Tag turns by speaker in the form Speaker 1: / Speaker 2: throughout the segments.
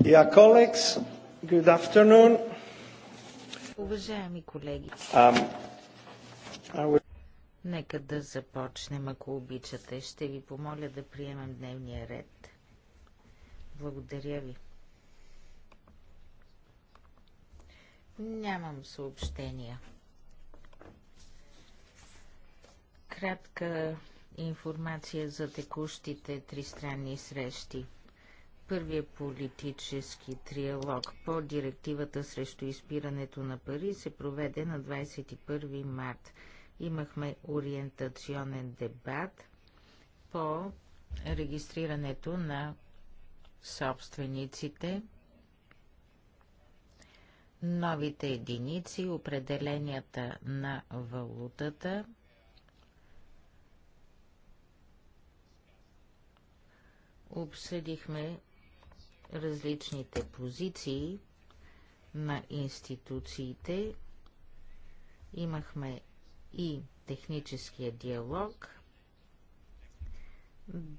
Speaker 1: Dear colleagues, good afternoon.
Speaker 2: Уважаеми колеги,
Speaker 1: um,
Speaker 2: нека да започнем, ако обичате. Ще ви помоля да приемем дневния ред. Благодаря ви. Нямам съобщения. Кратка информация за текущите тристранни срещи – първия политически триалог по директивата срещу изпирането на пари се проведе на 21 март. Имахме ориентационен дебат по регистрирането на собствениците, новите единици, определенията на валутата, обсъдихме различните позиции на институциите. Имахме и техническия диалог.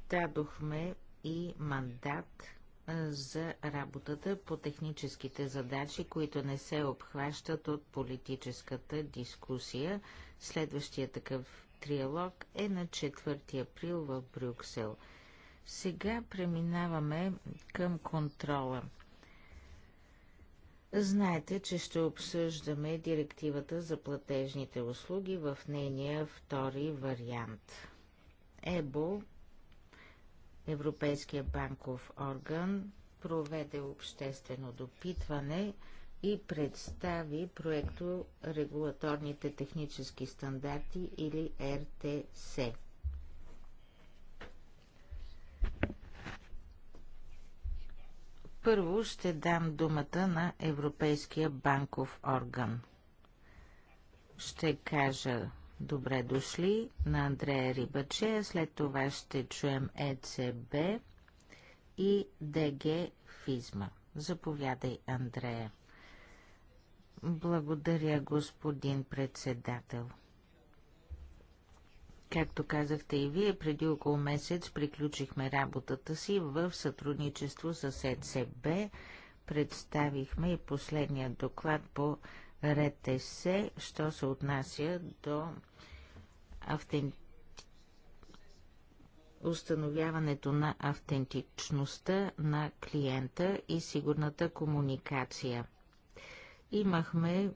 Speaker 2: Дадохме и мандат за работата по техническите задачи, които не се обхващат от политическата дискусия. Следващия такъв триалог е на 4 април в Брюксел – сега преминаваме към контрола. Знаете, че ще обсъждаме директивата за платежните услуги в нейния втори вариант. ЕБО, Европейския банков орган, проведе обществено допитване и представи проекто регулаторните технически стандарти или РТС. Първо ще дам думата на Европейския банков орган. Ще кажа добре дошли на Андрея Рибаче, след това ще чуем ЕЦБ и ДГ Физма. Заповядай, Андрея. Благодаря, господин председател. Както казахте и вие, преди около месец приключихме работата си в сътрудничество с ЕЦБ. Представихме и последния доклад по РТС, що се отнася до автенти... установяването на автентичността на клиента и сигурната комуникация. Имахме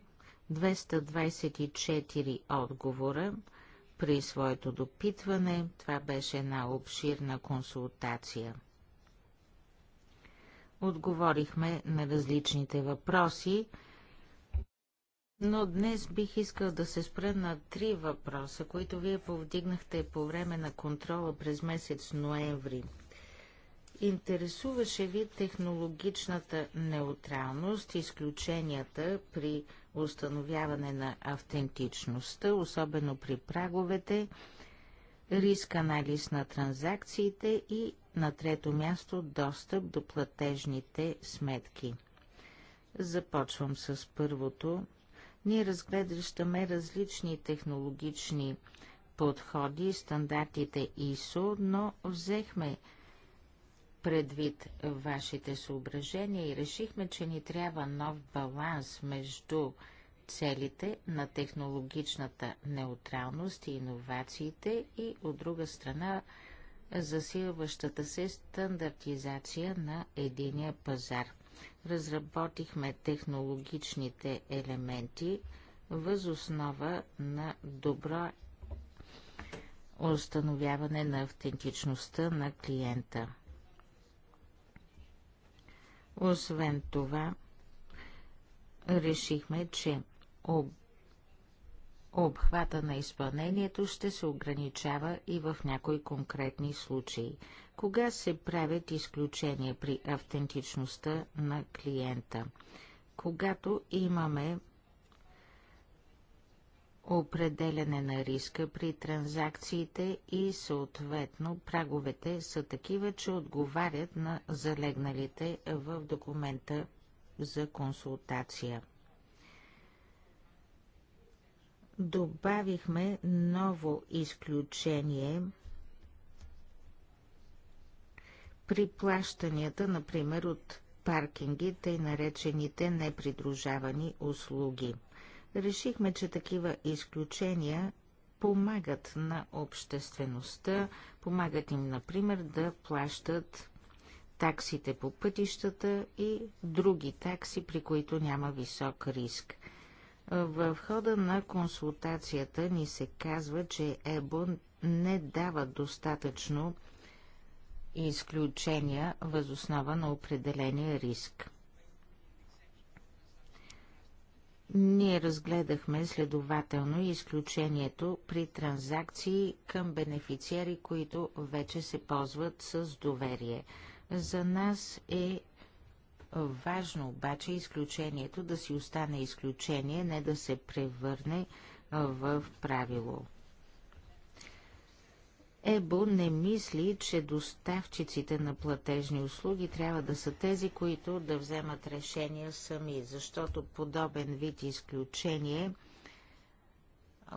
Speaker 2: 224 отговора, при своето допитване. Това беше една обширна консултация. Отговорихме на различните въпроси, но днес бих искал да се спра на три въпроса, които вие повдигнахте по време на контрола през месец ноември. Интересуваше ви технологичната неутралност, изключенията при установяване на автентичността, особено при праговете, риск анализ на транзакциите и на трето място достъп до платежните сметки. Започвам с първото. Ние разглеждаме различни технологични подходи, стандартите ISO, но взехме предвид вашите съображения и решихме, че ни трябва нов баланс между целите на технологичната неутралност и иновациите и от друга страна засилващата се стандартизация на единия пазар. Разработихме технологичните елементи въз основа на добро установяване на автентичността на клиента. Освен това, решихме, че об... обхвата на изпълнението ще се ограничава и в някои конкретни случаи, кога се правят изключения при автентичността на клиента. Когато имаме определяне на риска при транзакциите и съответно праговете са такива, че отговарят на залегналите в документа за консултация. Добавихме ново изключение при плащанията, например, от паркинги, тъй наречените непридружавани услуги решихме, че такива изключения помагат на обществеността, помагат им, например, да плащат таксите по пътищата и други такси, при които няма висок риск. В хода на консултацията ни се казва, че ЕБО не дава достатъчно изключения възоснова на определения риск. Ние разгледахме следователно изключението при транзакции към бенефициери, които вече се ползват с доверие. За нас е важно обаче изключението да си остане изключение, не да се превърне в правило. ЕБО не мисли, че доставчиците на платежни услуги трябва да са тези, които да вземат решения сами, защото подобен вид изключение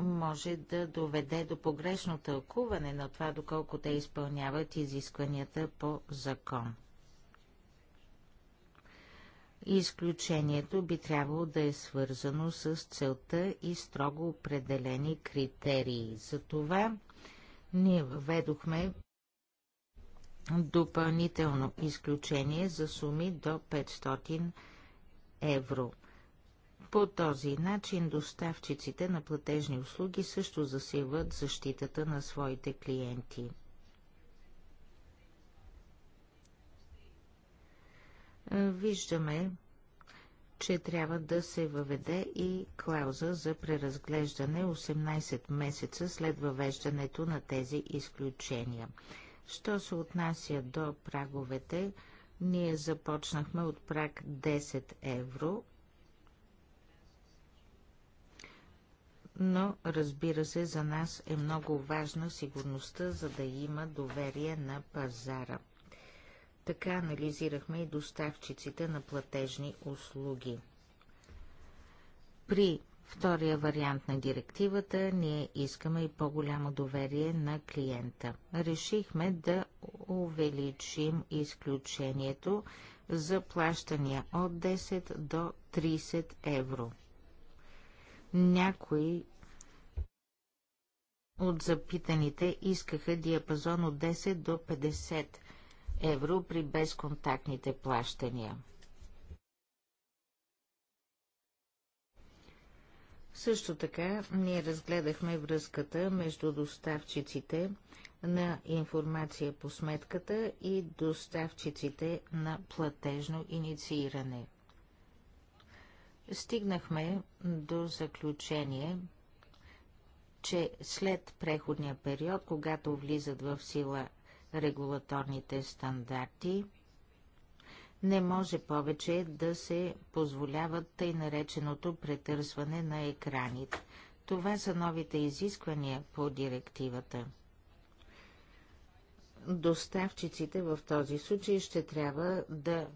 Speaker 2: може да доведе до погрешно тълкуване на това, доколко те изпълняват изискванията по закон. Изключението би трябвало да е свързано с целта и строго определени критерии. Затова ние въведохме допълнително изключение за суми до 500 евро. По този начин доставчиците на платежни услуги също засилват защитата на своите клиенти. Виждаме, че трябва да се въведе и клауза за преразглеждане 18 месеца след въвеждането на тези изключения. Що се отнася до праговете, ние започнахме от праг 10 евро, но разбира се, за нас е много важна сигурността, за да има доверие на пазара. Така анализирахме и доставчиците на платежни услуги. При втория вариант на директивата ние искаме и по-голямо доверие на клиента. Решихме да увеличим изключението за плащания от 10 до 30 евро. Някои от запитаните искаха диапазон от 10 до 50 евро при безконтактните плащания. Също така ние разгледахме връзката между доставчиците на информация по сметката и доставчиците на платежно иницииране. Стигнахме до заключение, че след преходния период, когато влизат в сила регулаторните стандарти. Не може повече да се позволяват тъй нареченото претърсване на екраните. Това са новите изисквания по директивата. Доставчиците в този случай ще трябва да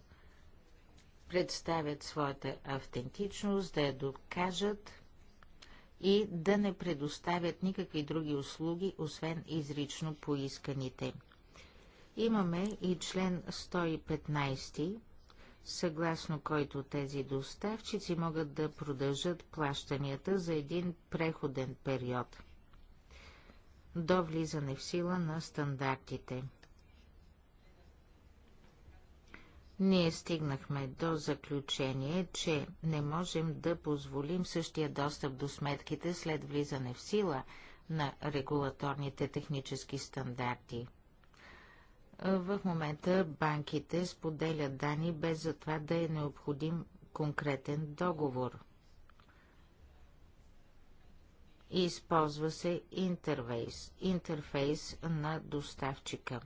Speaker 2: представят своята автентичност, да я докажат и да не предоставят никакви други услуги, освен изрично поисканите. Имаме и член 115, съгласно който тези доставчици могат да продължат плащанията за един преходен период до влизане в сила на стандартите. Ние стигнахме до заключение, че не можем да позволим същия достъп до сметките след влизане в сила на регулаторните технически стандарти – в момента банките споделят данни без за това да е необходим конкретен договор. Използва се интерфейс, интерфейс на доставчика.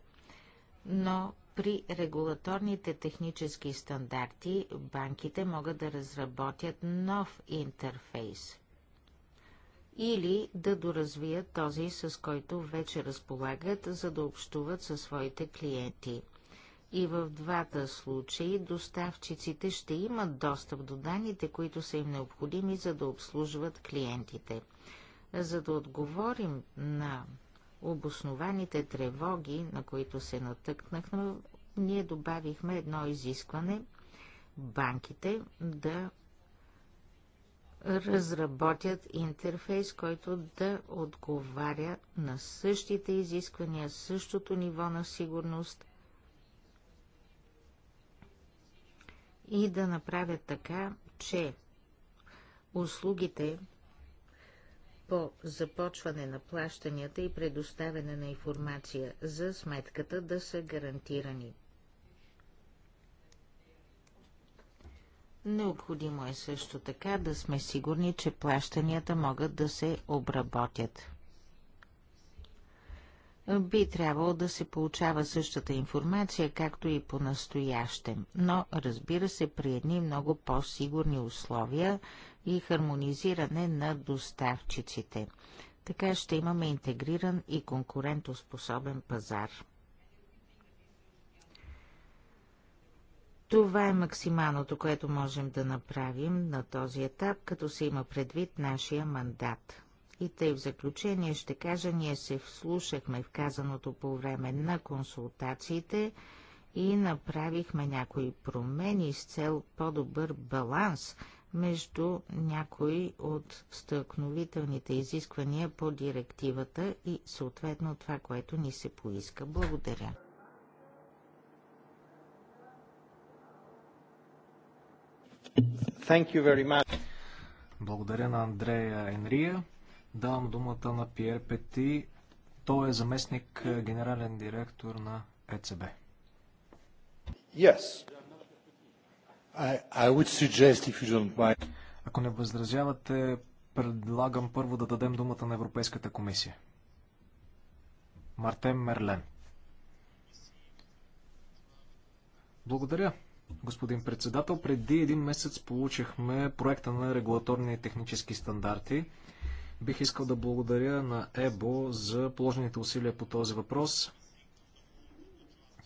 Speaker 2: Но при регулаторните технически стандарти банките могат да разработят нов интерфейс – или да доразвият този, с който вече разполагат, за да общуват със своите клиенти. И в двата случаи доставчиците ще имат достъп до данните, които са им необходими, за да обслужват клиентите. За да отговорим на обоснованите тревоги, на които се натъкнахме, ние добавихме едно изискване банките да разработят интерфейс, който да отговаря на същите изисквания, същото ниво на сигурност и да направят така, че услугите по започване на плащанията и предоставяне на информация за сметката да са гарантирани. Необходимо е също така да сме сигурни, че плащанията могат да се обработят. Би трябвало да се получава същата информация, както и по-настоящем, но разбира се при едни много по-сигурни условия и хармонизиране на доставчиците. Така ще имаме интегриран и конкурентоспособен пазар. Това е максималното, което можем да направим на този етап, като се има предвид нашия мандат. И тъй в заключение ще кажа, ние се вслушахме в казаното по време на консултациите и направихме някои промени с цел по-добър баланс между някои от стъкновителните изисквания по директивата и съответно това, което ни се поиска.
Speaker 3: Благодаря. Thank you very much. Благодаря на Андрея Енрия. Давам думата на Пьер Пети. Той е заместник е, генерален директор на ЕЦБ. Yes. I, I would suggest, if you don't mind... Ако не възразявате, предлагам първо да дадем думата на Европейската комисия. Мартен Мерлен. Благодаря господин председател. Преди един месец получихме проекта на регулаторни и технически стандарти. Бих искал да благодаря на ЕБО за положените усилия по този въпрос.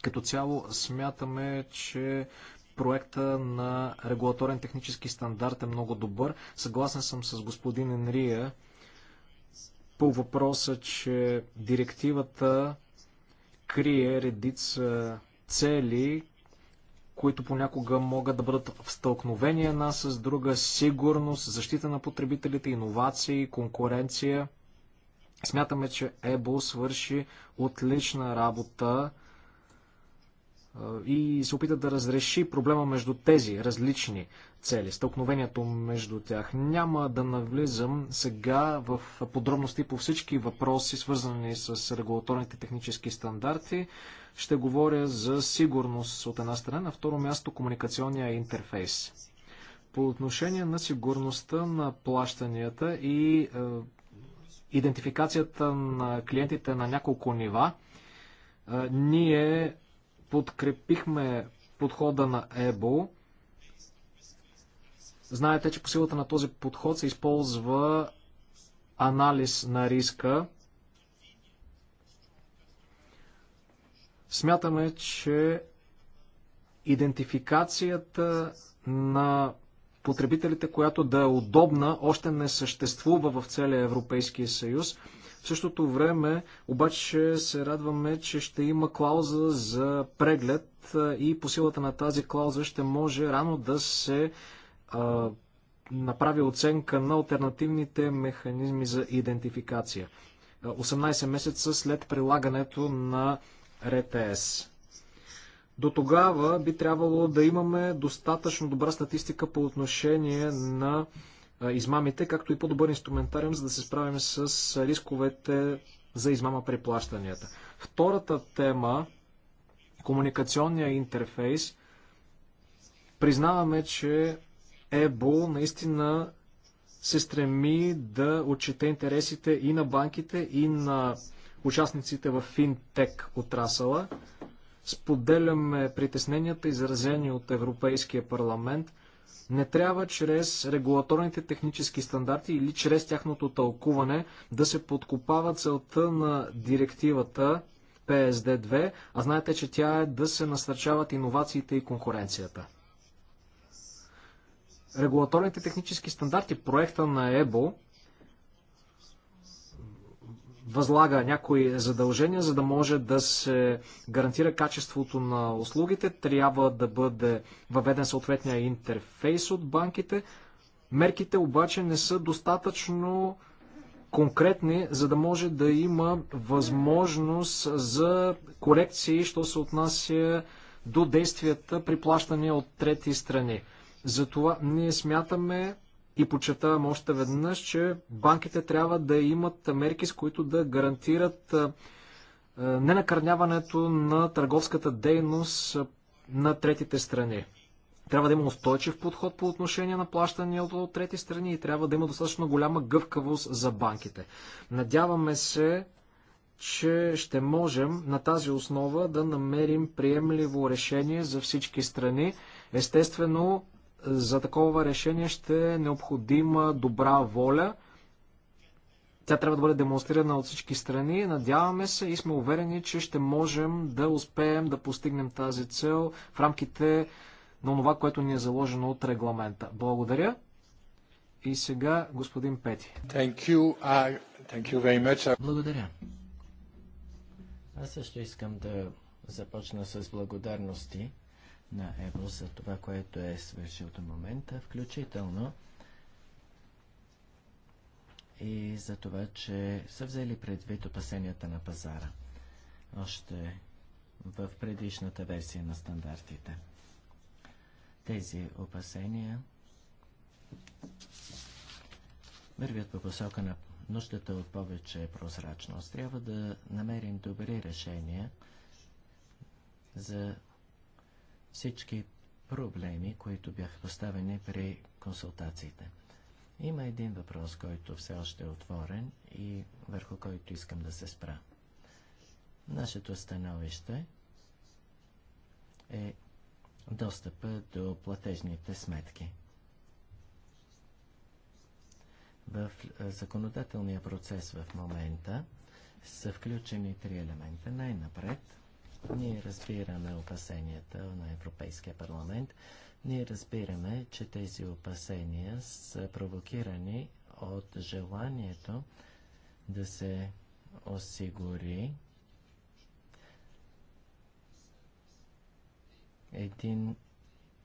Speaker 3: Като цяло смятаме, че проекта на регулаторен технически стандарт е много добър. Съгласен съм с господин Енрия по въпроса, че директивата крие редица цели, които понякога могат да бъдат в стълкновение една с друга, сигурност, защита на потребителите, иновации, конкуренция. Смятаме, че ЕБО свърши отлична работа и се опита да разреши проблема между тези различни цели, стълкновението между тях. Няма да навлизам сега в подробности по всички въпроси, свързани с регулаторните технически стандарти. Ще говоря за сигурност от една страна, на второ място комуникационния интерфейс. По отношение на сигурността на плащанията и е, идентификацията на клиентите на няколко нива, е, ние подкрепихме подхода на ЕБО. Знаете, че по силата на този подход се използва анализ на риска. Смятаме, че идентификацията на потребителите, която да е удобна, още не съществува в целия Европейския съюз. В същото време обаче се радваме, че ще има клауза за преглед и по силата на тази клауза ще може рано да се а, направи оценка на альтернативните механизми за идентификация. 18 месеца след прилагането на РТС. До тогава би трябвало да имаме достатъчно добра статистика по отношение на измамите, както и по-добър инструментариум, за да се справим с рисковете за измама при плащанията. Втората тема комуникационния интерфейс. Признаваме, че ЕБО наистина се стреми да отчете интересите и на банките, и на участниците в финтек отрасъла. Споделяме притесненията, изразени от Европейския парламент не трябва чрез регулаторните технически стандарти или чрез тяхното тълкуване да се подкопава целта на директивата PSD2, а знаете, че тя е да се насърчават иновациите и конкуренцията. Регулаторните технически стандарти, проекта на ЕБО, възлага някои задължения, за да може да се гарантира качеството на услугите, трябва да бъде въведен съответния интерфейс от банките. Мерките обаче не са достатъчно конкретни, за да може да има възможност за корекции, що се отнася до действията при плащания от трети страни. Затова ние смятаме, и подчертавам още веднъж, че банките трябва да имат мерки, с които да гарантират ненакърняването на търговската дейност на третите страни. Трябва да има устойчив подход по отношение на плащанията от трети страни и трябва да има достатъчно голяма гъвкавост за банките. Надяваме се, че ще можем на тази основа да намерим приемливо решение за всички страни. Естествено, за такова решение ще е необходима добра воля. Тя трябва да бъде демонстрирана от всички страни. Надяваме се и сме уверени, че ще можем да успеем да постигнем тази цел в рамките на това, което ни е заложено от регламента. Благодаря. И сега господин Пети. Благодаря.
Speaker 4: Аз също искам да започна с благодарности на Ево за това, което е свършил до момента, включително и за това, че са взели предвид опасенията на пазара още в предишната версия на стандартите. Тези опасения вървят по посока на нуждата от повече прозрачност. Трябва да намерим добри решения за всички проблеми, които бяха поставени при консултациите. Има един въпрос, който все още е отворен и върху който искам да се спра. Нашето становище е достъпа до платежните сметки. В е, законодателния процес в момента са включени три елемента. Най-напред ние разбираме опасенията на Европейския парламент. Ние разбираме, че тези опасения са провокирани от желанието да се осигури един,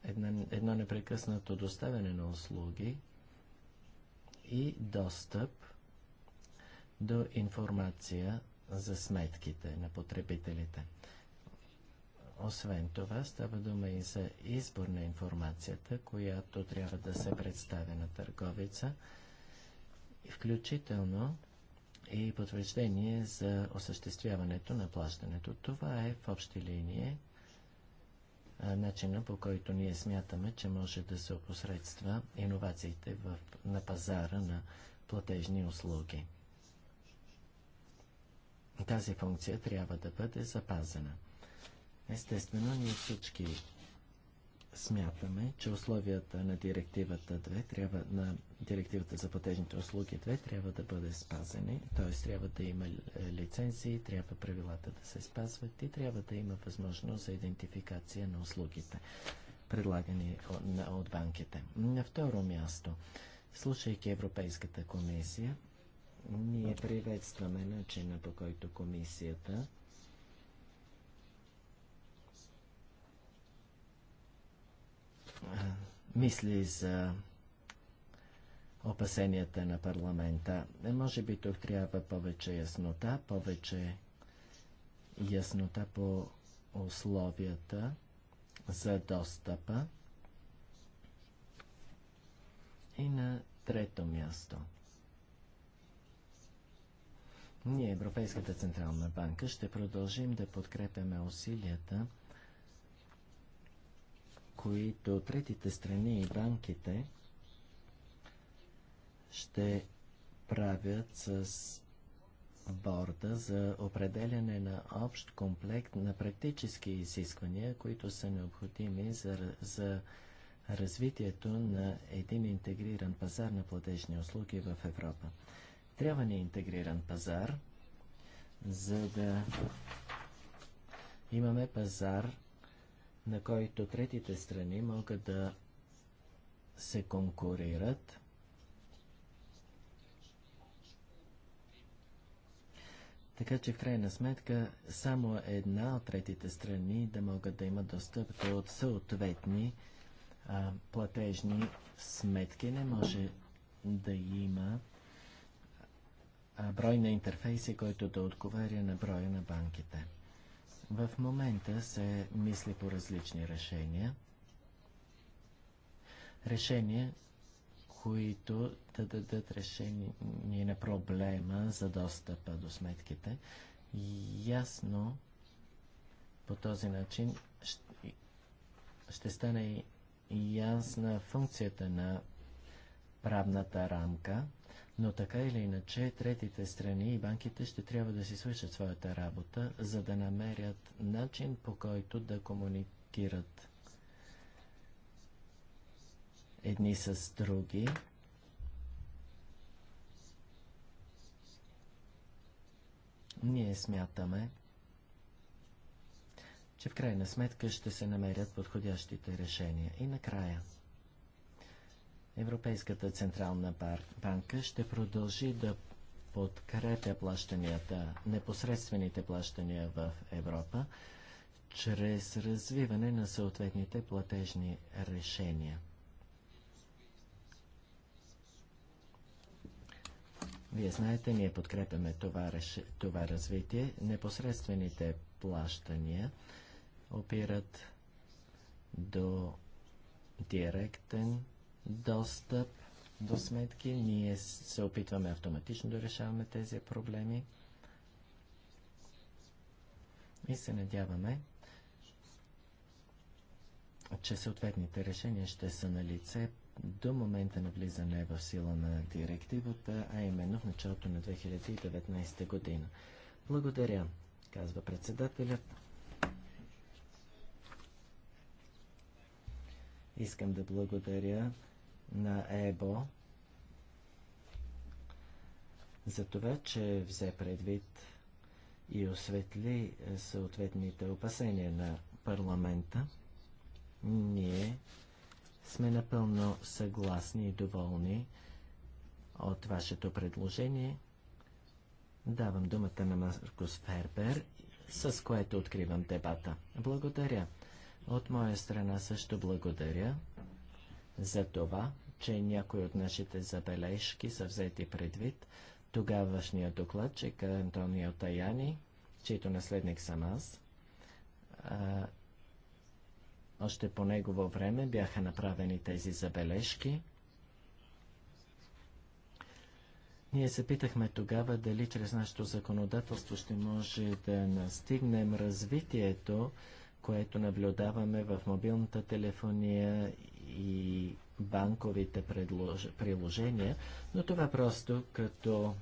Speaker 4: една, едно непрекъснато доставяне на услуги и достъп до информация за сметките на потребителите. Освен това, става дума и за избор на информацията, която трябва да се представя на търговеца, включително и потвърждение за осъществяването на плащането. Това е в общи линии начина по който ние смятаме, че може да се опосредства иновациите в, на пазара на платежни услуги. Тази функция трябва да бъде запазена. Естествено, ние всички смятаме, че условията на директивата 2 трябва, на директивата за платежните услуги 2 трябва да бъде спазени, т.е. трябва да има е, лицензии, трябва правилата да се спазват и трябва да има възможност за идентификация на услугите, предлагани от банките. На второ място, слушайки Европейската комисия, ние приветстваме начина по който комисията Е, мисли за опасенията на парламента. Е, може би тук трябва повече яснота, повече яснота по условията за достъпа. И на трето място. Ние, Европейската Централна банка, ще продължим да подкрепяме усилията които третите страни и банките ще правят с борда за определяне на общ комплект на практически изисквания, които са необходими за, за развитието на един интегриран пазар на платежни услуги в Европа. Трябва ни интегриран пазар, за да имаме пазар на който третите страни могат да се конкурират. Така че в крайна сметка само една от третите страни да могат да имат достъп до съответни а, платежни сметки. Не може да има а, брой на интерфейси, който да отговаря на броя на банките. В момента се мисли по различни решения. Решения, които да дадат решение на проблема за достъпа до сметките. Ясно по този начин ще, ще стане ясна функцията на правната рамка – но така или иначе, третите страни и банките ще трябва да си свършат своята работа, за да намерят начин по който да комуникират едни с други. Ние смятаме, че в крайна сметка ще се намерят подходящите решения. И накрая – Европейската централна банка ще продължи да подкрепя плащанията, непосредствените плащания в Европа, чрез развиване на съответните платежни решения. Вие знаете, ние подкрепяме това, това развитие. Непосредствените плащания опират до директен достъп до сметки. Ние се опитваме автоматично да решаваме тези проблеми и се надяваме, че съответните решения ще са на лице до момента на влизане в сила на директивата, а именно в началото на 2019 година. Благодаря, казва председателят. Искам да благодаря на ЕБО за това, че взе предвид и осветли съответните опасения на парламента. Ние сме напълно съгласни и доволни от вашето предложение. Давам думата на Маркус Фербер, с което откривам дебата. Благодаря. От моя страна също благодаря за това, че някои от нашите забележки са взети предвид. Тогавашният докладчик Антонио Таяни, чието наследник съм аз, а, още по негово време бяха направени тези забележки. Ние се питахме тогава дали чрез нашето законодателство ще може да настигнем развитието, което наблюдаваме в мобилната телефония и банковите предлож... приложения, но това просто като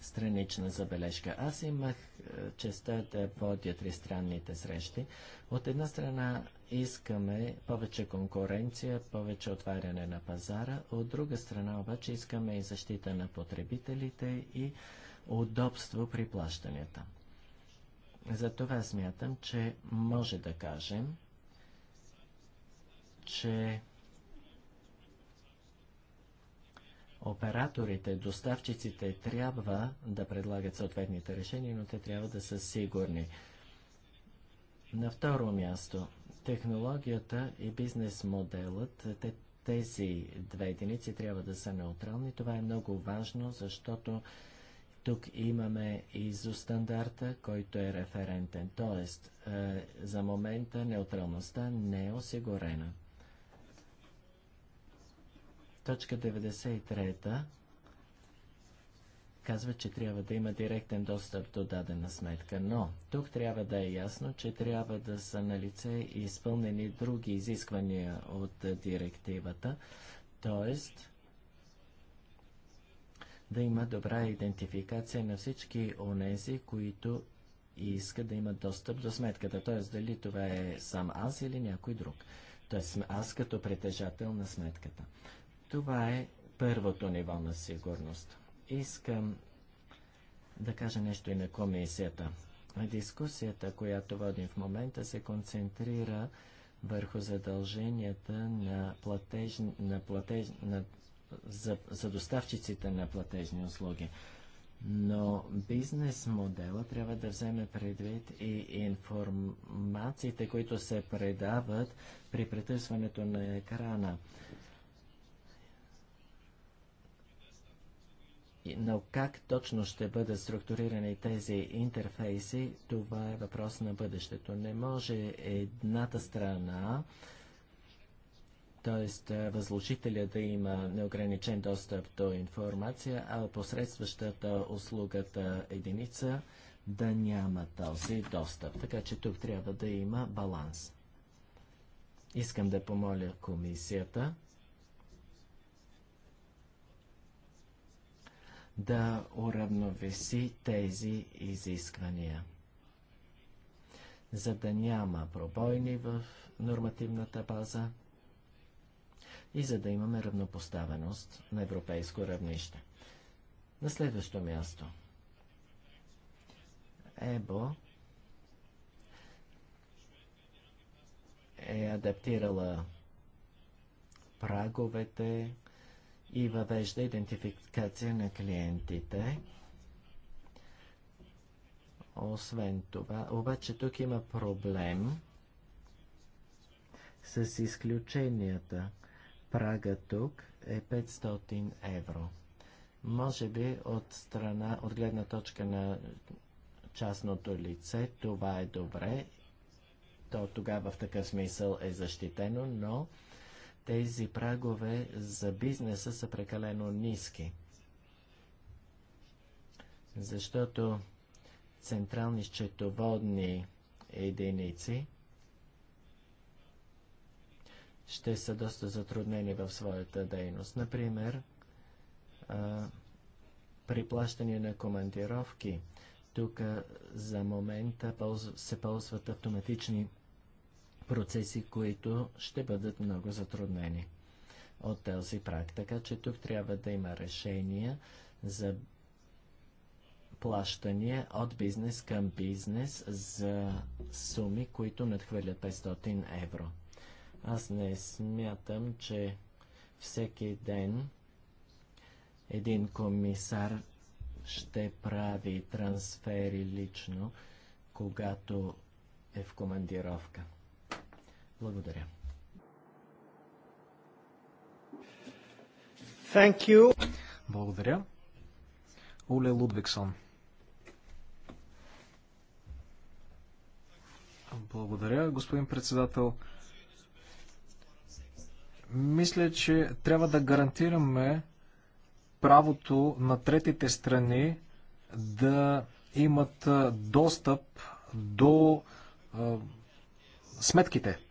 Speaker 4: странична забележка. Аз имах е, честа да водя тристранните срещи. От една страна искаме повече конкуренция, повече отваряне на пазара, от друга страна обаче искаме и защита на потребителите и удобство при плащанията. Затова смятам, че може да кажем, че операторите, доставчиците трябва да предлагат съответните решения, но те трябва да са сигурни. На второ място, технологията и бизнес моделът, тези две единици трябва да са неутрални. Това е много важно, защото тук имаме ИЗО стандарта, който е референтен. Тоест, е, за момента неутралността не е осигурена. Точка 93 казва, че трябва да има директен достъп до дадена сметка, но тук трябва да е ясно, че трябва да са на лице и изпълнени други изисквания от директивата, т.е. да има добра идентификация на всички онези, които искат да имат достъп до сметката, т.е. дали това е сам аз или някой друг, т.е. аз като притежател на сметката. Това е първото ниво на сигурност. Искам да кажа нещо и на комисията. Дискусията, която водим в момента, се концентрира върху задълженията на, платеж, на, платеж, на за, за доставчиците на платежни услуги. Но бизнес модела трябва да вземе предвид и информациите, които се предават при претърсването на екрана. Но как точно ще бъдат структурирани тези интерфейси, това е въпрос на бъдещето. Не може едната страна, т.е. възложителя да има неограничен достъп до информация, а посредстващата услугата единица да няма този достъп. Така че тук трябва да има баланс. Искам да помоля комисията да уравновеси тези изисквания, за да няма пробойни в нормативната база и за да имаме равнопоставеност на европейско равнище. На следващо място. ЕБО е адаптирала праговете и въвежда идентификация на клиентите. Освен това, обаче тук има проблем с изключенията. Прага тук е 500 евро. Може би от страна, от гледна точка на частното лице, това е добре. То тогава в такъв смисъл е защитено, но тези прагове за бизнеса са прекалено ниски. Защото централни счетоводни единици ще са доста затруднени в своята дейност. Например, при плащане на командировки, тук за момента се ползват автоматични процеси, които ще бъдат много затруднени от този практика, Така че тук трябва да има решения за плащания от бизнес към бизнес за суми, които надхвърлят 500 евро. Аз не смятам, че всеки ден един комисар ще прави трансфери лично, когато е в командировка. Благодаря.
Speaker 3: Thank you. Благодаря. Оле Лудвиксон. Благодаря, господин председател. Мисля, че трябва да гарантираме правото на третите страни да имат достъп до сметките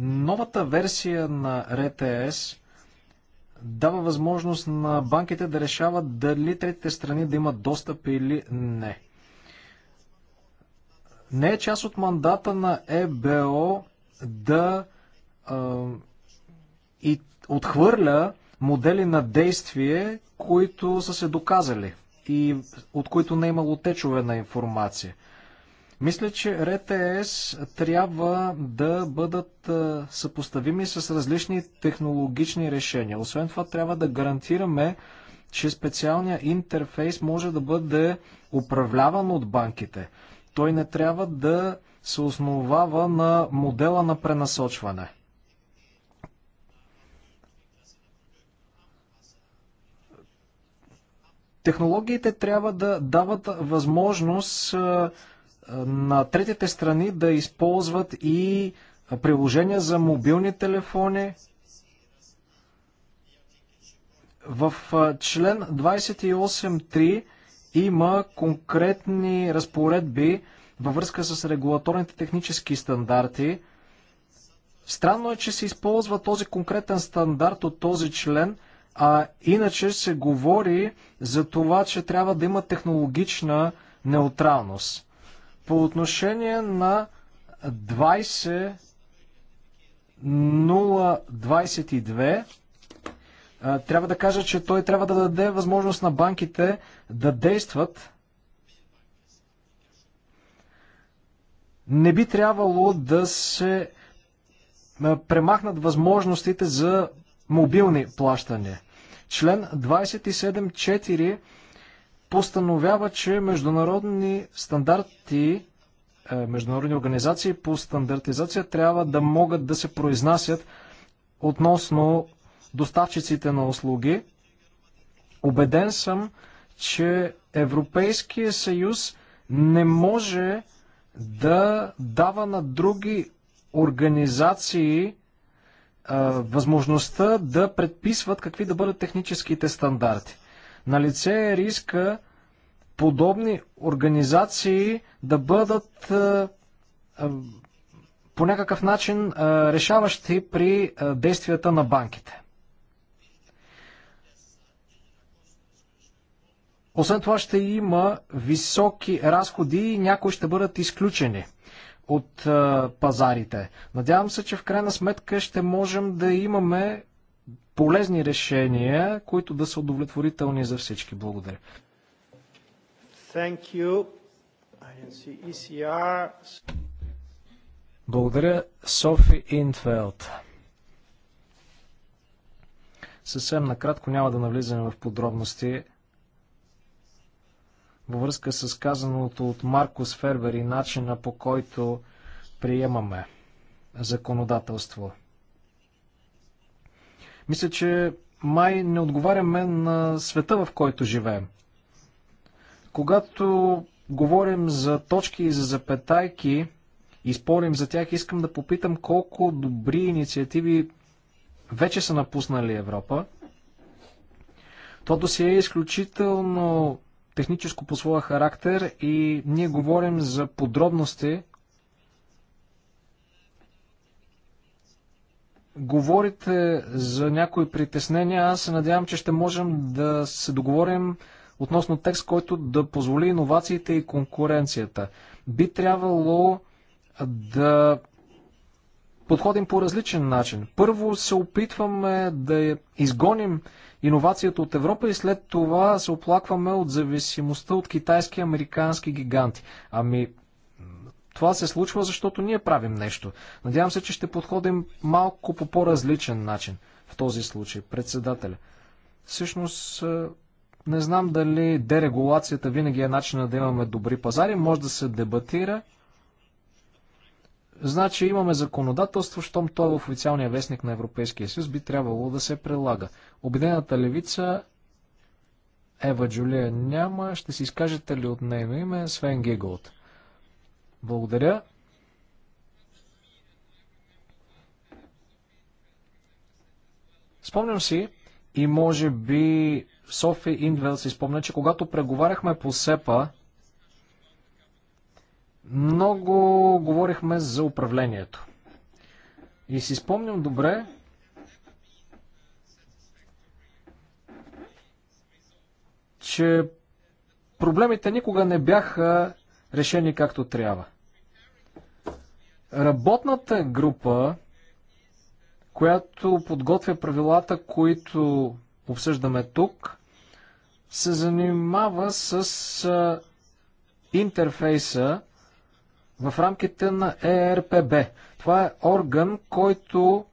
Speaker 3: Новата версия на РТС дава възможност на банките да решават дали третите страни да имат достъп или не. Не е част от мандата на ЕБО да а, и отхвърля модели на действие, които са се доказали и от които не е имало течове на информация. Мисля, че РТС трябва да бъдат е, съпоставими с различни технологични решения. Освен това, трябва да гарантираме, че специалният интерфейс може да бъде управляван от банките. Той не трябва да се основава на модела на пренасочване. Технологиите трябва да дават възможност е, на третите страни да използват и приложения за мобилни телефони. В член 28.3 има конкретни разпоредби във връзка с регулаторните технически стандарти. Странно е, че се използва този конкретен стандарт от този член, а иначе се говори за това, че трябва да има технологична неутралност. По отношение на 20.022 трябва да кажа, че той трябва да даде възможност на банките да действат. Не би трябвало да се премахнат възможностите за мобилни плащания. Член 27.4 постановява, че международни стандарти, е, международни организации по стандартизация трябва да могат да се произнасят относно доставчиците на услуги. Обеден съм, че Европейския съюз не може да дава на други организации е, възможността да предписват какви да бъдат техническите стандарти. Налице е риска подобни организации да бъдат е, е, по някакъв начин е, решаващи при действията на банките. Освен това ще има високи разходи и някои ще бъдат изключени от пазарите. Надявам се, че в крайна сметка ще можем да имаме полезни решения, които да са удовлетворителни за всички. Благодаря.
Speaker 1: Thank you. ECR. E
Speaker 3: Благодаря, Софи Инфелд. Съвсем накратко няма да навлизаме в подробности. Във връзка с казаното от Маркус Фербер и начина по който приемаме законодателство. Мисля, че май не отговаряме на света, в който живеем. Когато говорим за точки и за запетайки и спорим за тях, искам да попитам колко добри инициативи вече са напуснали Европа. То си е изключително техническо по своя характер и ние говорим за подробности, Говорите за някои притеснения. Аз се надявам, че ще можем да се договорим относно текст, който да позволи иновациите и конкуренцията. Би трябвало да подходим по различен начин. Първо се опитваме да изгоним иновацията от Европа и след това се оплакваме от зависимостта от китайски и американски гиганти. Ами, това се случва, защото ние правим нещо. Надявам се, че ще подходим малко по по-различен начин в този случай. Председателя. Всъщност, е, не знам дали дерегулацията винаги е начина да имаме добри пазари. Може да се дебатира. Значи имаме законодателство, щом то е в официалния вестник на Европейския съюз, би трябвало да се прилага. Обедената левица Ева Джулия няма. Ще си изкажете ли от нейно име Свен Гиголт? Благодаря. Спомням си и може би Софи Индвел си спомня, че когато преговаряхме по СЕПА, много говорихме за управлението. И си спомням добре, че проблемите никога не бяха решени както трябва. Работната група, която подготвя правилата, които обсъждаме тук, се занимава с интерфейса в рамките на ERPB. Това е орган, който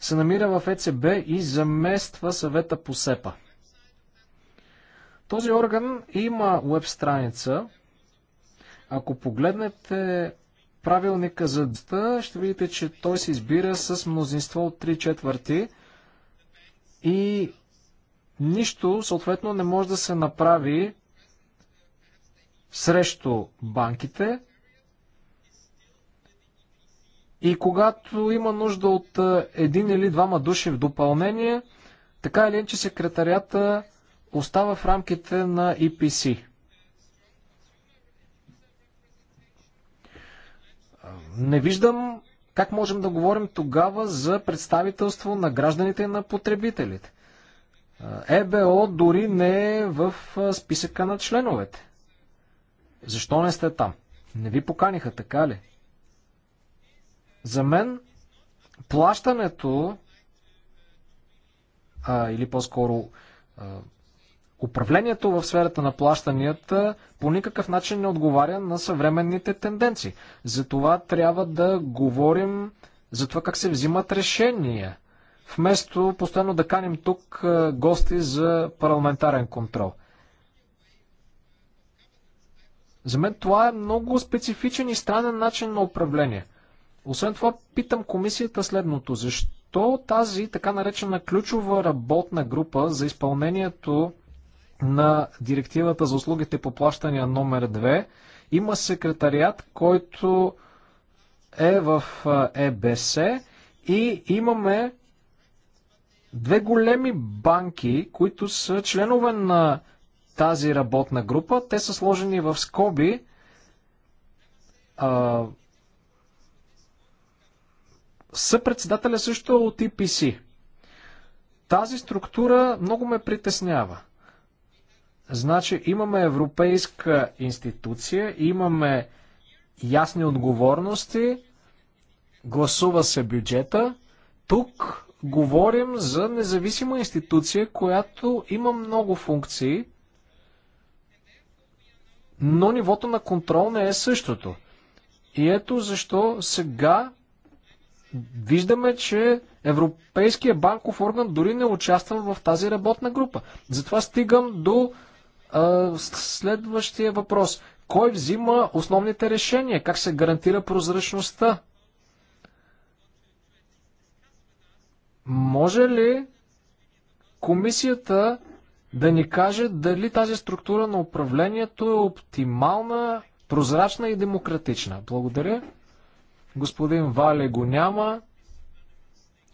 Speaker 3: се намира в ЕЦБ и замества съвета по СЕПА. Този орган има веб страница, ако погледнете правилника за дъста, ще видите, че той се избира с мнозинство от 3 четвърти и нищо, съответно, не може да се направи срещу банките. И когато има нужда от един или двама души в допълнение, така или иначе секретарията остава в рамките на EPC. Не виждам как можем да говорим тогава за представителство на гражданите и на потребителите. ЕБО дори не е в списъка на членовете. Защо не сте там? Не ви поканиха, така ли? За мен плащането а, или по-скоро Управлението в сферата на плащанията по никакъв начин не отговаря на съвременните тенденции. Затова трябва да говорим за това как се взимат решения, вместо постоянно да каним тук гости за парламентарен контрол. За мен това е много специфичен и странен начин на управление. Освен това, питам комисията следното. Защо тази така наречена ключова работна група за изпълнението на директивата за услугите по плащания номер 2 има секретариат, който е в ЕБС и имаме две големи банки, които са членове на тази работна група. Те са сложени в скоби. А, съпредседателя също е от EPC. Тази структура много ме притеснява. Значи имаме европейска институция, имаме ясни отговорности, гласува се бюджета. Тук говорим за независима институция, която има много функции, но нивото на контрол не е същото. И ето защо сега виждаме, че Европейския банков орган дори не участва в тази работна група. Затова стигам до следващия въпрос. Кой взима основните решения? Как се гарантира прозрачността? Може ли комисията да ни каже дали тази структура на управлението е оптимална, прозрачна и демократична? Благодаря. Господин Вале го няма.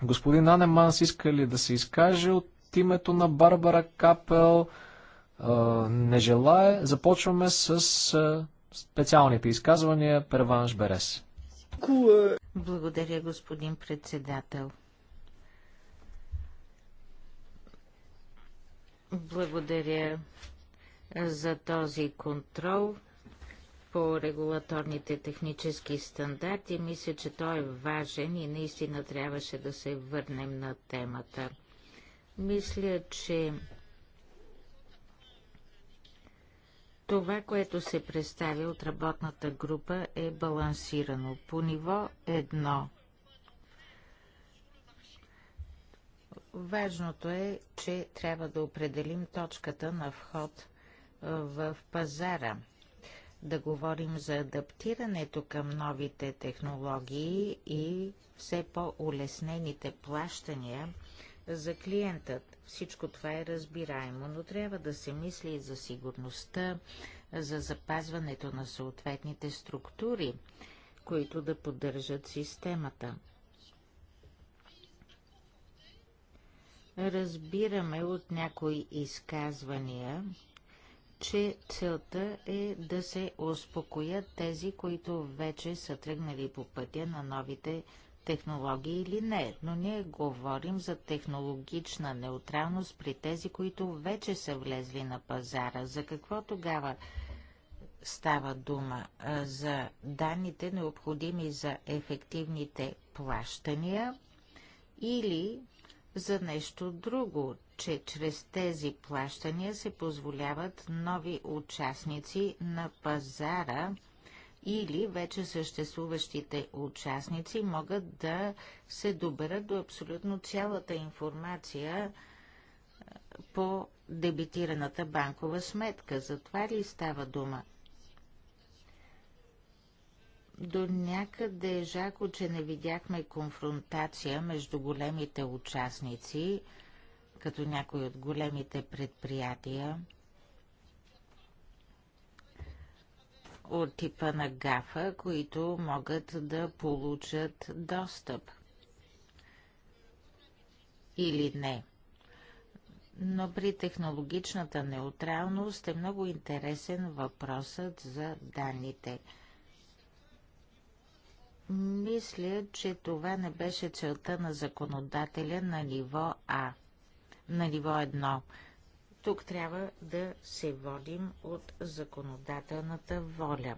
Speaker 3: Господин Анеманс иска ли да се изкаже от името на Барбара Капел? не желае, започваме с специалните изказвания. Перванш Берес.
Speaker 2: Благодаря, господин председател. Благодаря за този контрол по регулаторните технически стандарти. Мисля, че той е важен и наистина трябваше да се върнем на темата. Мисля, че Това, което се представя от работната група е балансирано. По ниво едно. Важното е, че трябва да определим точката на вход в пазара. Да говорим за адаптирането към новите технологии и все по-улеснените плащания за клиентът. Всичко това е разбираемо, но трябва да се мисли и за сигурността, за запазването на съответните структури, които да поддържат системата. Разбираме от някои изказвания, че целта е да се успокоят тези, които вече са тръгнали по пътя на новите Технология или не, но ние говорим за технологична неутралност при тези, които вече са влезли на пазара. За какво тогава става дума? За данните необходими за ефективните плащания или за нещо друго, че чрез тези плащания се позволяват нови участници на пазара – или вече съществуващите участници могат да се доберат до абсолютно цялата информация по дебитираната банкова сметка. За това ли става дума? До някъде е жако, че не видяхме конфронтация между големите участници, като някои от големите предприятия от типа на гафа, които могат да получат достъп. Или не. Но при технологичната неутралност е много интересен въпросът за данните. Мисля, че това не беше целта на законодателя на ниво А, на ниво 1. Тук трябва да се водим от законодателната воля.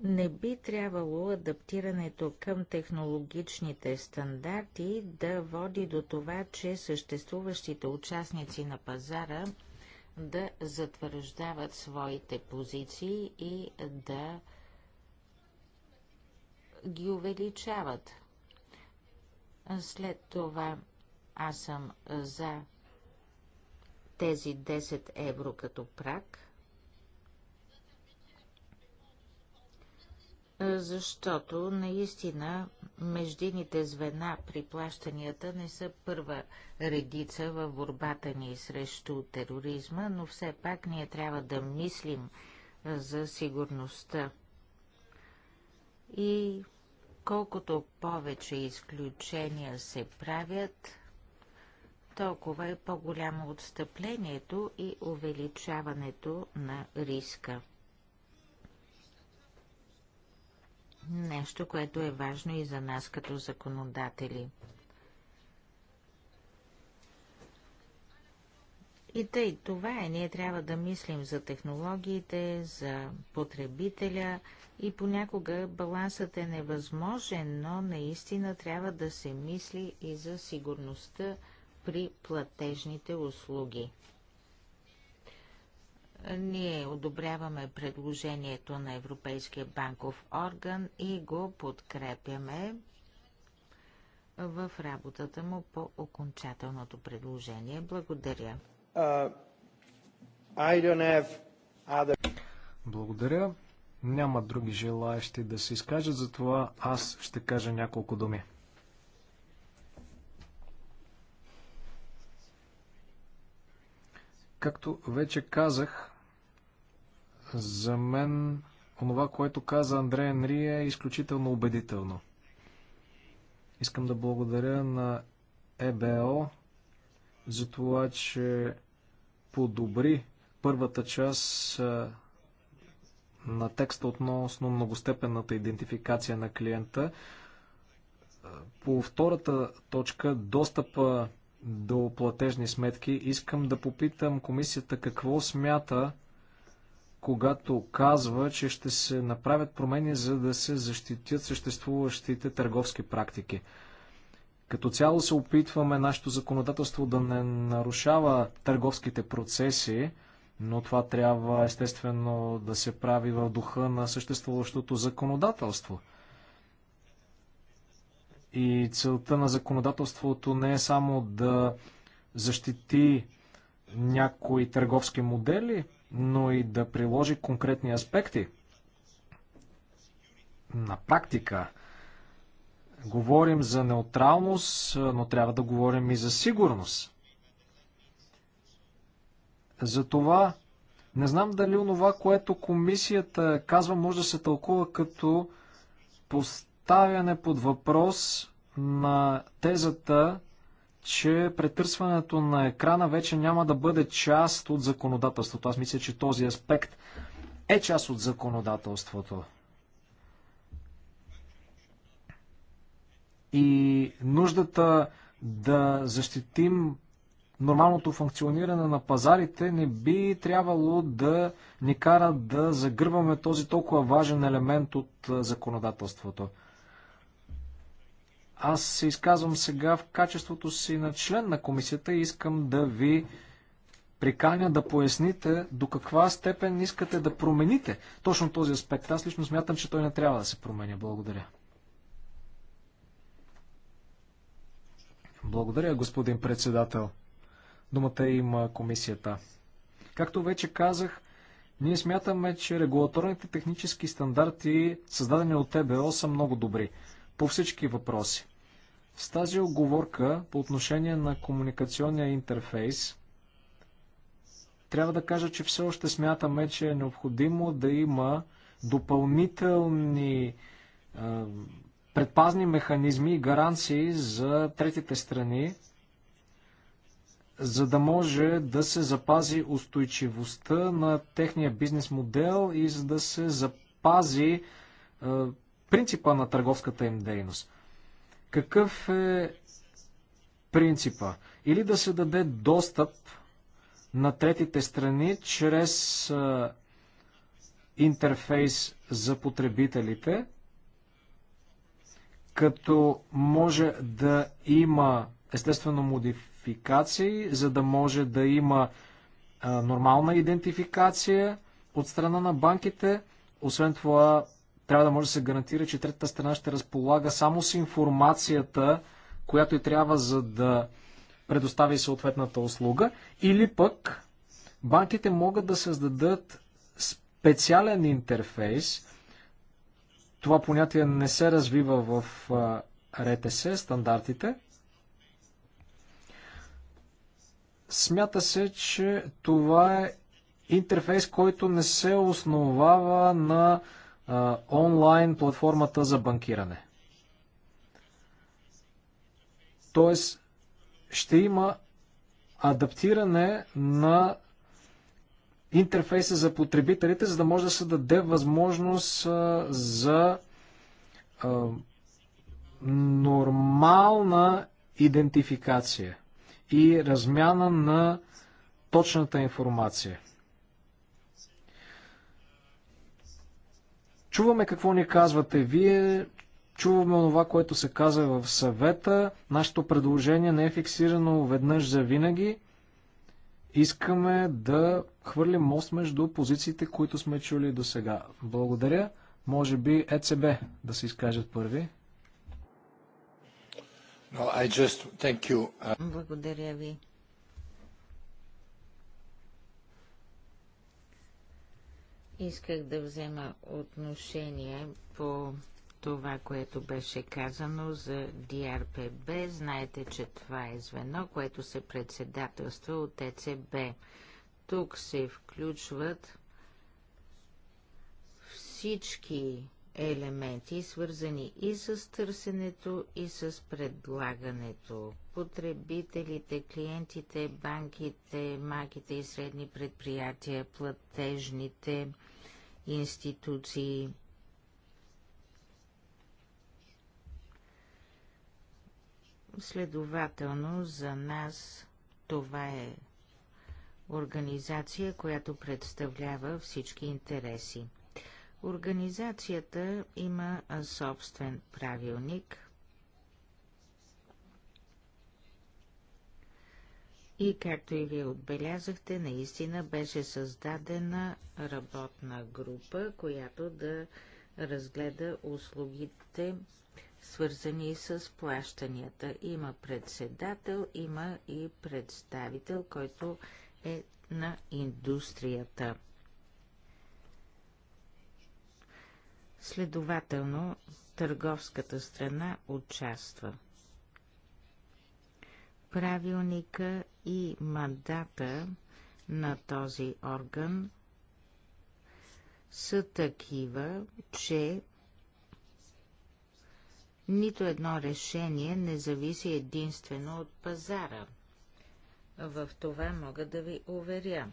Speaker 2: Не би трябвало адаптирането към технологичните стандарти да води до това, че съществуващите участници на пазара да затвърждават своите позиции и да ги увеличават. След това аз съм за тези 10 евро като прак, защото наистина междините звена при плащанията не са първа редица в борбата ни срещу тероризма, но все пак ние трябва да мислим за сигурността. И колкото повече изключения се правят, толкова е по-голямо отстъплението и увеличаването на риска. Нещо, което е важно и за нас като законодатели. И тъй това е. Ние трябва да мислим за технологиите, за потребителя и понякога балансът е невъзможен, но наистина трябва да се мисли и за сигурността при платежните услуги. Ние одобряваме предложението на Европейския банков орган и го подкрепяме в работата му по окончателното предложение. Благодаря.
Speaker 3: Uh, other... Благодаря. Няма други желаящи да се изкажат, затова аз ще кажа няколко думи. Както вече казах, за мен онова, което каза Андрея Нри е изключително убедително. Искам да благодаря на ЕБО за това, че подобри първата част на текста относно многостепенната идентификация на клиента. По втората точка, достъпа до платежни сметки. Искам да попитам комисията какво смята, когато казва, че ще се направят промени, за да се защитят съществуващите търговски практики. Като цяло се опитваме нашето законодателство да не нарушава търговските процеси, но това трябва естествено да се прави в духа на съществуващото законодателство – и целта на законодателството не е само да защити някои търговски модели, но и да приложи конкретни аспекти. На практика говорим за неутралност, но трябва да говорим и за сигурност. Затова не знам дали онова, което комисията казва, може да се тълкува като пост поставяне под въпрос на тезата, че претърсването на екрана вече няма да бъде част от законодателството. Аз мисля, че този аспект е част от законодателството. И нуждата да защитим нормалното функциониране на пазарите не би трябвало да ни кара да загърваме този толкова важен елемент от законодателството. Аз се изказвам сега в качеството си на член на комисията и искам да ви приканя да поясните до каква степен искате да промените точно този аспект. Аз лично смятам, че той не трябва да се променя. Благодаря. Благодаря, господин председател. Думата има комисията. Както вече казах, ние смятаме, че регулаторните технически стандарти, създадени от ТБО, са много добри по всички въпроси. С тази оговорка по отношение на комуникационния интерфейс, трябва да кажа, че все още смятаме, че е необходимо да има допълнителни е, предпазни механизми и гаранции за третите страни, за да може да се запази устойчивостта на техния бизнес модел и за да се запази е, принципа на търговската им дейност. Какъв е принципа? Или да се даде достъп на третите страни чрез интерфейс за потребителите, като може да има естествено модификации, за да може да има а, нормална идентификация от страна на банките. Освен това, трябва да може да се гарантира, че третата страна ще разполага само с информацията, която и трябва за да предостави съответната услуга. Или пък банките могат да създадат специален интерфейс. Това понятие не се развива в РТС, стандартите. Смята се, че това е интерфейс, който не се основава на онлайн платформата за банкиране. Тоест, ще има адаптиране на интерфейса за потребителите, за да може да се даде възможност за нормална идентификация и размяна на точната информация. Чуваме какво ни казвате вие, чуваме онова, което се каза в съвета. Нашето предложение не е фиксирано веднъж за винаги. Искаме да хвърлим мост между позициите, които сме чули до сега. Благодаря. Може би ЕЦБ да се изкажат първи.
Speaker 4: No, I just...
Speaker 2: Thank you. Благодаря ви. Исках да взема отношение по това, което беше казано за ДРПБ. Знаете, че това е звено, което се председателства от ЕЦБ. Тук се включват всички елементи, свързани и с търсенето, и с предлагането. Потребителите, клиентите, банките, малките и средни предприятия, платежните, институции. Следователно, за нас това е организация, която представлява всички интереси. Организацията има собствен правилник, И както и вие отбелязахте, наистина беше създадена работна група, която да разгледа услугите, свързани с плащанията. Има председател, има и представител, който е на индустрията. Следователно, търговската страна участва. Правилника и мандата на този орган са такива, че нито едно решение не зависи единствено от пазара. В това мога да ви уверя.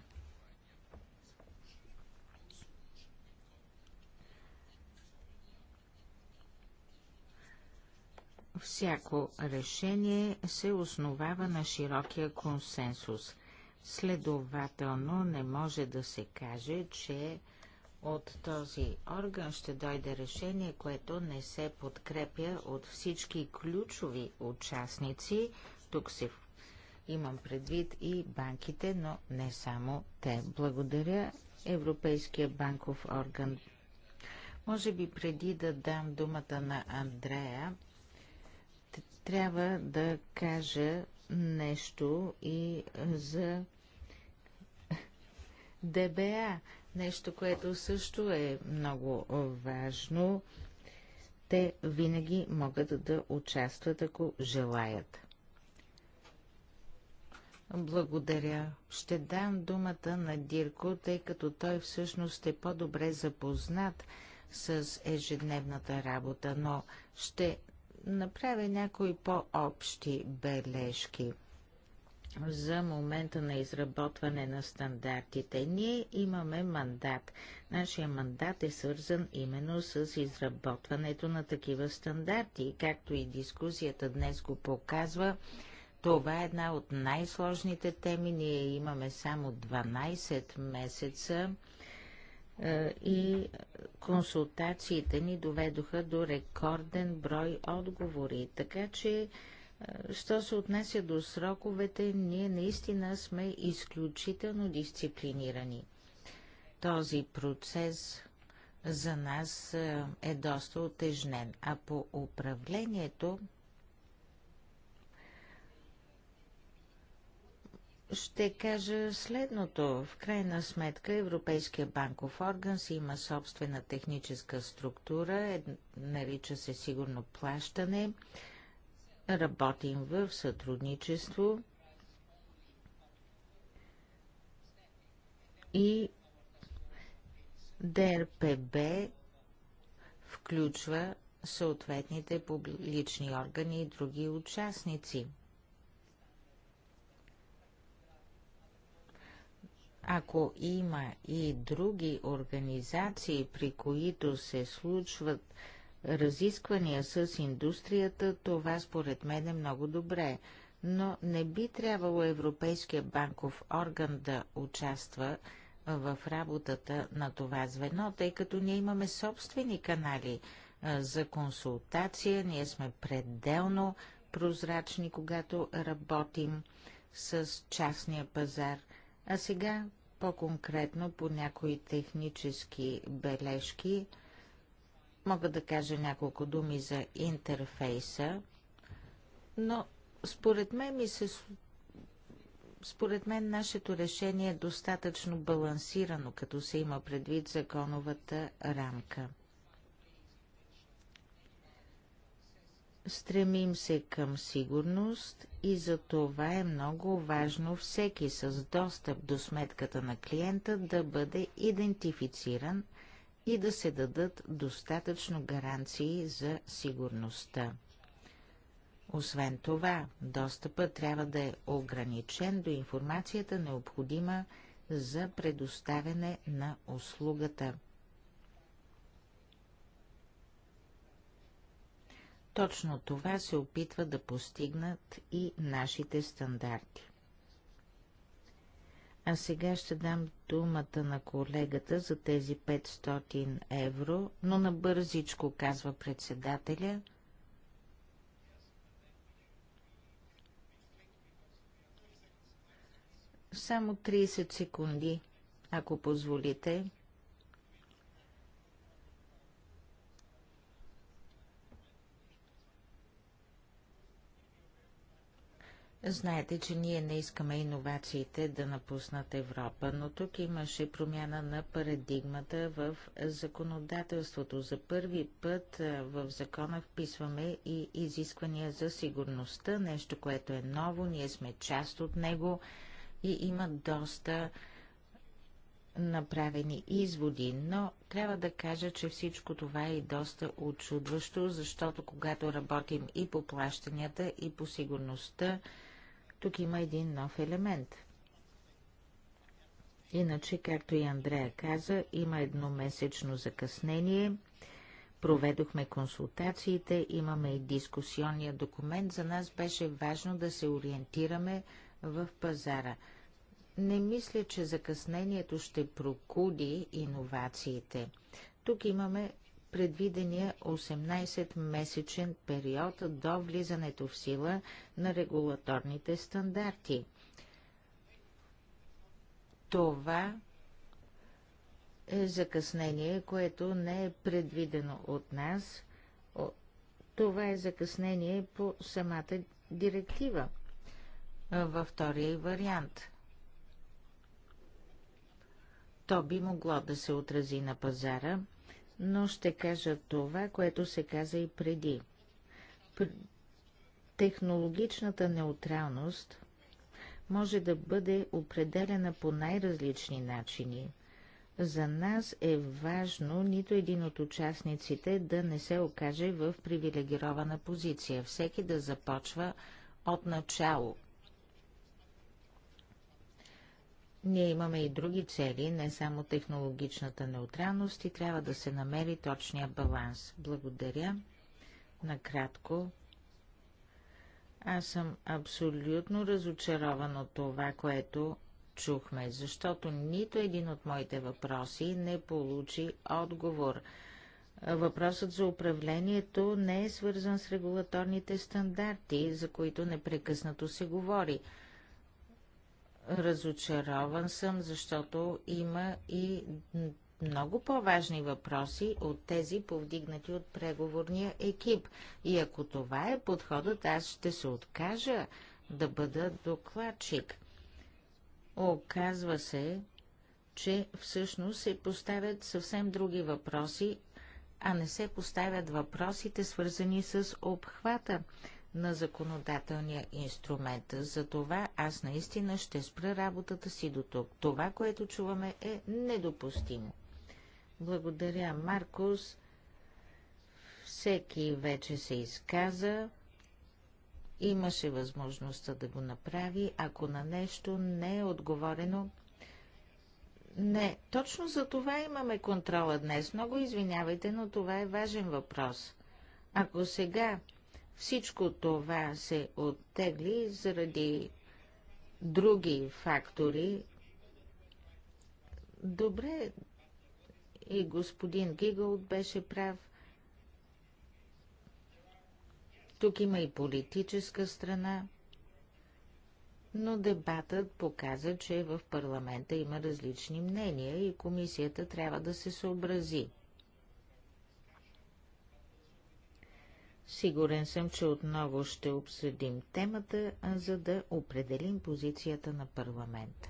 Speaker 2: Всяко решение се основава на широкия консенсус. Следователно не може да се каже, че от този орган ще дойде решение, което не се подкрепя от всички ключови участници. Тук се имам предвид и банките, но не само те. Благодаря Европейския банков орган. Може би преди да дам думата на Андрея, трябва да кажа нещо и за ДБА. Нещо, което също е много важно. Те винаги могат да участват, ако желаят. Благодаря. Ще дам думата на Дирко, тъй като той всъщност е по-добре запознат с ежедневната работа, но ще направя някои по-общи бележки за момента на изработване на стандартите. Ние имаме мандат. Нашия мандат е свързан именно с изработването на такива стандарти. Както и дискусията днес го показва, това е една от най-сложните теми. Ние имаме само 12 месеца е, и консултациите ни доведоха до рекорден брой отговори. Така че, е, що се отнася до сроковете, ние наистина сме изключително дисциплинирани. Този процес за нас е, е доста отежнен, а по управлението ще кажа следното. В крайна сметка Европейския банков орган си има собствена техническа структура, е, нарича се сигурно плащане. Работим в сътрудничество и ДРПБ включва съответните публични органи и други участници – Ако има и други организации, при които се случват разисквания с индустрията, това според мен е много добре. Но не би трябвало Европейския банков орган да участва в работата на това звено, тъй като ние имаме собствени канали за консултация, ние сме пределно прозрачни, когато работим с частния пазар. А сега по-конкретно по някои технически бележки мога да кажа няколко думи за интерфейса, но според мен ми се според мен нашето решение е достатъчно балансирано, като се има предвид законовата рамка. Стремим се към сигурност и за това е много важно всеки с достъп до сметката на клиента да бъде идентифициран и да се дадат достатъчно гаранции за сигурността. Освен това, достъпът трябва да е ограничен до информацията необходима за предоставяне на услугата. Точно това се опитва да постигнат и нашите стандарти. А сега ще дам думата на колегата за тези 500 евро, но на бързичко, казва председателя. Само 30 секунди, ако позволите. Знаете, че ние не искаме иновациите да напуснат Европа, но тук имаше промяна на парадигмата в законодателството. За първи път в закона вписваме и изисквания за сигурността, нещо, което е ново, ние сме част от него и има доста направени изводи, но трябва да кажа, че всичко това е доста очудващо, защото когато работим и по плащанията, и по сигурността, тук има един нов елемент. Иначе, както и Андрея каза, има едно месечно закъснение. Проведохме консултациите, имаме и дискусионния документ. За нас беше важно да се ориентираме в пазара. Не мисля, че закъснението ще прокуди иновациите. Тук имаме предвидения 18-месечен период до влизането в сила на регулаторните стандарти. Това е закъснение, което не е предвидено от нас. Това е закъснение по самата директива във втория вариант. То би могло да се отрази на пазара – но ще кажа това, което се каза и преди. Технологичната неутралност може да бъде определена по най-различни начини. За нас е важно нито един от участниците да не се окаже в привилегирована позиция, всеки да започва от начало – Ние имаме и други цели, не само технологичната неутралност и трябва да се намери точния баланс. Благодаря. Накратко. Аз съм абсолютно разочарован от това, което чухме, защото нито един от моите въпроси не получи отговор. Въпросът за управлението не е свързан с регулаторните стандарти, за които непрекъснато се говори. Разочарован съм, защото има и много по-важни въпроси от тези повдигнати от преговорния екип. И ако това е подходът, аз ще се откажа да бъда докладчик. Оказва се, че всъщност се поставят съвсем други въпроси, а не се поставят въпросите, свързани с обхвата на законодателния инструмент. Затова аз наистина ще спра работата си до тук. Това, което чуваме е недопустимо. Благодаря, Маркус. Всеки вече се изказа. Имаше възможността да го направи, ако на нещо не е отговорено. Не, точно за това имаме контрола днес. Много извинявайте, но това е важен въпрос. Ако сега всичко това се оттегли заради други фактори. Добре, и господин Гигълт беше прав. Тук има и политическа страна, но дебатът показа, че в парламента има различни мнения и комисията трябва да се съобрази. Сигурен съм, че отново ще обсъдим темата, за да определим позицията на парламента.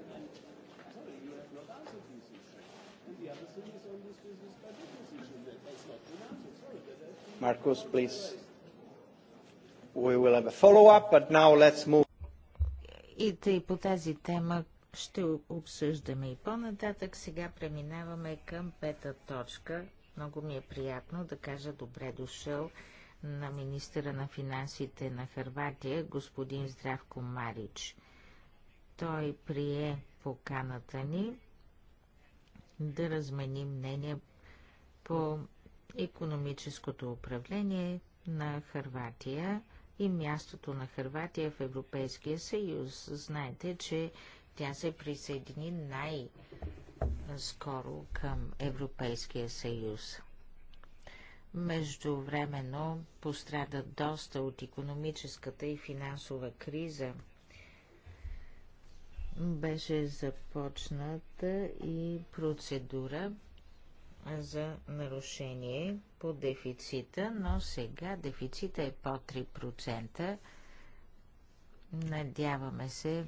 Speaker 1: Cruz, please. We will have a follow-up, but now let's move.
Speaker 2: И тъй по тази тема ще обсъждаме и по-нататък. Сега преминаваме към пета точка. Много ми е приятно да кажа добре дошъл на министъра на финансите на Харватия, господин Здравко Марич. Той прие поканата ни да разменим мнение по економическото управление на Харватия и мястото на Харватия в Европейския съюз. Знаете, че тя се присъедини най-скоро към Европейския съюз. Междувременно пострада доста от економическата и финансова криза. Беше започната и процедура за нарушение по дефицита, но сега дефицита е по 3%. Надяваме се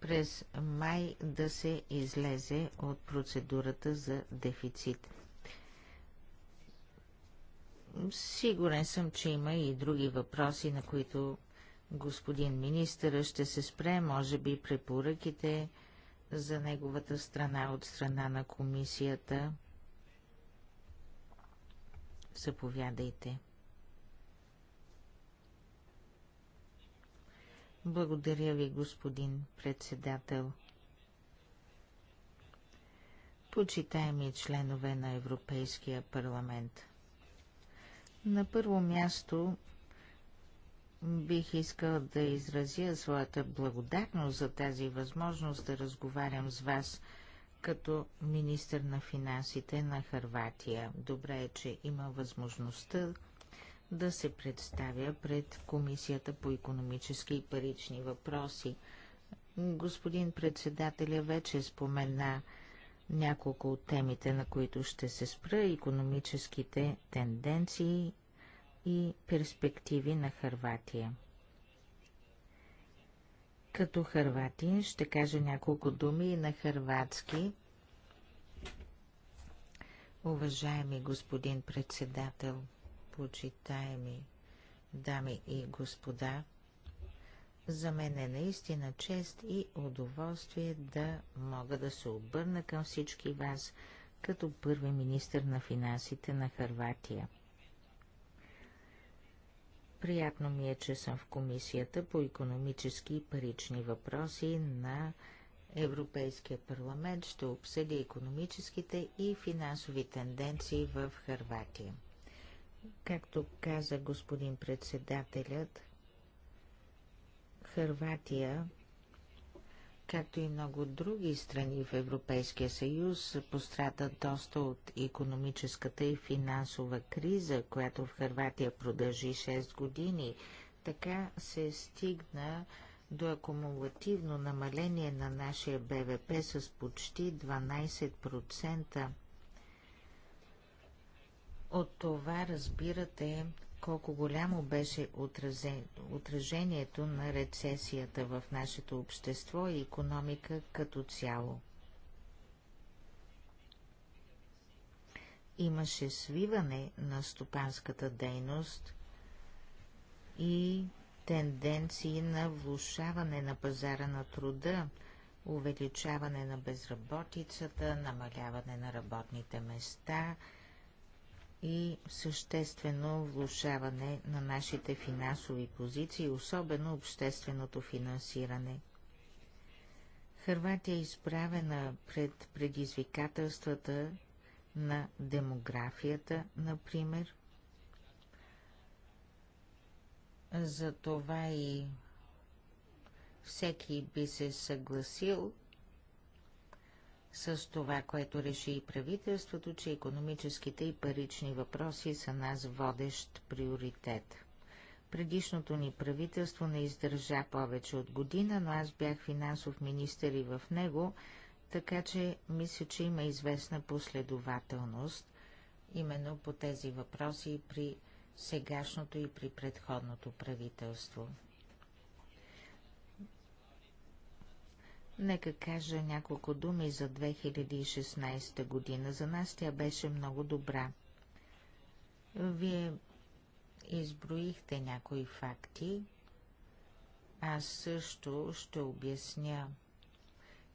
Speaker 2: през май да се излезе от процедурата за дефицит. Сигурен съм, че има и други въпроси, на които господин министъра ще се спре, може би препоръките, за неговата страна от страна на комисията. Заповядайте. Благодаря ви, господин председател. Почитаеми членове на Европейския парламент. На първо място Бих искал да изразя своята благодарност за тази възможност да разговарям с вас като министър на финансите на Харватия. Добре е, че има възможността да се представя пред Комисията по економически и парични въпроси. Господин председателя вече спомена няколко от темите, на които ще се спра – економическите тенденции и перспективи на Харватия. Като хърватин ще кажа няколко думи на хърватски. Уважаеми господин председател, почитаеми дами и господа, за мен е наистина чест и удоволствие да мога да се обърна към всички вас като първи министр на финансите на Харватия – Приятно ми е, че съм в Комисията по економически и парични въпроси на Европейския парламент. Ще обсъди економическите и финансови тенденции в Харватия. Както каза господин председателят, Харватия както и много други страни в Европейския съюз, пострада доста от економическата и финансова криза, която в Харватия продължи 6 години. Така се стигна до акумулативно намаление на нашия БВП с почти 12%. От това разбирате колко голямо беше отражението на рецесията в нашето общество и економика като цяло. Имаше свиване на стопанската дейност и тенденции на влушаване на пазара на труда, увеличаване на безработицата, намаляване на работните места – и съществено влушаване на нашите финансови позиции, особено общественото финансиране. Хърватия е изправена пред предизвикателствата на демографията, например. Затова и всеки би се съгласил с това, което реши и правителството, че економическите и парични въпроси са нас водещ приоритет. Предишното ни правителство не издържа повече от година, но аз бях финансов министър и в него, така че мисля, че има известна последователност именно по тези въпроси при сегашното и при предходното правителство. Нека кажа няколко думи за 2016 година. За нас тя беше много добра. Вие изброихте някои факти. Аз също ще обясня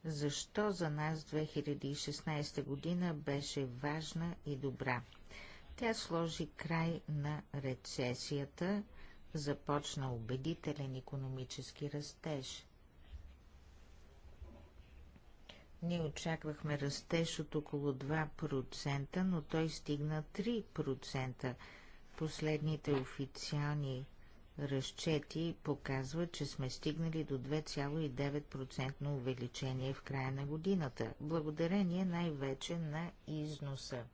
Speaker 2: защо за нас 2016 година беше важна и добра. Тя сложи край на рецесията, започна убедителен економически растеж. Ние очаквахме растеж от около 2%, но той стигна 3%. Последните официални разчети показват, че сме стигнали до 2,9% увеличение в края на годината, благодарение най-вече на износа.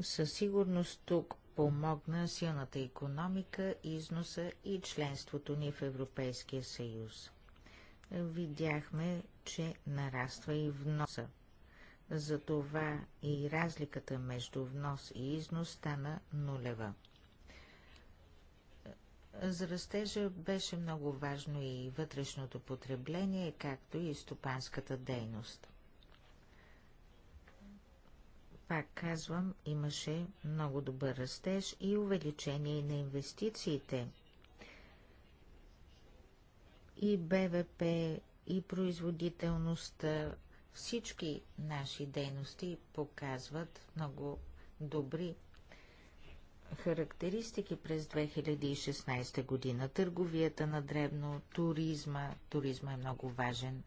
Speaker 2: Със сигурност тук помогна силната економика, износа и членството ни в Европейския съюз. Видяхме, че нараства и вноса. Затова и разликата между внос и износ стана нулева. За растежа беше много важно и вътрешното потребление, както и стопанската дейност. Пак казвам, имаше много добър растеж и увеличение на инвестициите. И БВП, и производителността, всички наши дейности показват много добри характеристики през 2016 година. Търговията на дребно, туризма, туризма е много важен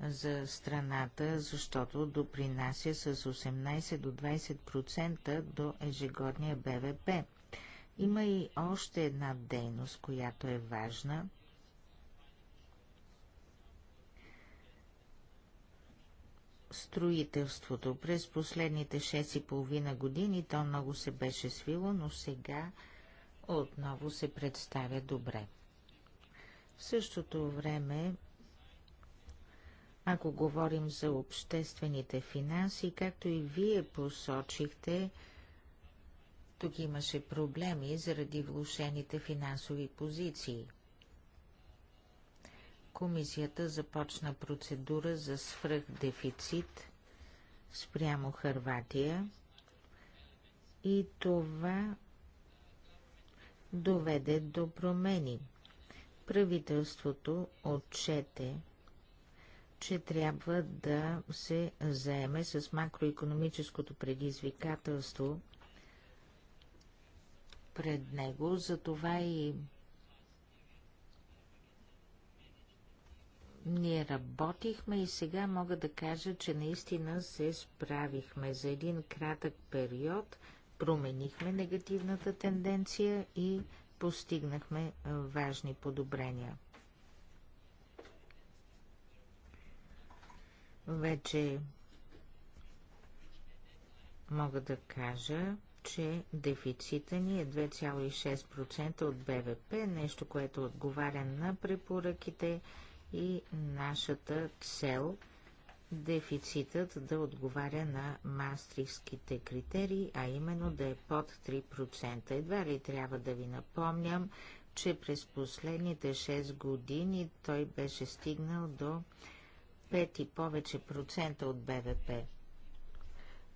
Speaker 2: за страната, защото допринася с 18 до 20% до ежегодния БВП. Има и още една дейност, която е важна. Строителството. През последните 6,5 години то много се беше свило, но сега отново се представя добре. В същото време ако говорим за обществените финанси, както и вие посочихте, тук имаше проблеми заради влушените финансови позиции. Комисията започна процедура за свръхдефицит спрямо Харватия и това доведе до промени. Правителството отчете че трябва да се заеме с макроекономическото предизвикателство пред него, затова и ние работихме и сега мога да кажа, че наистина се справихме. За един кратък период променихме негативната тенденция и постигнахме важни подобрения. Вече мога да кажа, че дефицита ни е 2,6% от БВП, нещо, което отговаря на препоръките и нашата цел дефицитът да отговаря на мастрихските критерии, а именно да е под 3%. Едва ли трябва да ви напомням, че през последните 6 години той беше стигнал до 5 и повече процента от БВП.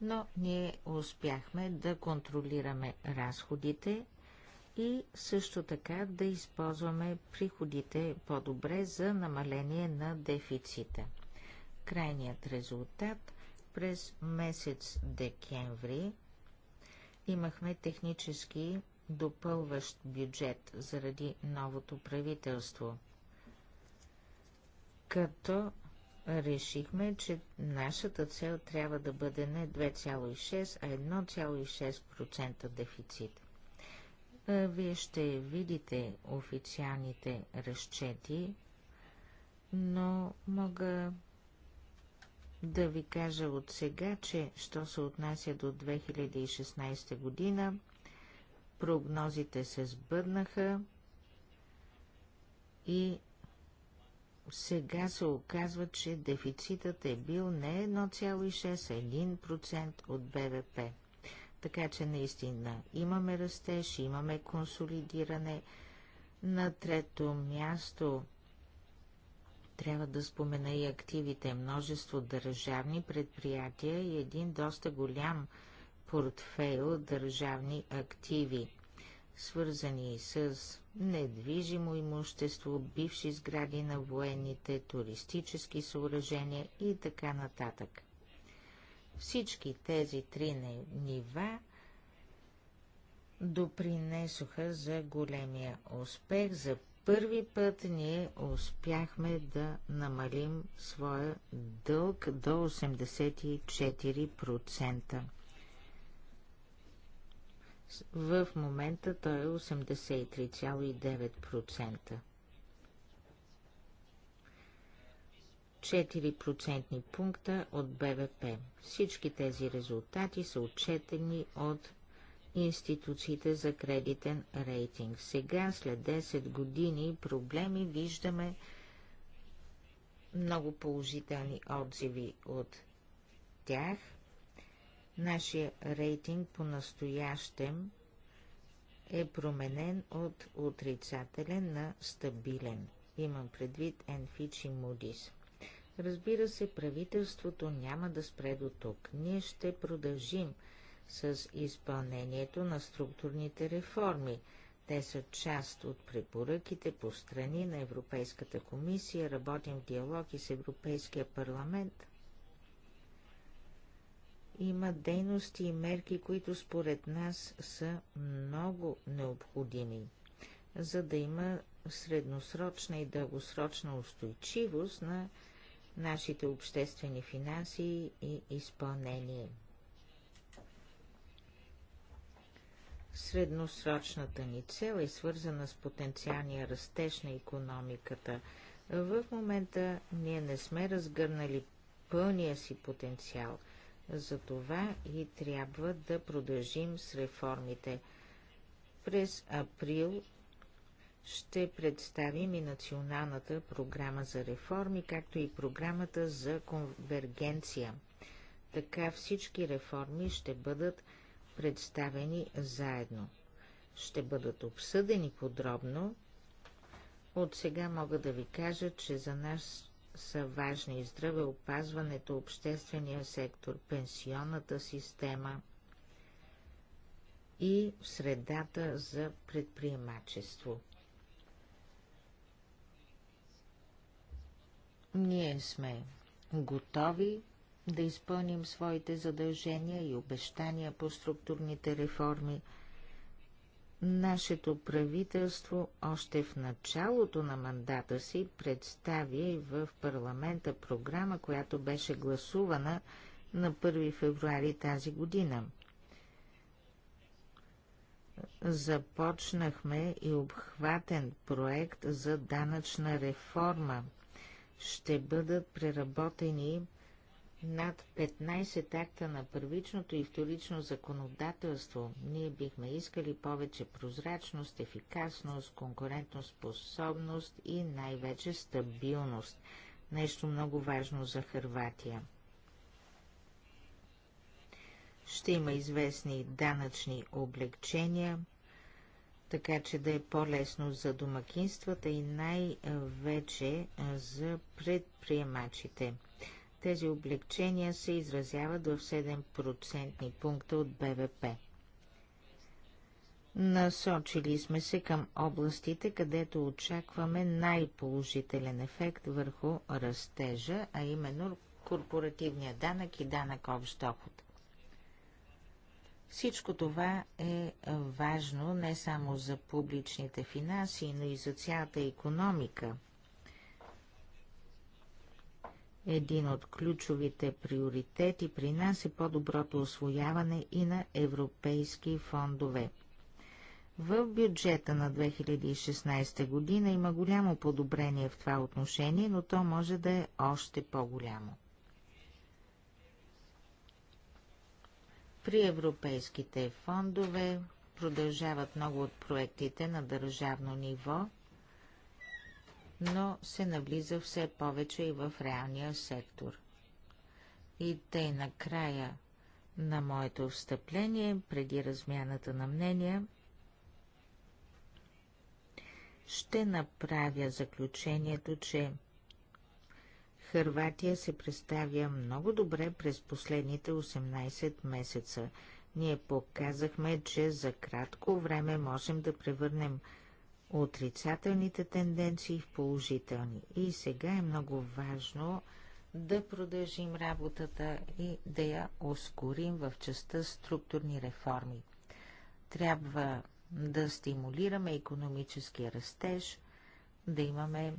Speaker 2: Но ние успяхме да контролираме разходите и също така да използваме приходите по-добре за намаление на дефицита. Крайният резултат през месец декември имахме технически допълващ бюджет заради новото правителство, като решихме, че нашата цел трябва да бъде не 2,6, а 1,6% дефицит. Е, вие ще видите официалните разчети, но мога да ви кажа от сега, че що се отнася до 2016 година, прогнозите се сбъднаха и сега се оказва, че дефицитът е бил не 1,6, 1% от БВП. Така че наистина имаме растеж, имаме консолидиране. На трето място трябва да спомена и активите. Множество държавни предприятия и един доста голям портфейл държавни активи свързани с недвижимо имущество, бивши сгради на военните, туристически съоръжения и така нататък. Всички тези три нива допринесоха за големия успех. За първи път ние успяхме да намалим своя дълг до 84%. В момента той е 83,9%. 4% пункта от БВП. Всички тези резултати са отчетени от институциите за кредитен рейтинг. Сега, след 10 години проблеми, виждаме много положителни отзиви от тях – Нашия рейтинг по-настоящем е променен от отрицателен на стабилен. Имам предвид и Moody's. Разбира се, правителството няма да спре до тук. Ние ще продължим с изпълнението на структурните реформи. Те са част от препоръките по страни на Европейската комисия, работим в диалог и с Европейския парламент има дейности и мерки, които според нас са много необходими, за да има средносрочна и дългосрочна устойчивост на нашите обществени финанси и изпълнение. Средносрочната ни цел е свързана с потенциалния растеж на економиката. В момента ние не сме разгърнали пълния си потенциал – за това и трябва да продължим с реформите. През април ще представим и Националната програма за реформи, както и програмата за конвергенция. Така всички реформи ще бъдат представени заедно. Ще бъдат обсъдени подробно. От сега мога да ви кажа, че за нас са важни – здравеопазването, обществения сектор, пенсионната система и средата за предприемачество. Ние сме готови да изпълним своите задължения и обещания по структурните реформи – Нашето правителство още в началото на мандата си представи в парламента програма, която беше гласувана на 1 февруари тази година. Започнахме и обхватен проект за данъчна реформа. Ще бъдат преработени над 15 акта на първичното и вторично законодателство. Ние бихме искали повече прозрачност, ефикасност, конкурентоспособност и най-вече стабилност. Нещо много важно за Хърватия. Ще има известни данъчни облегчения, така че да е по-лесно за домакинствата и най-вече за предприемачите – тези облегчения се изразяват в 7% пункта от БВП. Насочили сме се към областите, където очакваме най-положителен ефект върху растежа, а именно корпоративния данък и данък общ доход. Всичко това е важно не само за публичните финанси, но и за цялата економика – един от ключовите приоритети при нас е по-доброто освояване и на европейски фондове. В бюджета на 2016 година има голямо подобрение в това отношение, но то може да е още по-голямо. При европейските фондове продължават много от проектите на държавно ниво – но се навлиза все повече и в реалния сектор. И тъй накрая на моето встъпление, преди размяната на мнения, ще направя заключението, че Хърватия се представя много добре през последните 18 месеца. Ние показахме, че за кратко време можем да превърнем отрицателните тенденции в положителни. И сега е много важно да продължим работата и да я ускорим в частта структурни реформи. Трябва да стимулираме економическия растеж, да имаме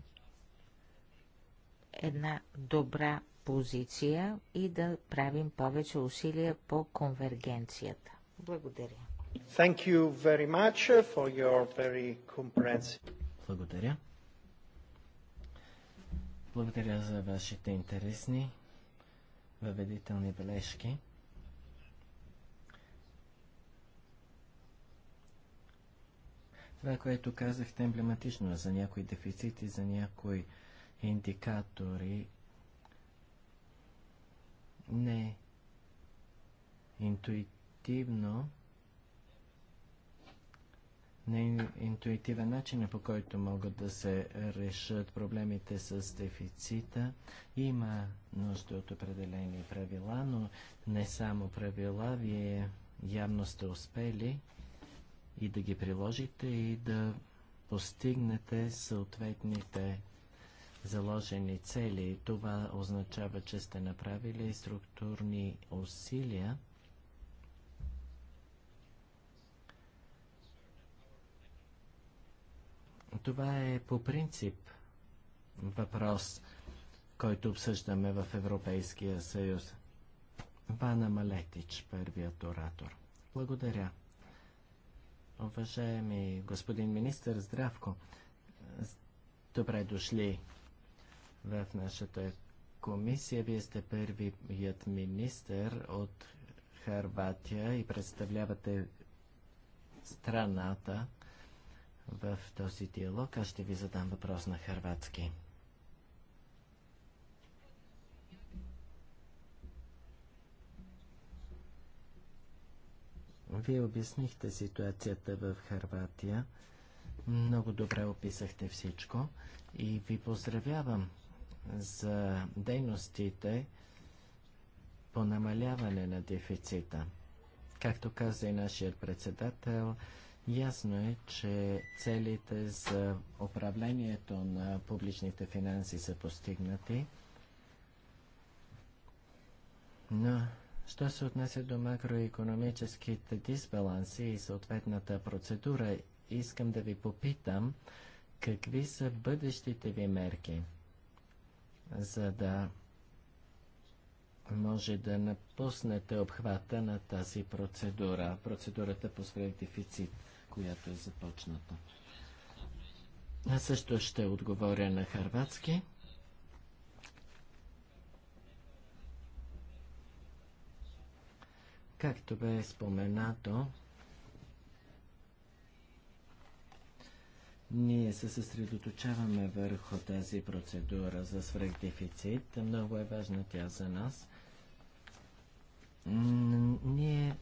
Speaker 2: една добра позиция и да правим повече усилия по конвергенцията.
Speaker 1: Благодаря. Thank you very much for your very comprehensive... Благодаря.
Speaker 4: Благодаря за вашите интересни въведителни бележки. Това, което казахте, е емблематично за някои дефицити, за някои индикатори. Не интуитивно на е интуитивен начин, по който могат да се решат проблемите с дефицита. Има нужда от определени правила, но не само правила. Вие явно сте успели и да ги приложите и да постигнете съответните заложени цели. Това означава, че сте направили структурни усилия Това е по принцип въпрос, който обсъждаме в Европейския съюз. Вана Малетич, първият оратор. Благодаря. Уважаеми господин министър Здравко, добре дошли в нашата комисия. Вие сте първият министър от Харватия и представлявате страната в този диалог. Аз ще ви задам въпрос на харватски. Вие обяснихте ситуацията в Харватия. Много добре описахте всичко и ви поздравявам за дейностите по намаляване на дефицита. Както каза и нашият председател, Ясно е, че целите за управлението на публичните финанси са постигнати, но що се отнася до макроекономическите дисбаланси и съответната процедура, искам да ви попитам какви са бъдещите ви мерки, за да може да напуснете обхвата на тази процедура, процедурата по свръхдефицит. дефицит която е започната. Аз също ще отговоря на харватски. Както бе споменато, Ние се съсредоточаваме върху тази процедура за свръхдефицит. Много е важна тя за нас. Ние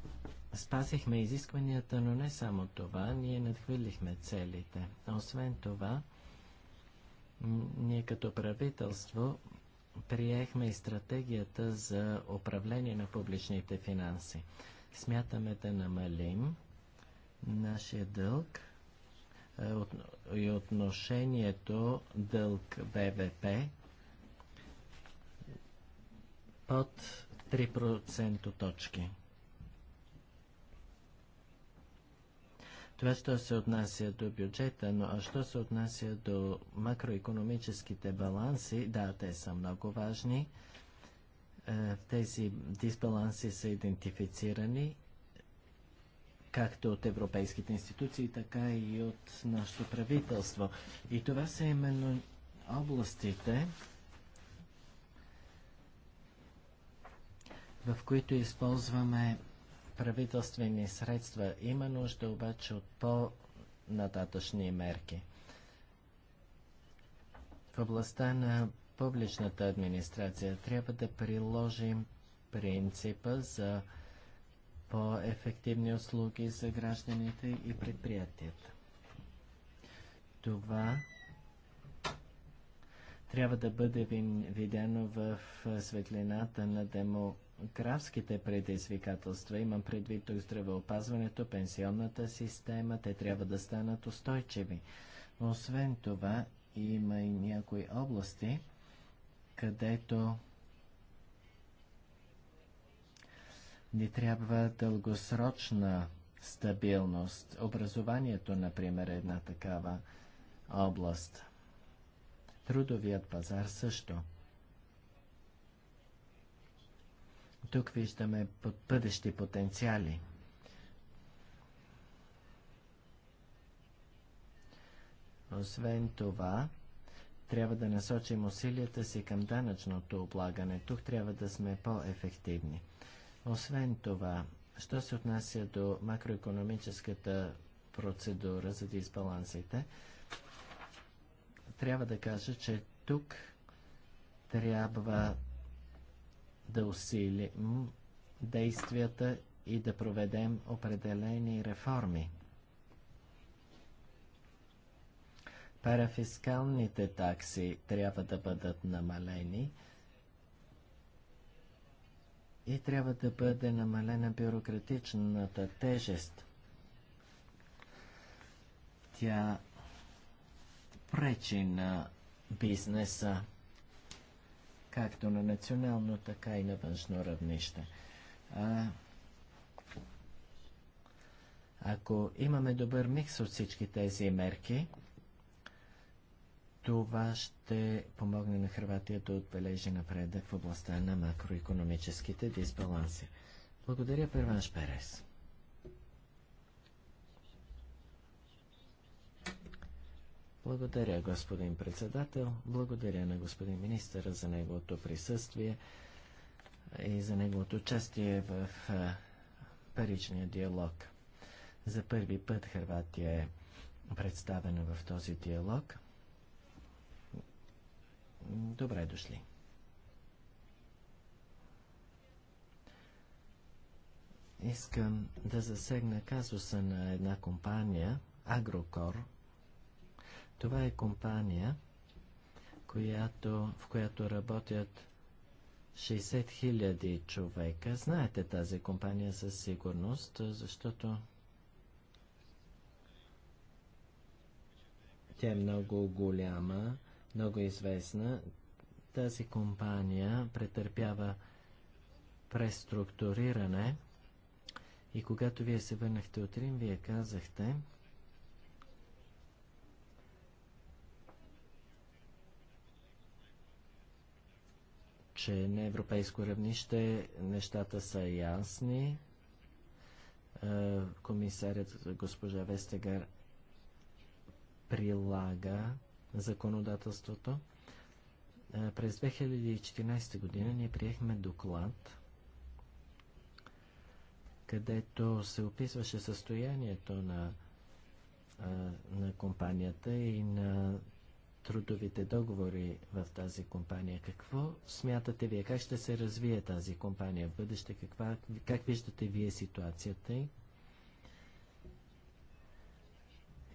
Speaker 4: спазихме изискванията, но не само това, ние надхвърлихме целите. Освен това, ние като правителство приехме и стратегията за управление на публичните финанси. Смятаме да намалим нашия дълг е, и отношението дълг БВП под 3% точки. Това, що се отнася до бюджета, но а що се отнася до макроекономическите баланси, да, те са много важни. Е, тези дисбаланси са идентифицирани както от европейските институции, така и от нашето правителство. И това са именно областите, в които използваме правителствени средства. Има нужда обаче от по-нататъчни мерки. В областта на публичната администрация трябва да приложим принципа за по-ефективни услуги за гражданите и предприятията. Това трябва да бъде видено в светлината на демокрацията Кравските предизвикателства, имам предвид тук здравеопазването, пенсионната система, те трябва да станат устойчиви. Освен това, има и някои области, където ни трябва дългосрочна стабилност. Образованието, например, е една такава област. Трудовият пазар също – Тук виждаме бъдещи потенциали. Освен това, трябва да насочим усилията си към данъчното облагане. Тук трябва да сме по-ефективни. Освен това, що се отнася до макроекономическата процедура за дисбалансите, трябва да кажа, че тук трябва да усилим действията и да проведем определени реформи. Парафискалните такси трябва да бъдат намалени и трябва да бъде намалена бюрократичната тежест. Тя пречи на бизнеса както на национално, така и на външно равнище. А, ако имаме добър микс от всички тези мерки, това ще помогне на Хрватия да отбележи напредък в областта на макроекономическите дисбаланси. Благодаря, Перванш Перес. Благодаря, господин председател. Благодаря на господин министър за неговото присъствие и за неговото участие в паричния диалог. За първи път Харватия е представена в този диалог. Добре дошли. Искам да засегна казуса на една компания, Агрокор, това е компания, която, в която работят 60 000 човека. Знаете тази компания със сигурност, защото тя е много голяма, много известна. Тази компания претърпява преструктуриране и когато вие се върнахте от Рим, вие казахте, че на европейско равнище нещата са ясни. Е, комисарят госпожа Вестегар прилага законодателството. Е, през 2014 година ние приехме доклад, където се описваше състоянието на, е, на компанията и на трудовите договори в тази компания. Какво смятате вие? Как ще се развие тази компания в бъдеще? Каква, как виждате вие ситуацията й?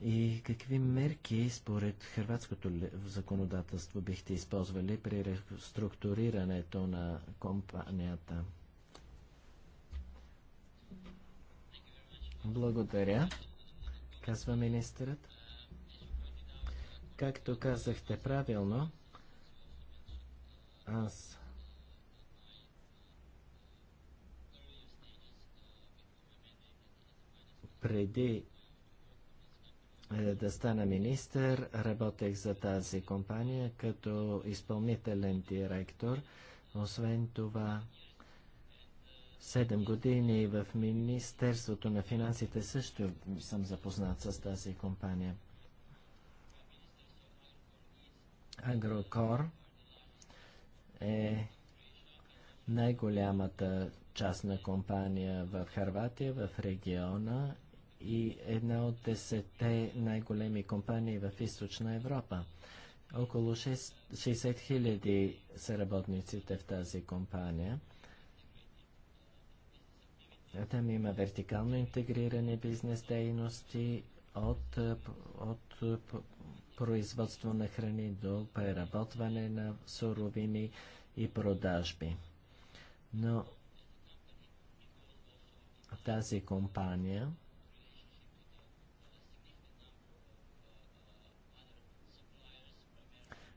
Speaker 4: И какви мерки според хрватското законодателство бихте използвали при реструктурирането на компанията? Благодаря, казва министърът. Както казахте правилно, аз преди е, да стана министър, работех за тази компания като изпълнителен директор. Освен това, 7 години в Министерството на финансите също съм запознат с тази компания. Агрокор е най-голямата частна компания в Харватия, в региона и една от десете най-големи компании в източна Европа. Около 60 хиляди са работниците в тази компания. Там има вертикално интегрирани бизнес дейности от, от, от производство на храни до преработване на суровини и продажби. Но тази компания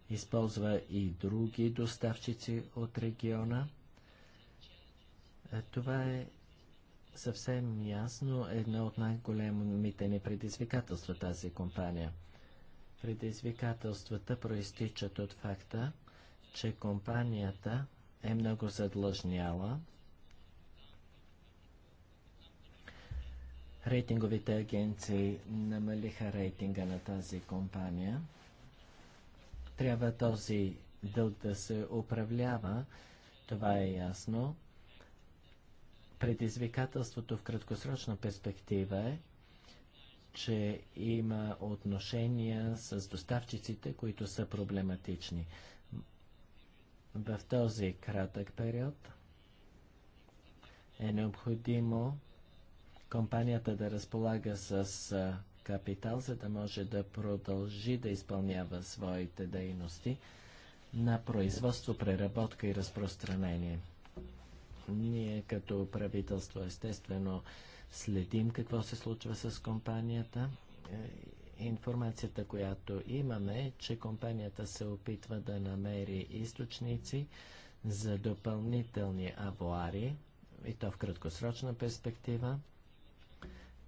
Speaker 4: използва и други доставчици от региона. Е, това е съвсем ясно едно от най-големите ни предизвикателства тази компания – Предизвикателствата проистичат от факта, че компанията е много задлъжняла. Рейтинговите агенции намалиха рейтинга на тази компания. Трябва този дълг да се управлява, това е ясно. Предизвикателството в краткосрочна перспектива е, че има отношения с доставчиците, които са проблематични. В този кратък период е необходимо компанията да разполага с капитал, за да може да продължи да изпълнява своите дейности на производство, преработка и разпространение. Ние като правителство естествено следим какво се случва с компанията. Е, информацията, която имаме е, че компанията се опитва да намери източници за допълнителни авуари, и то в краткосрочна перспектива.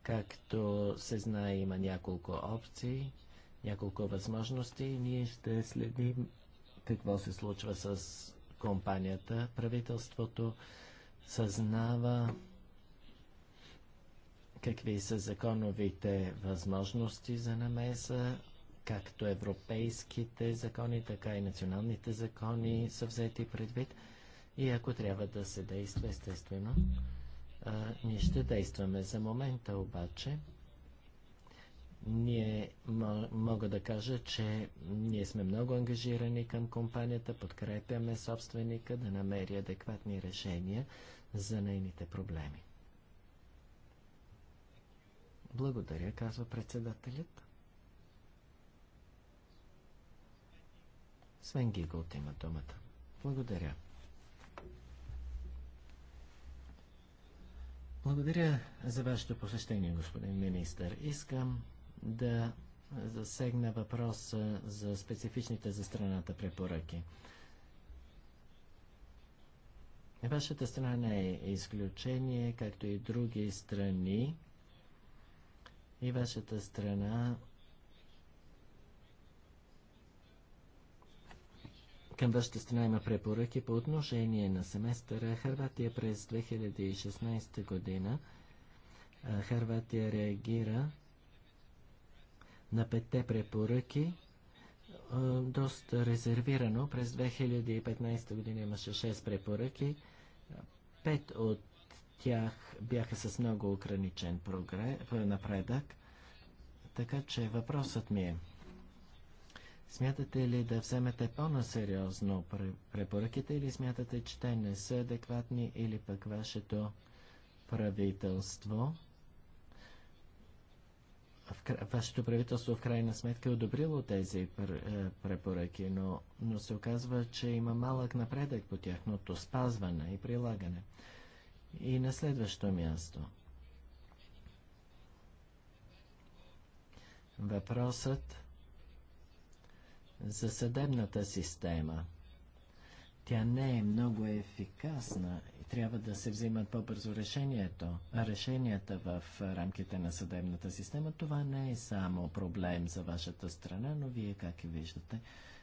Speaker 4: Както се знае, има няколко опции, няколко възможности и ние ще следим какво се случва с компанията. Правителството съзнава какви са законовите възможности за намеса, както европейските закони, така и националните закони са взети предвид. И ако трябва да се действа, естествено, а, ние ще действаме. За момента обаче, ние мога да кажа, че ние сме много ангажирани към компанията, подкрепяме собственика да намери адекватни решения за нейните проблеми. Благодаря, казва председателят. Свен Гиголт има думата. Благодаря. Благодаря за вашето посещение, господин министр. Искам да засегна въпроса за специфичните за страната препоръки. Вашата страна е изключение, както и други страни и вашата страна към вашата страна има препоръки по отношение на семестъра. Харватия през 2016 година Харватия реагира на петте препоръки доста резервирано. През 2015 година имаше 6 препоръки. Пет от тях бяха с много ограничен напредък. Така че въпросът ми е, смятате ли да вземете по-насериозно препоръките или смятате, че те не са адекватни или пък вашето правителство? вашето правителство в крайна сметка е одобрило тези е, препоръки, но, но се оказва, че има малък напредък по тяхното спазване и прилагане. И на следващо място. Въпросът за съдебната система. Тя не е много ефикасна и трябва да се взимат по-бързо решението. Решенията в рамките на съдебната система, това не е само проблем за вашата страна, но вие как виждате,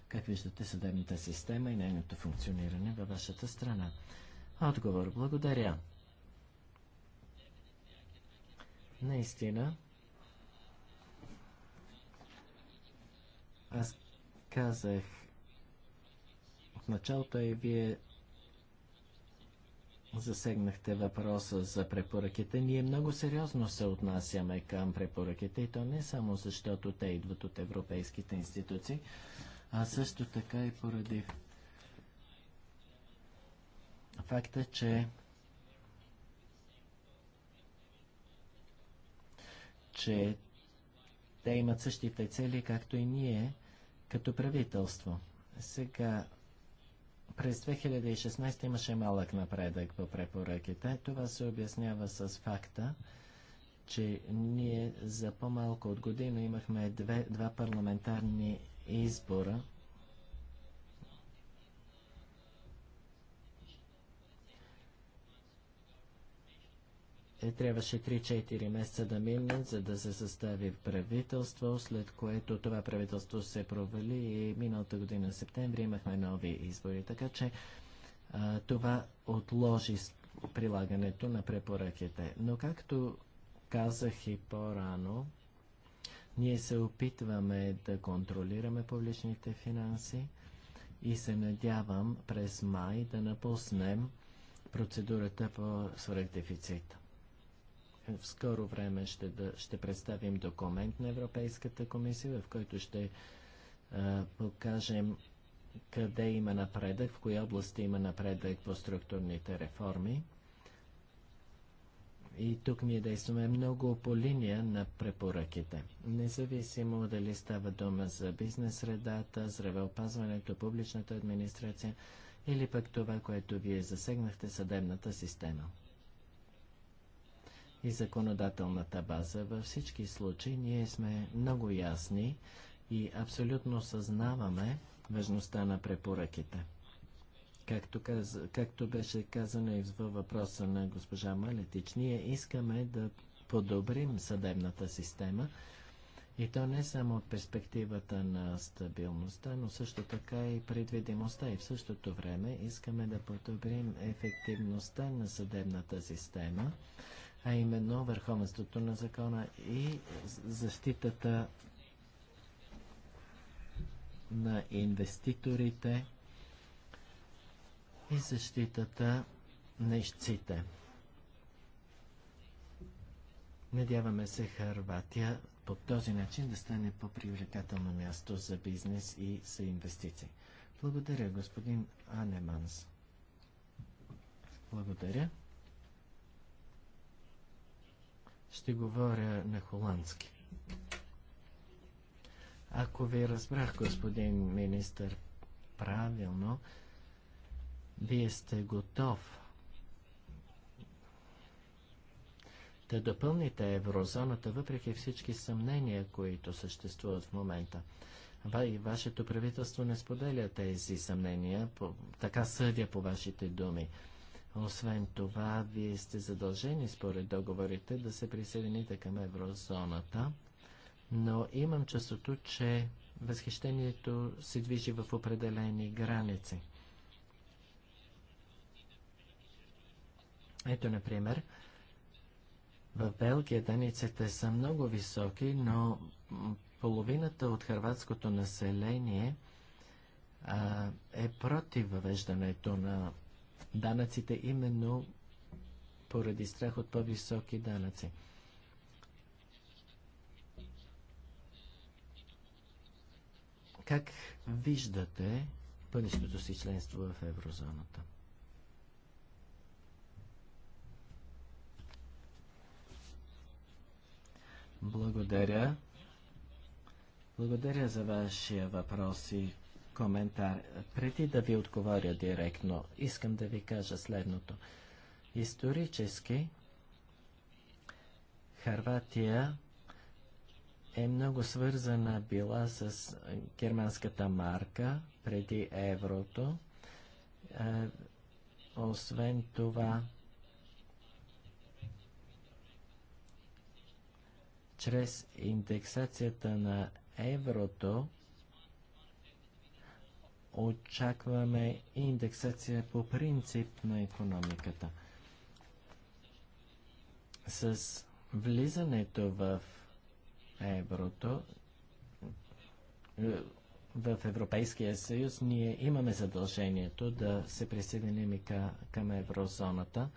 Speaker 4: как виждате съдебната система и нейното функциониране във вашата страна. Отговор. Благодаря. Наистина, аз казах в началото и вие засегнахте въпроса за препоръките. Ние много сериозно се отнасяме към препоръките и то не само защото те идват от европейските институции, а също така и поради факта, че че те имат същите цели, както и ние, като правителство. Сега, през 2016 имаше малък напредък по препоръките. Това се обяснява с факта, че ние за по-малко от година имахме две, два парламентарни избора е, трябваше 3-4 месеца да минат, за да се състави правителство, след което това правителство се провали и миналата година, в септември, имахме нови избори. Така че а, това отложи прилагането на препоръките. Но както казах и по-рано, ние се опитваме да контролираме публичните финанси и се надявам през май да напуснем процедурата по свръхдефицита в скоро време ще, да, ще представим документ на Европейската комисия, в който ще а, покажем къде има напредък, в кои области има напредък по структурните реформи. И тук ние действаме много по линия на препоръките. Независимо дали става дума за бизнес средата, здравеопазването, публичната администрация или пък това, което вие засегнахте съдебната система и законодателната база. Във всички случаи ние сме много ясни и абсолютно съзнаваме важността на препоръките. Както, каз... както беше казано и във въпроса на госпожа Малетич, ние искаме да подобрим съдебната система и то не само от перспективата на стабилността, но също така и предвидимостта. И в същото време искаме да подобрим ефективността на съдебната система а именно върховенството на закона и защитата на инвеститорите и защитата на ищците. Надяваме се Харватия по този начин да стане по-привлекателно място за бизнес и за инвестиции. Благодаря, господин Анеманс. Благодаря. Ще говоря на холандски. Ако ви разбрах, господин министър, правилно, вие сте готов да допълните еврозоната, въпреки всички съмнения, които съществуват в момента. Ва и вашето правителство не споделя тези съмнения, по, така съдя по вашите думи. Освен това, вие сте задължени според договорите да се присъедините към еврозоната, но имам чувството, че възхищението се движи в определени граници. Ето, например, в Белгия даниците са много високи, но половината от хрватското население а, е против въвеждането на данъците именно поради страх от по-високи данъци. Как виждате бъдещото си членство в еврозоната? Благодаря. Благодаря за вашия въпрос и коментар. Преди да ви отговоря директно, искам да ви кажа следното. Исторически Харватия е много свързана била с германската марка преди еврото. Е, освен това, чрез индексацията на еврото, очакваме индексация по принцип на економиката. С влизането в еврото, в Европейския съюз, ние имаме задължението да се присъединим и към еврозоната.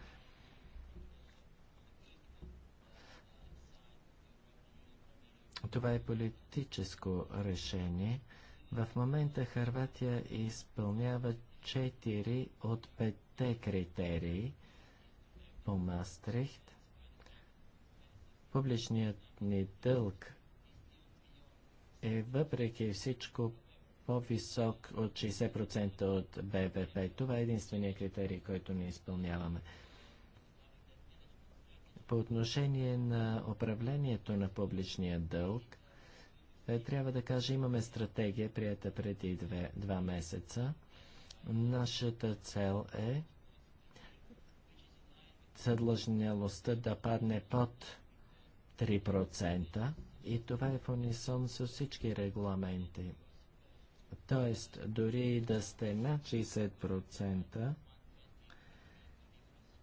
Speaker 4: Това е политическо решение – в момента Харватия изпълнява 4 от 5 критерии по Мастрихт. Публичният ни дълг е въпреки всичко по-висок от 60% от БВП. Това е единствения критерий, който не изпълняваме. По отношение на управлението на публичния дълг, е, трябва да кажа, имаме стратегия, прията преди две, два месеца. Нашата цел е съдлъжнялостта да падне под 3% и това е в унисон с всички регламенти. Тоест, дори и да сте над 60%,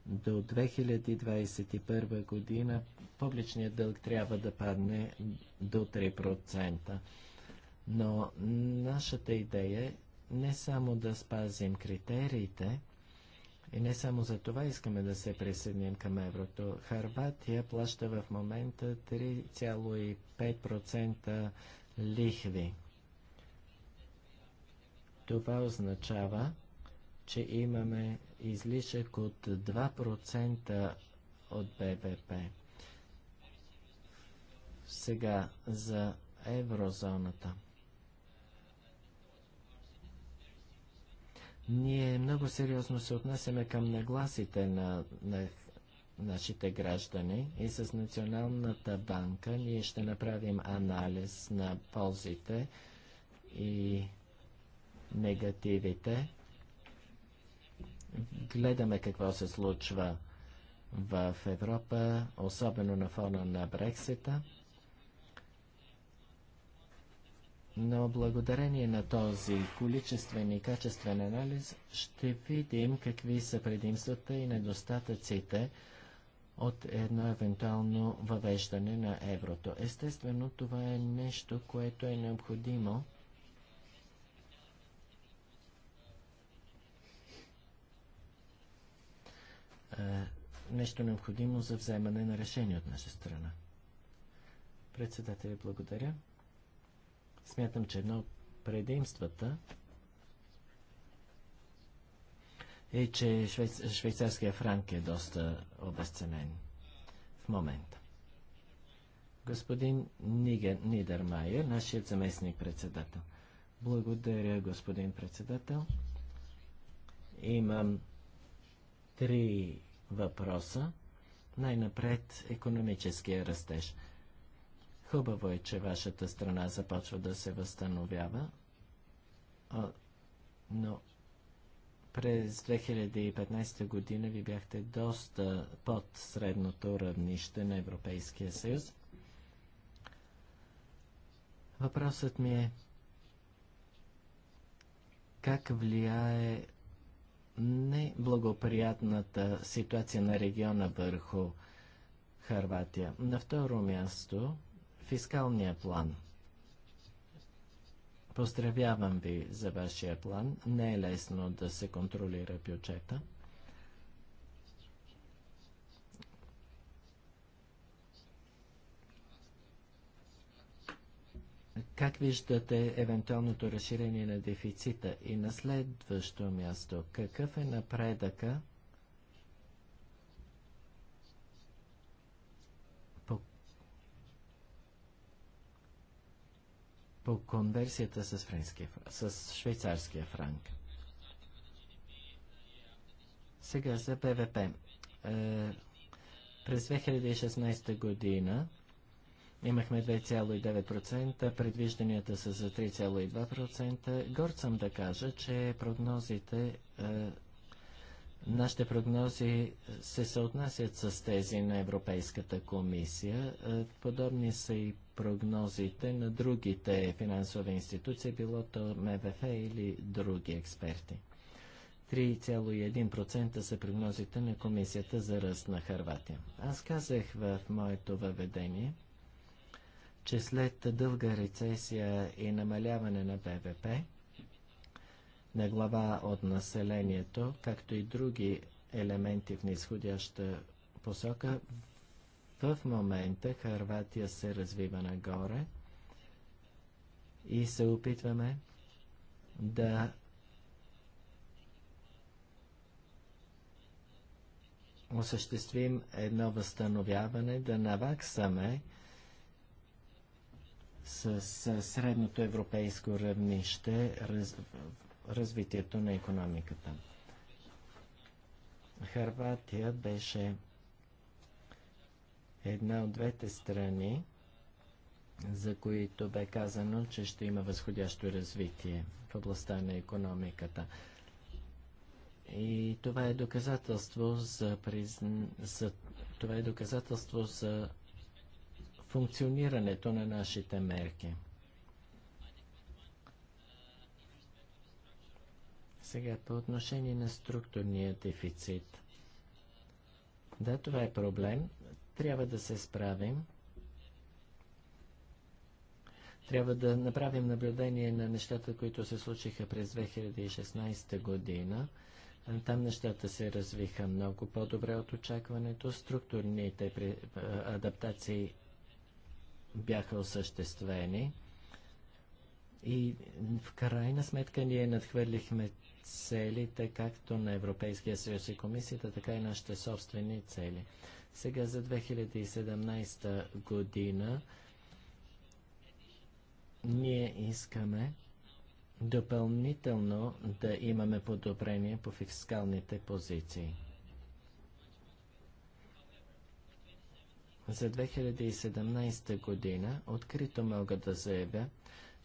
Speaker 4: до 2021 година публичният дълг трябва да падне до 3%. Но нашата идея е не само да спазим критериите, и не само за това искаме да се присъединим към еврото. Харватия плаща в момента 3,5% лихви. Това означава, че имаме излишък от 2% от БВП. Сега за еврозоната. Ние много сериозно се отнесеме към нагласите на, на нашите граждани и с Националната банка ние ще направим анализ на ползите и негативите гледаме какво се случва в Европа, особено на фона на Брексита. Но благодарение на този количествен и качествен анализ ще видим какви са предимствата и недостатъците от едно евентуално въвеждане на еврото. Естествено, това е нещо, което е необходимо Е, нещо необходимо за вземане на решение от наша страна. Председателя, благодаря. Смятам, че едно от предимствата е, че швейц... швейцарския франк е доста обесценен в момента. Господин Нигер, Нидермайер, нашият заместник-председател. Благодаря, господин председател. Имам три въпроса. Най-напред економическия растеж. Хубаво е, че вашата страна започва да се възстановява, но през 2015 година ви бяхте доста под средното равнище на Европейския съюз. Въпросът ми е как влияе неблагоприятната ситуация на региона върху Харватия. На второ място фискалния план. Поздравявам ви за вашия план. Не е лесно да се контролира бюджета. Как виждате евентуалното разширение на дефицита? И на следващо място, какъв е напредъка по, по конверсията с, френски, с швейцарския франк? Сега за ПВП. Е, през 2016 година Имахме 2,9%, предвижданията са за 3,2%. Горд съм да кажа, че прогнозите, е, нашите прогнози се съотнасят с тези на Европейската комисия. Е, подобни са и прогнозите на другите финансови институции, било то МВФ или други експерти. 3,1% са прогнозите на Комисията за ръст на Харватия. Аз казах в моето въведение – че след дълга рецесия и намаляване на БВП, на глава от населението, както и други елементи в нисходяща посока, в момента Харватия се развива нагоре и се опитваме да осъществим едно възстановяване, да наваксаме с, с средното европейско равнище раз, развитието на економиката. Харватия беше една от двете страни, за които бе казано, че ще има възходящо развитие в областта на економиката. И това е доказателство за, призн... за... Това е доказателство за функционирането на нашите мерки. Сега по отношение на структурния дефицит. Да, това е проблем. Трябва да се справим. Трябва да направим наблюдение на нещата, които се случиха през 2016 година. Там нещата се развиха много по-добре от очакването. Структурните адаптации бяха осъществени. И в крайна сметка ние надхвърлихме целите както на Европейския съюз и комисията, така и нашите собствени цели. Сега за 2017 година ние искаме допълнително да имаме подобрение по фискалните позиции. За 2017 година открито мога да заявя,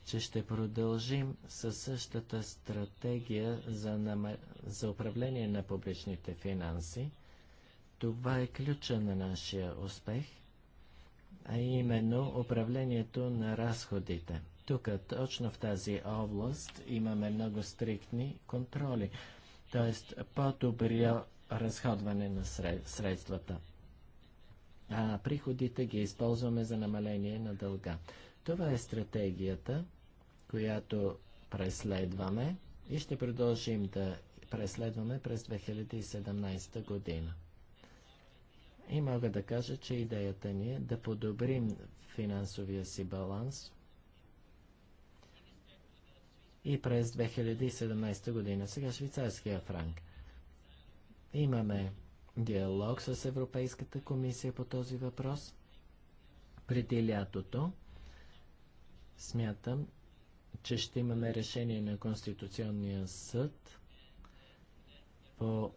Speaker 4: че ще продължим със същата стратегия за, за управление на публичните финанси. Това е ключа на нашия успех, а именно управлението на разходите. Тук, точно в тази област, имаме много стриктни контроли, т.е. по-добрия разходване на средствата а приходите ги използваме за намаление на дълга. Това е стратегията, която преследваме и ще продължим да преследваме през 2017 година. И мога да кажа, че идеята ни е да подобрим финансовия си баланс и през 2017 година. Сега швейцарския франк. Имаме диалог с Европейската комисия по този въпрос преди лятото. Смятам, че ще имаме решение на Конституционния съд по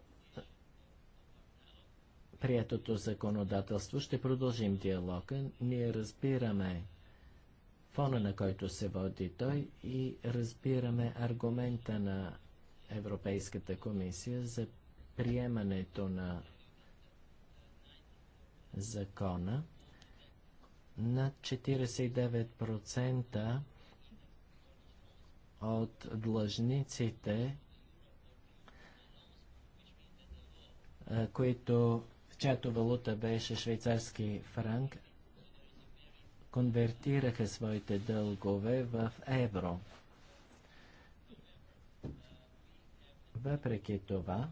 Speaker 4: приетото законодателство. Ще продължим диалога. Ние разбираме фона, на който се води той и разбираме аргумента на Европейската комисия за приемането на закона, над 49% от длъжниците, които, в чиято валута беше швейцарски франк, конвертираха своите дългове в евро. Въпреки това,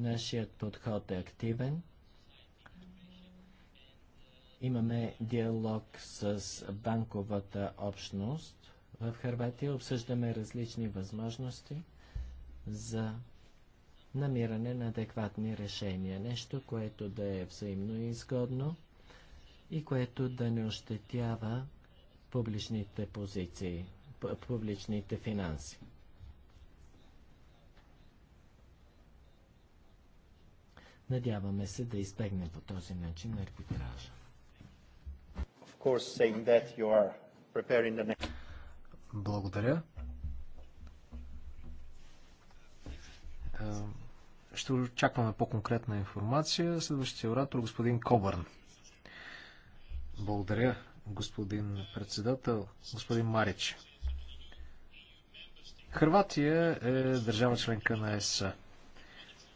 Speaker 4: Нашият подход е активен. Имаме диалог с банковата общност в Харватия. Обсъждаме различни възможности за намиране на адекватни решения. Нещо, което да е взаимно изгодно и което да не ощетява публичните позиции, публичните финанси. Надяваме се да избегнем по този начин арбитража.
Speaker 3: Благодаря. Е, ще очакваме по-конкретна информация. Следващия оратор господин Кобърн. Благодаря, господин председател, господин Марич. Хрватия е държава членка на ЕС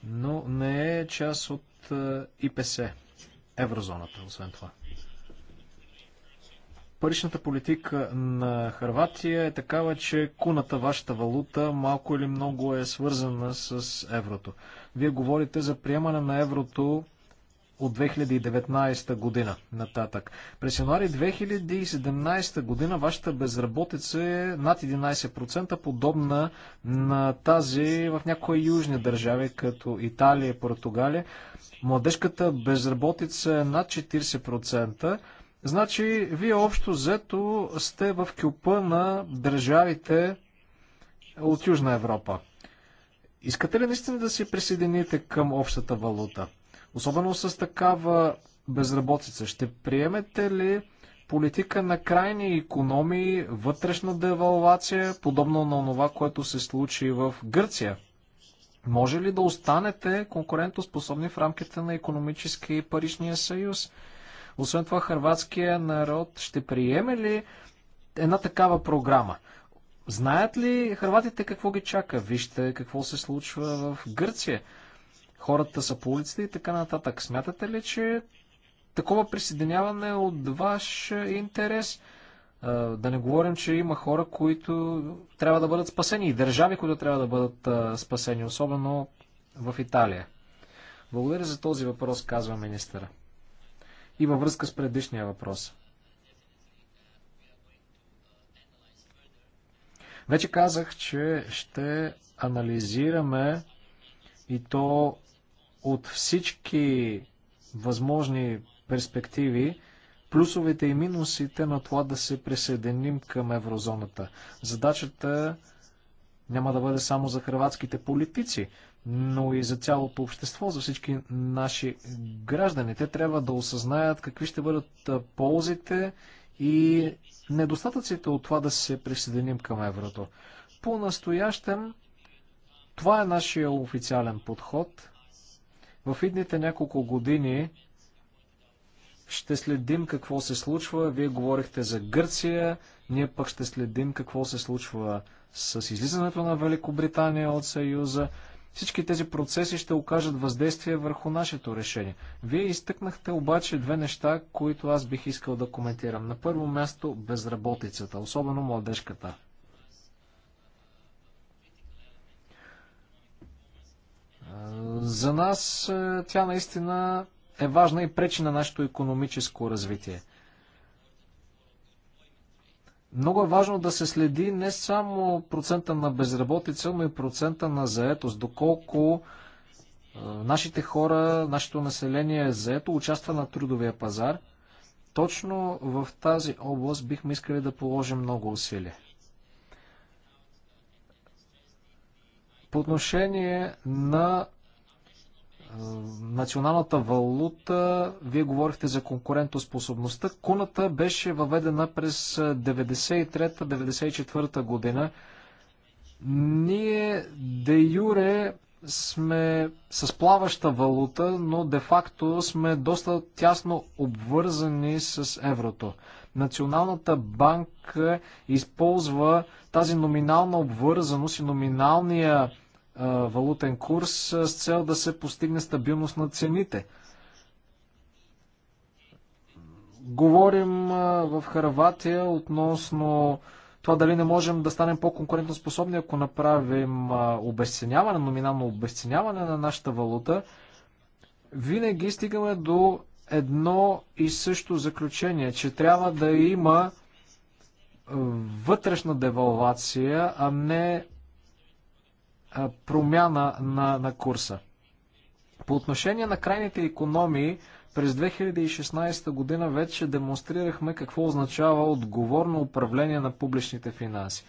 Speaker 3: но не е част от е, ИПС, еврозоната, освен това. Паричната политика на Харватия е такава, че куната, вашата валута, малко или много е свързана с еврото. Вие говорите за приемане на еврото от 2019 година нататък. През януари 2017 година вашата безработица е над 11%, подобна на тази в някои южни държави, като Италия и Португалия. Младежката безработица е над 40%. Значи, вие общо взето сте в кюпа на държавите от Южна Европа. Искате ли наистина да се присъедините към общата валута? Особено с такава безработица. Ще приемете ли политика на крайни економии, вътрешна девалвация, подобно на това, което се случи в Гърция? Може ли да останете конкурентоспособни в рамките на економическия и паричния съюз? Освен това, хрватския народ ще приеме ли една такава програма? Знаят ли хрватите какво ги чака? Вижте какво се случва в Гърция хората са по улицата и така нататък. Смятате ли, че такова присъединяване е от ваш интерес? Да не говорим, че има хора, които трябва да бъдат спасени и държави, които трябва да бъдат спасени, особено в Италия. Благодаря за този въпрос, казва министъра. И във връзка с предишния въпрос. Вече казах, че ще анализираме и то от всички възможни перспективи, плюсовете и минусите на това да се присъединим към еврозоната. Задачата няма да бъде само за хрватските политици, но и за цялото общество, за всички наши граждани. Те трябва да осъзнаят какви ще бъдат ползите и недостатъците от това да се присъединим към еврото. По-настоящем това е нашия официален подход. В идните няколко години ще следим какво се случва. Вие говорихте за Гърция, ние пък ще следим какво се случва с излизането на Великобритания от Съюза. Всички тези процеси ще окажат въздействие върху нашето решение. Вие изтъкнахте обаче две неща, които аз бих искал да коментирам. На първо място безработицата, особено младежката. За нас е, тя наистина е важна и пречи на нашето економическо развитие. Много е важно да се следи не само процента на безработица, но и процента на заетост. Доколко е, нашите хора, нашето население е заето, участва на трудовия пазар. Точно в тази област бихме искали да положим много усилия. По отношение на националната валута, вие говорихте за конкурентоспособността. Куната беше въведена през 93-94 година. Ние де юре сме с плаваща валута, но де-факто сме доста тясно обвързани с еврото. Националната банка използва тази номинална обвързаност и номиналния валутен курс с цел да се постигне стабилност на цените. Говорим в Харватия относно това дали не можем да станем по-конкурентно способни, ако направим обесценяване, номинално обесценяване на нашата валута, винаги стигаме до едно и също заключение, че трябва да има вътрешна девалвация, а не промяна на, на курса. По отношение на крайните економии, през 2016 година вече демонстрирахме какво означава отговорно управление на публичните финанси.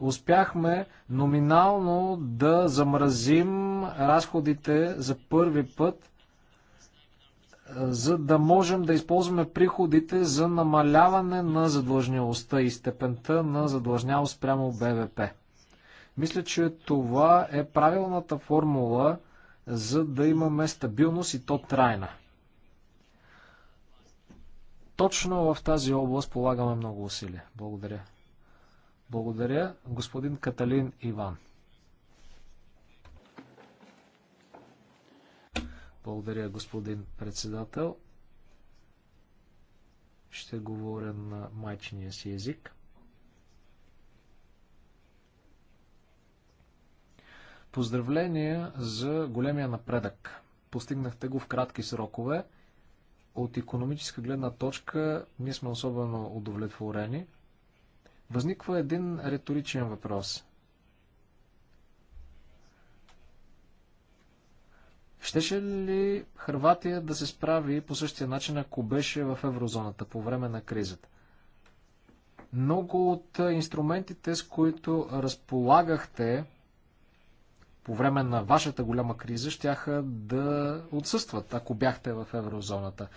Speaker 3: Успяхме номинално да замразим разходите за първи път, за да можем да използваме приходите за намаляване на задлъжнялостта и степента на задлъжнялост прямо БВП. Мисля, че това е правилната формула, за да имаме стабилност и то трайна. Точно в тази област полагаме много усилия. Благодаря. Благодаря, господин Каталин Иван. Благодаря, господин председател. Ще говоря на майчиния си език. Поздравления за големия напредък. Постигнахте го в кратки срокове. От економическа гледна точка ние сме особено удовлетворени. Възниква един риторичен въпрос. Щеше ли Хрватия да се справи по същия начин, ако беше в еврозоната по време на кризата? Много от инструментите, с които разполагахте по време на вашата голяма криза щяха да отсъстват, ако бяхте в еврозоната.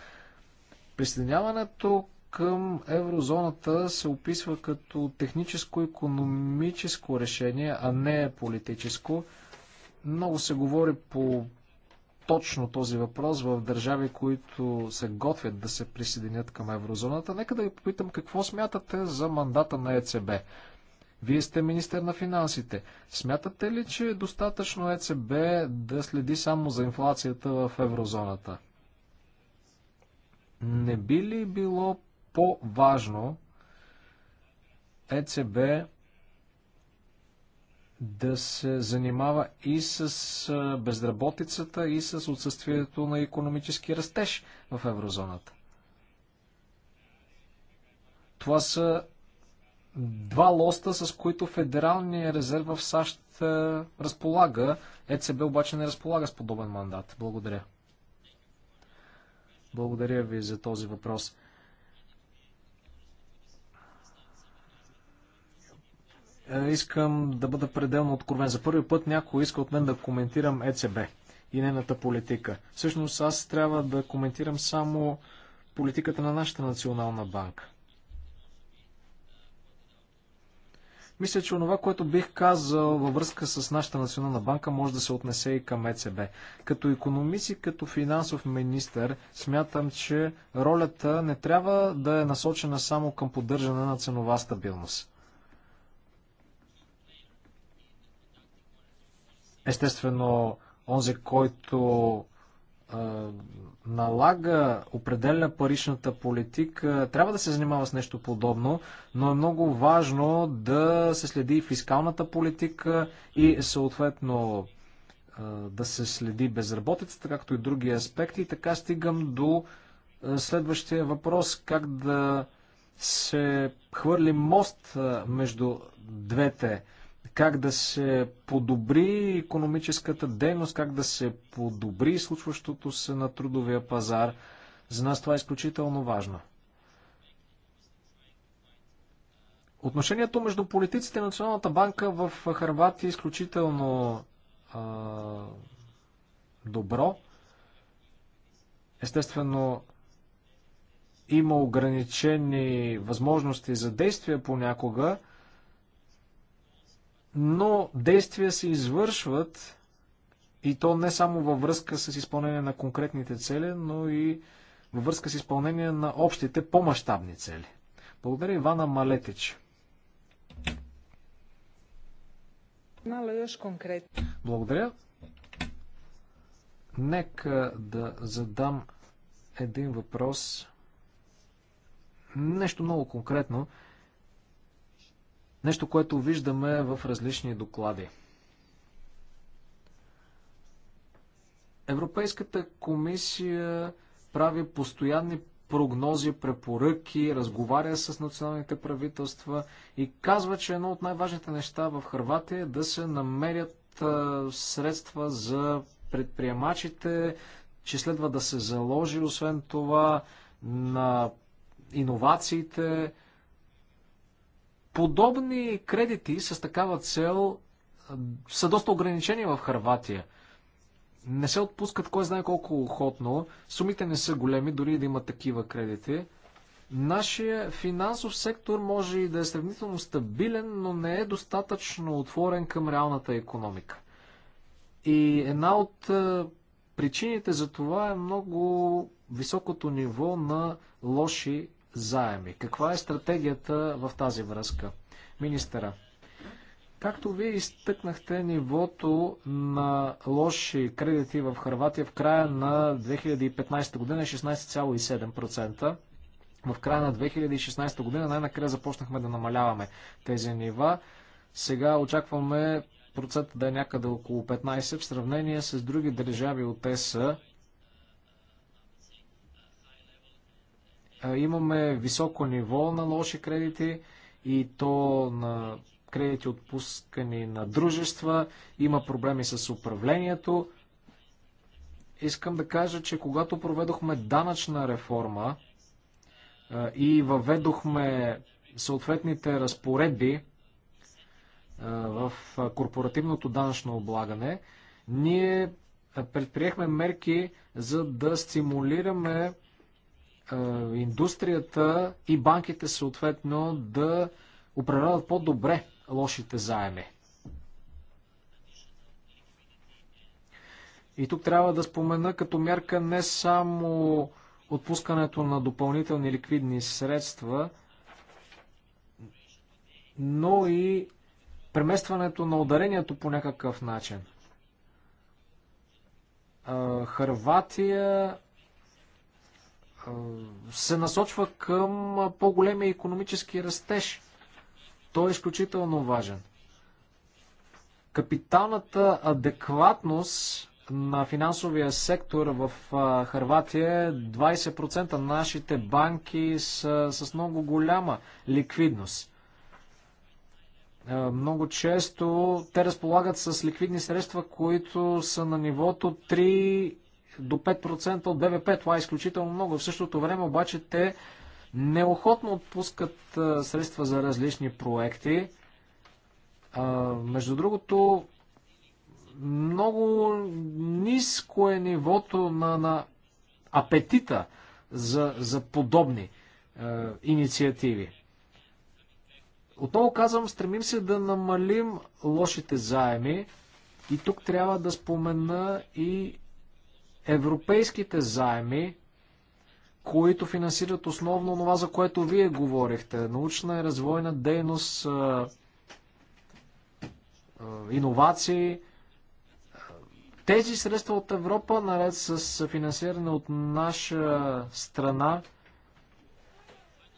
Speaker 3: Присъединяването към еврозоната се описва като техническо-економическо решение, а не политическо. Много се говори по точно този въпрос в държави, които се готвят да се присъединят към еврозоната. Нека да ви попитам какво смятате за мандата на ЕЦБ. Вие сте министър на финансите. Смятате ли, че е достатъчно ЕЦБ да следи само за инфлацията в еврозоната? Не би ли било по-важно ЕЦБ да се занимава и с безработицата, и с отсъствието на економически растеж в еврозоната. Това са два лоста, с които Федералния резерв в САЩ е, разполага. ЕЦБ обаче не разполага с подобен мандат. Благодаря. Благодаря ви за този въпрос. Е, искам да бъда пределно откровен. За първи път някой иска от мен да коментирам ЕЦБ и нейната политика. Всъщност аз трябва да коментирам само политиката на нашата национална банка. Мисля, че онова, което бих казал във връзка с нашата национална банка, може да се отнесе и към ЕЦБ. Като економист и като финансов министр, смятам, че ролята не трябва да е насочена само към поддържане на ценова стабилност. Естествено, онзи, който налага, определя паричната политика, трябва да се занимава с нещо подобно, но е много важно да се следи фискалната политика и съответно да се следи безработицата, както и други аспекти. И така стигам до следващия въпрос, как да се хвърли мост между двете как да се подобри економическата дейност, как да се подобри случващото се на трудовия пазар. За нас това е изключително важно. Отношението между политиците и Националната банка в Харватия е изключително а, добро. Естествено, има ограничени възможности за действия понякога, но действия се извършват и то не само във връзка с изпълнение на конкретните цели, но и във връзка с изпълнение на общите по-масштабни цели. Благодаря Ивана Малетич. Благодаря. Нека да задам един въпрос. Нещо много конкретно. Нещо, което виждаме в различни доклади. Европейската комисия прави постоянни прогнози, препоръки, разговаря с националните правителства и казва, че едно от най-важните неща в Харватия е да се намерят средства за предприемачите, че следва да се заложи, освен това, на иновациите, Подобни кредити с такава цел са доста ограничени в Харватия. Не се отпускат кой знае колко охотно, сумите не са големи, дори да има такива кредити. Нашия финансов сектор може и да е сравнително стабилен, но не е достатъчно отворен към реалната економика. И една от причините за това е много високото ниво на лоши заеми. Каква е стратегията в тази връзка? Министъра, както вие изтъкнахте нивото на лоши кредити в Харватия в края на 2015 година е 16,7%. В края на 2016 година най-накрая започнахме да намаляваме тези нива. Сега очакваме процентът да е някъде около 15 в сравнение с други държави от ЕСА, имаме високо ниво на лоши кредити и то на кредити отпускани на дружества, има проблеми с управлението. Искам да кажа, че когато проведохме данъчна реформа и въведохме съответните разпоредби в корпоративното данъчно облагане, ние предприехме мерки за да стимулираме индустрията и банките съответно да управляват по-добре лошите заеми. И тук трябва да спомена като мярка не само отпускането на допълнителни ликвидни средства, но и преместването на ударението по някакъв начин. Харватия се насочва към по-големия економически растеж. Той е изключително важен. Капиталната адекватност на финансовия сектор в Харватия е 20%. Нашите банки са с много голяма ликвидност. Много често те разполагат с ликвидни средства, които са на нивото 3 до 5% от БВП. Това е изключително много. В същото време обаче те неохотно отпускат средства за различни проекти. Между другото, много ниско е нивото на, на апетита за, за подобни е, инициативи. Отново казвам, стремим се да намалим лошите заеми и тук трябва да спомена и Европейските заеми, които финансират основно това, за което вие говорихте, научна и развойна дейност, иновации, тези средства от Европа, наред с финансиране от наша страна,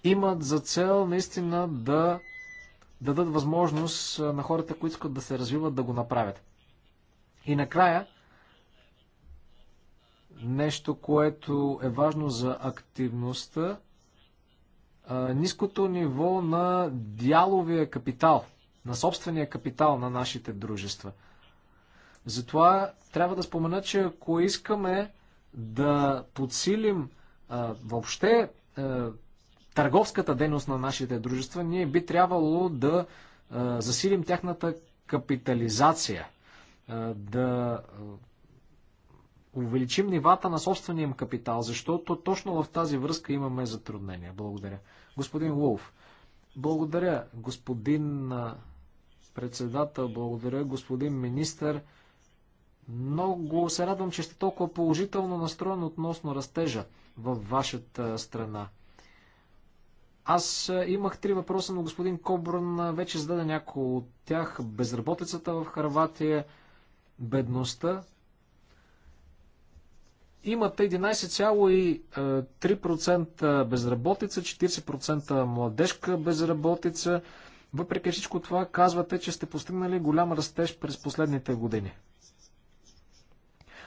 Speaker 3: имат за цел наистина да дадат възможност на хората, които искат да се развиват, да го направят. И накрая, нещо, което е важно за активността, ниското ниво на дяловия капитал, на собствения капитал на нашите дружества. Затова трябва да спомена, че ако искаме да подсилим а, въобще а, търговската дейност на нашите дружества, ние би трябвало да а, засилим тяхната капитализация, а, да увеличим нивата на собствения им капитал, защото точно в тази връзка имаме затруднения. Благодаря. Господин Лов, благодаря. Господин председател, благодаря. Господин министър, много се радвам, че сте толкова положително настроен относно растежа във вашата страна. Аз имах три въпроса, но господин Кобрън вече зададе някои от тях. Безработицата в Харватия, бедността имате 11,3% безработица, 40% младежка безработица. Въпреки всичко това, казвате, че сте постигнали голям растеж през последните години.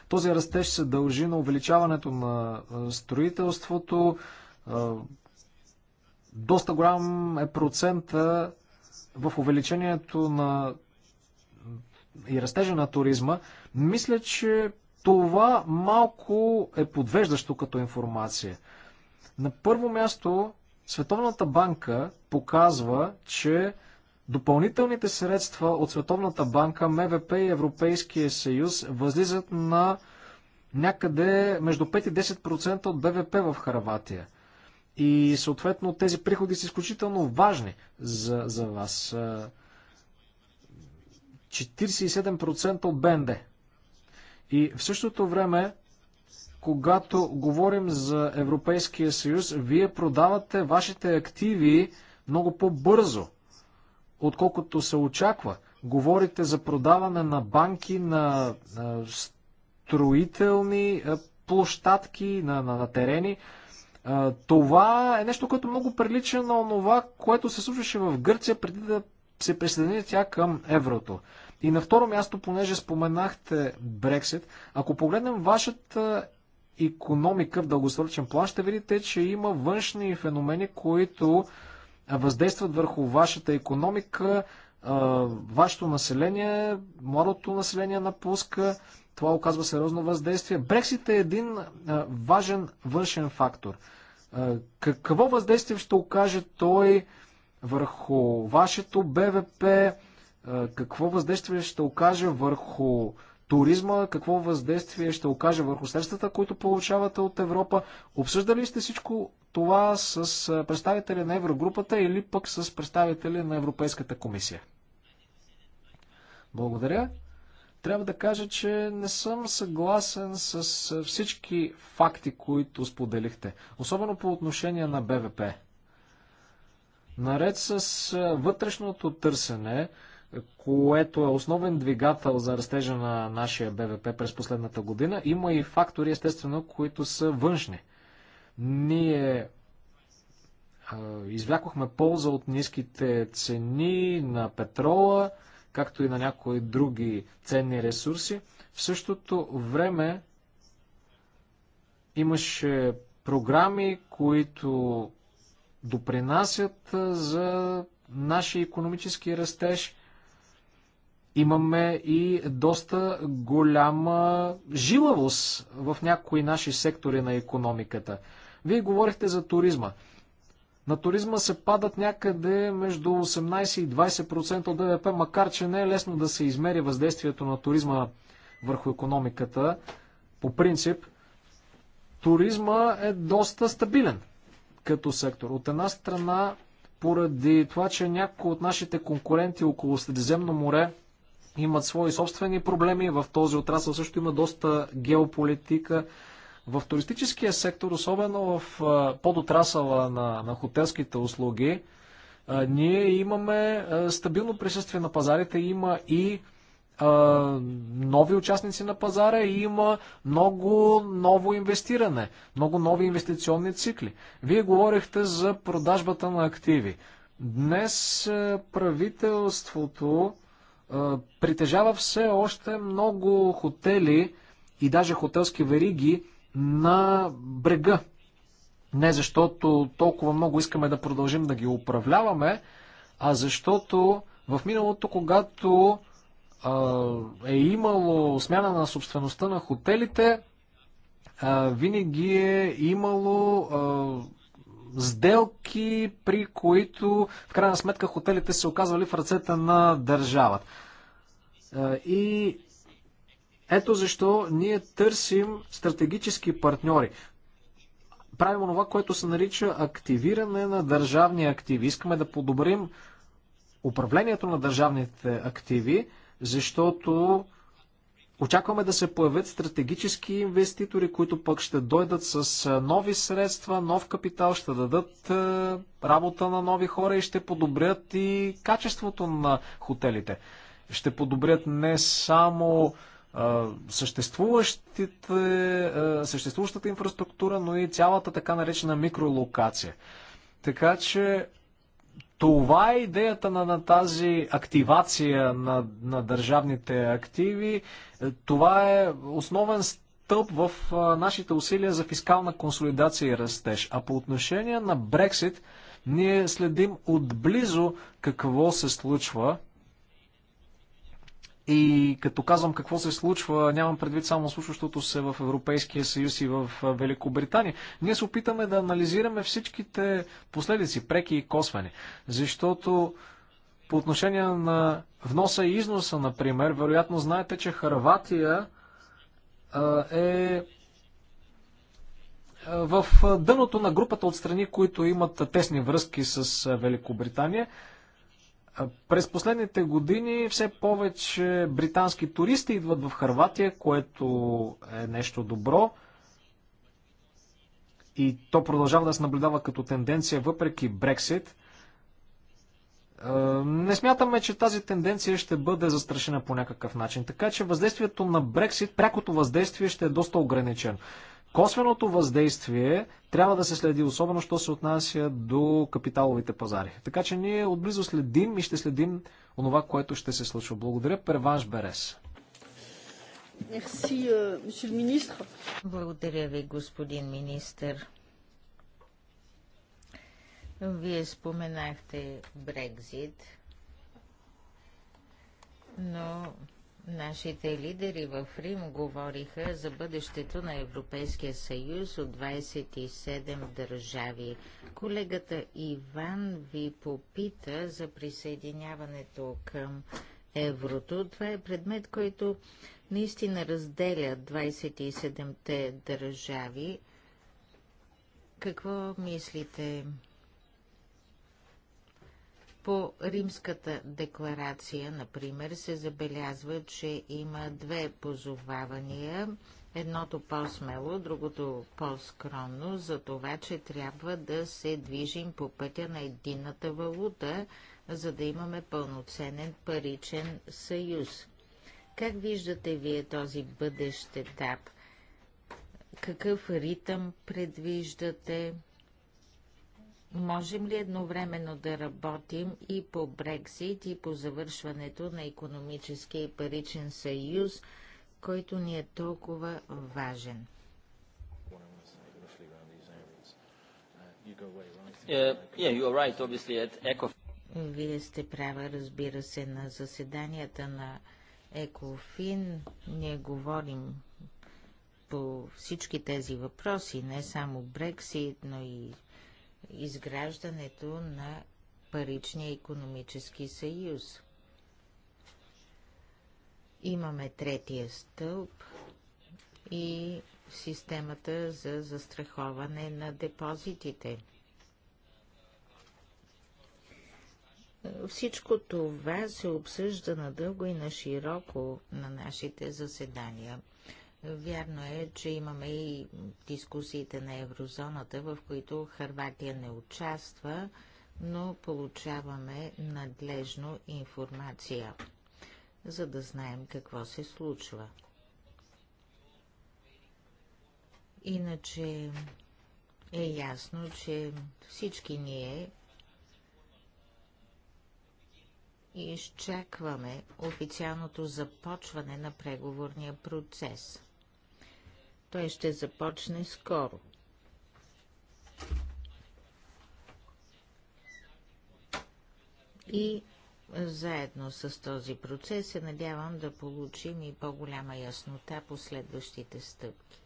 Speaker 3: Този растеж се дължи на увеличаването на е, строителството. Е, доста голям е процента в увеличението на и растежа на туризма. Мисля, че това малко е подвеждащо като информация. На първо място, Световната банка показва, че допълнителните средства от Световната банка, МВП и Европейския съюз възлизат на някъде между 5 и 10% от БВП в Харватия. И съответно тези приходи са изключително важни за, за вас. 47% от БНД и в същото време, когато говорим за Европейския съюз, вие продавате вашите активи много по-бързо, отколкото се очаква. Говорите за продаване на банки, на, на строителни площадки, на, на, на терени. Това е нещо, което много прилича на онова, което се случваше в Гърция преди да се присъедини тя към еврото. И на второ място, понеже споменахте Брексит, ако погледнем вашата економика в дългосрочен план, ще видите, че има външни феномени, които въздействат върху вашата економика, вашето население, младото население напуска, това оказва сериозно въздействие. Брексит е един важен външен фактор. Какво въздействие ще окаже той върху вашето БВП, какво въздействие ще окаже върху туризма, какво въздействие ще окаже върху средствата, които получавате от Европа. Обсъждали сте всичко това с представители на Еврогрупата или пък с представители на Европейската комисия? Благодаря. Трябва да кажа, че не съм съгласен с всички факти, които споделихте, особено по отношение на БВП. Наред с вътрешното търсене, което е основен двигател за растежа на нашия БВП през последната година. Има и фактори, естествено, които са външни. Ние извлякохме полза от ниските цени на петрола, както и на някои други ценни ресурси. В същото време имаше програми, които допринасят за нашия економически растеж. Имаме и доста голяма жилавост в някои наши сектори на економиката. Вие говорихте за туризма. На туризма се падат някъде между 18 и 20% от ДВП, макар че не е лесно да се измери въздействието на туризма върху економиката. По принцип, туризма е доста стабилен като сектор. От една страна, поради това, че някои от нашите конкуренти около Средиземно море имат свои собствени проблеми. В този отрасъл също има доста геополитика. В туристическия сектор, особено в подотрасъла на, на хотелските услуги, ние имаме стабилно присъствие на пазарите. Има и нови участници на пазара и има много ново инвестиране, много нови инвестиционни цикли. Вие говорихте за продажбата на активи. Днес правителството притежава все още много хотели и даже хотелски вериги на брега. Не защото толкова много искаме да продължим да ги управляваме, а защото в миналото, когато е имало смяна на собствеността на хотелите, винаги е имало сделки, при които в крайна сметка хотелите се оказвали в ръцете на държавата. Е, и ето защо ние търсим стратегически партньори. Правим това, което се нарича активиране на държавни активи. Искаме да подобрим управлението на държавните активи, защото Очакваме да се появят стратегически инвеститори, които пък ще дойдат с нови средства, нов капитал, ще дадат работа на нови хора и ще подобрят и качеството на хотелите. Ще подобрят не само съществуващата инфраструктура, но и цялата така наречена микролокация. Така че това е идеята на, на тази активация на, на държавните активи. Това е основен стълб в а, нашите усилия за фискална консолидация и растеж. А по отношение на Брексит, ние следим отблизо какво се случва и като казвам какво се случва, нямам предвид само случващото се в Европейския съюз и в Великобритания. Ние се опитаме да анализираме всичките последици, преки и косвени. Защото по отношение на вноса и износа, например, вероятно знаете, че Харватия е в дъното на групата от страни, които имат тесни връзки с Великобритания. През последните години все повече британски туристи идват в Харватия, което е нещо добро. И то продължава да се наблюдава като тенденция въпреки Брексит. Не смятаме, че тази тенденция ще бъде застрашена по някакъв начин. Така че въздействието на Брексит, прякото въздействие ще е доста ограничено. Косвеното въздействие трябва да се следи, особено що се отнася до капиталовите пазари. Така че ние отблизо следим и ще следим онова, което ще се случва. Благодаря, Перванш Берес.
Speaker 2: Euh, Благодаря ви, господин министр. Вие споменахте Брекзит, но Нашите лидери в Рим говориха за бъдещето на Европейския съюз от 27 държави. Колегата Иван ви попита за присъединяването към еврото. Това е предмет, който наистина разделя 27-те държави. Какво мислите? По Римската декларация, например, се забелязва, че има две позовавания едното по-смело, другото по-скромно, за това, че трябва да се движим по пътя на единната валута, за да имаме пълноценен паричен съюз. Как виждате вие този бъдещ етап? Какъв ритъм предвиждате? Можем ли едновременно да работим и по Брексит, и по завършването на економическия и паричен съюз, който ни е толкова важен? Вие сте права, разбира се, на заседанията на Екофин. Ние говорим по всички тези въпроси, не само Брексит, но и изграждането на паричния економически съюз. Имаме третия стълб и системата за застраховане на депозитите. Всичко това се обсъжда надълго и на широко на нашите заседания. Вярно е, че имаме и дискусиите на еврозоната, в които Харватия не участва, но получаваме надлежно информация, за да знаем какво се случва. Иначе е ясно, че всички ние изчакваме официалното започване на преговорния процес – той ще започне скоро. И заедно с този процес се надявам да получим и по-голяма яснота по следващите стъпки.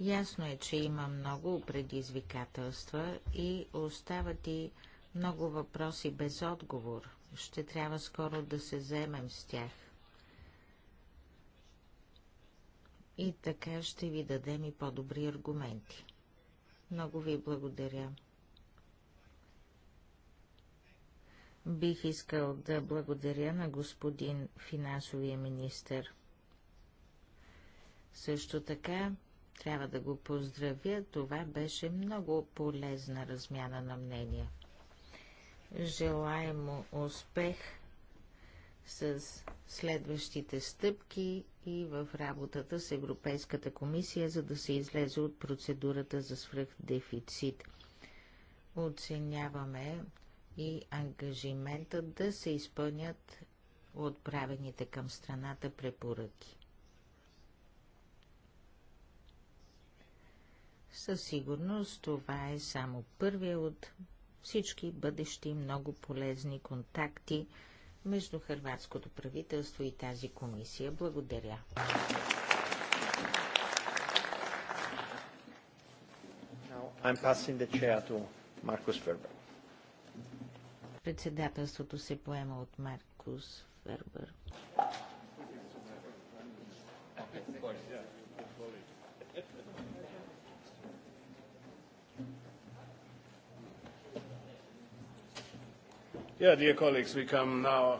Speaker 2: Ясно е, че има много предизвикателства и остават и много въпроси без отговор. Ще трябва скоро да се заемем с тях. и така ще ви дадем и по-добри аргументи. Много ви благодаря. Бих искал да благодаря на господин финансовия министр. Също така трябва да го поздравя, това беше много полезна размяна на мнения. Желаем му успех с следващите стъпки и в работата с Европейската комисия, за да се излезе от процедурата за свръхдефицит. Оценяваме и ангажимента да се изпълнят отправените към страната препоръки. Със сигурност това е само първия от всички бъдещи много полезни контакти между хрватското правителство и тази комисия. Благодаря. Председателството се поема от Маркус
Speaker 1: Фербер.
Speaker 5: Okay,
Speaker 3: dear colleagues, we come now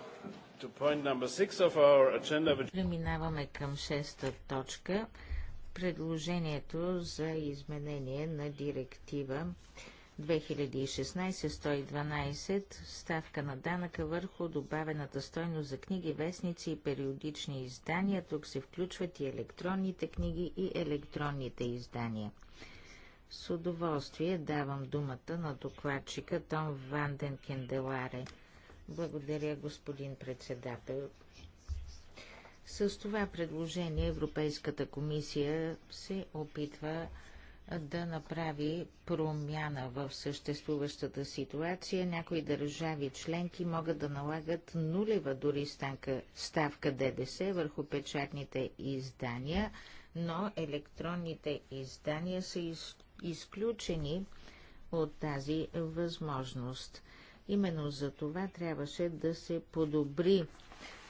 Speaker 3: to point number six of our agenda.
Speaker 2: Преминаваме към шеста точка. Предложението за изменение на директива 2016-112 ставка на данъка върху добавената стойност за книги, вестници и периодични издания. Тук се включват и електронните книги и електронните издания. С удоволствие давам думата на докладчика Том Ванден Кенделаре. Благодаря, господин председател. С това предложение Европейската комисия се опитва да направи промяна в съществуващата ситуация. Някои държави членки могат да налагат нулева дори станка, ставка ДДС върху печатните издания, но електронните издания са изключени изключени от тази възможност. Именно за това трябваше да се подобри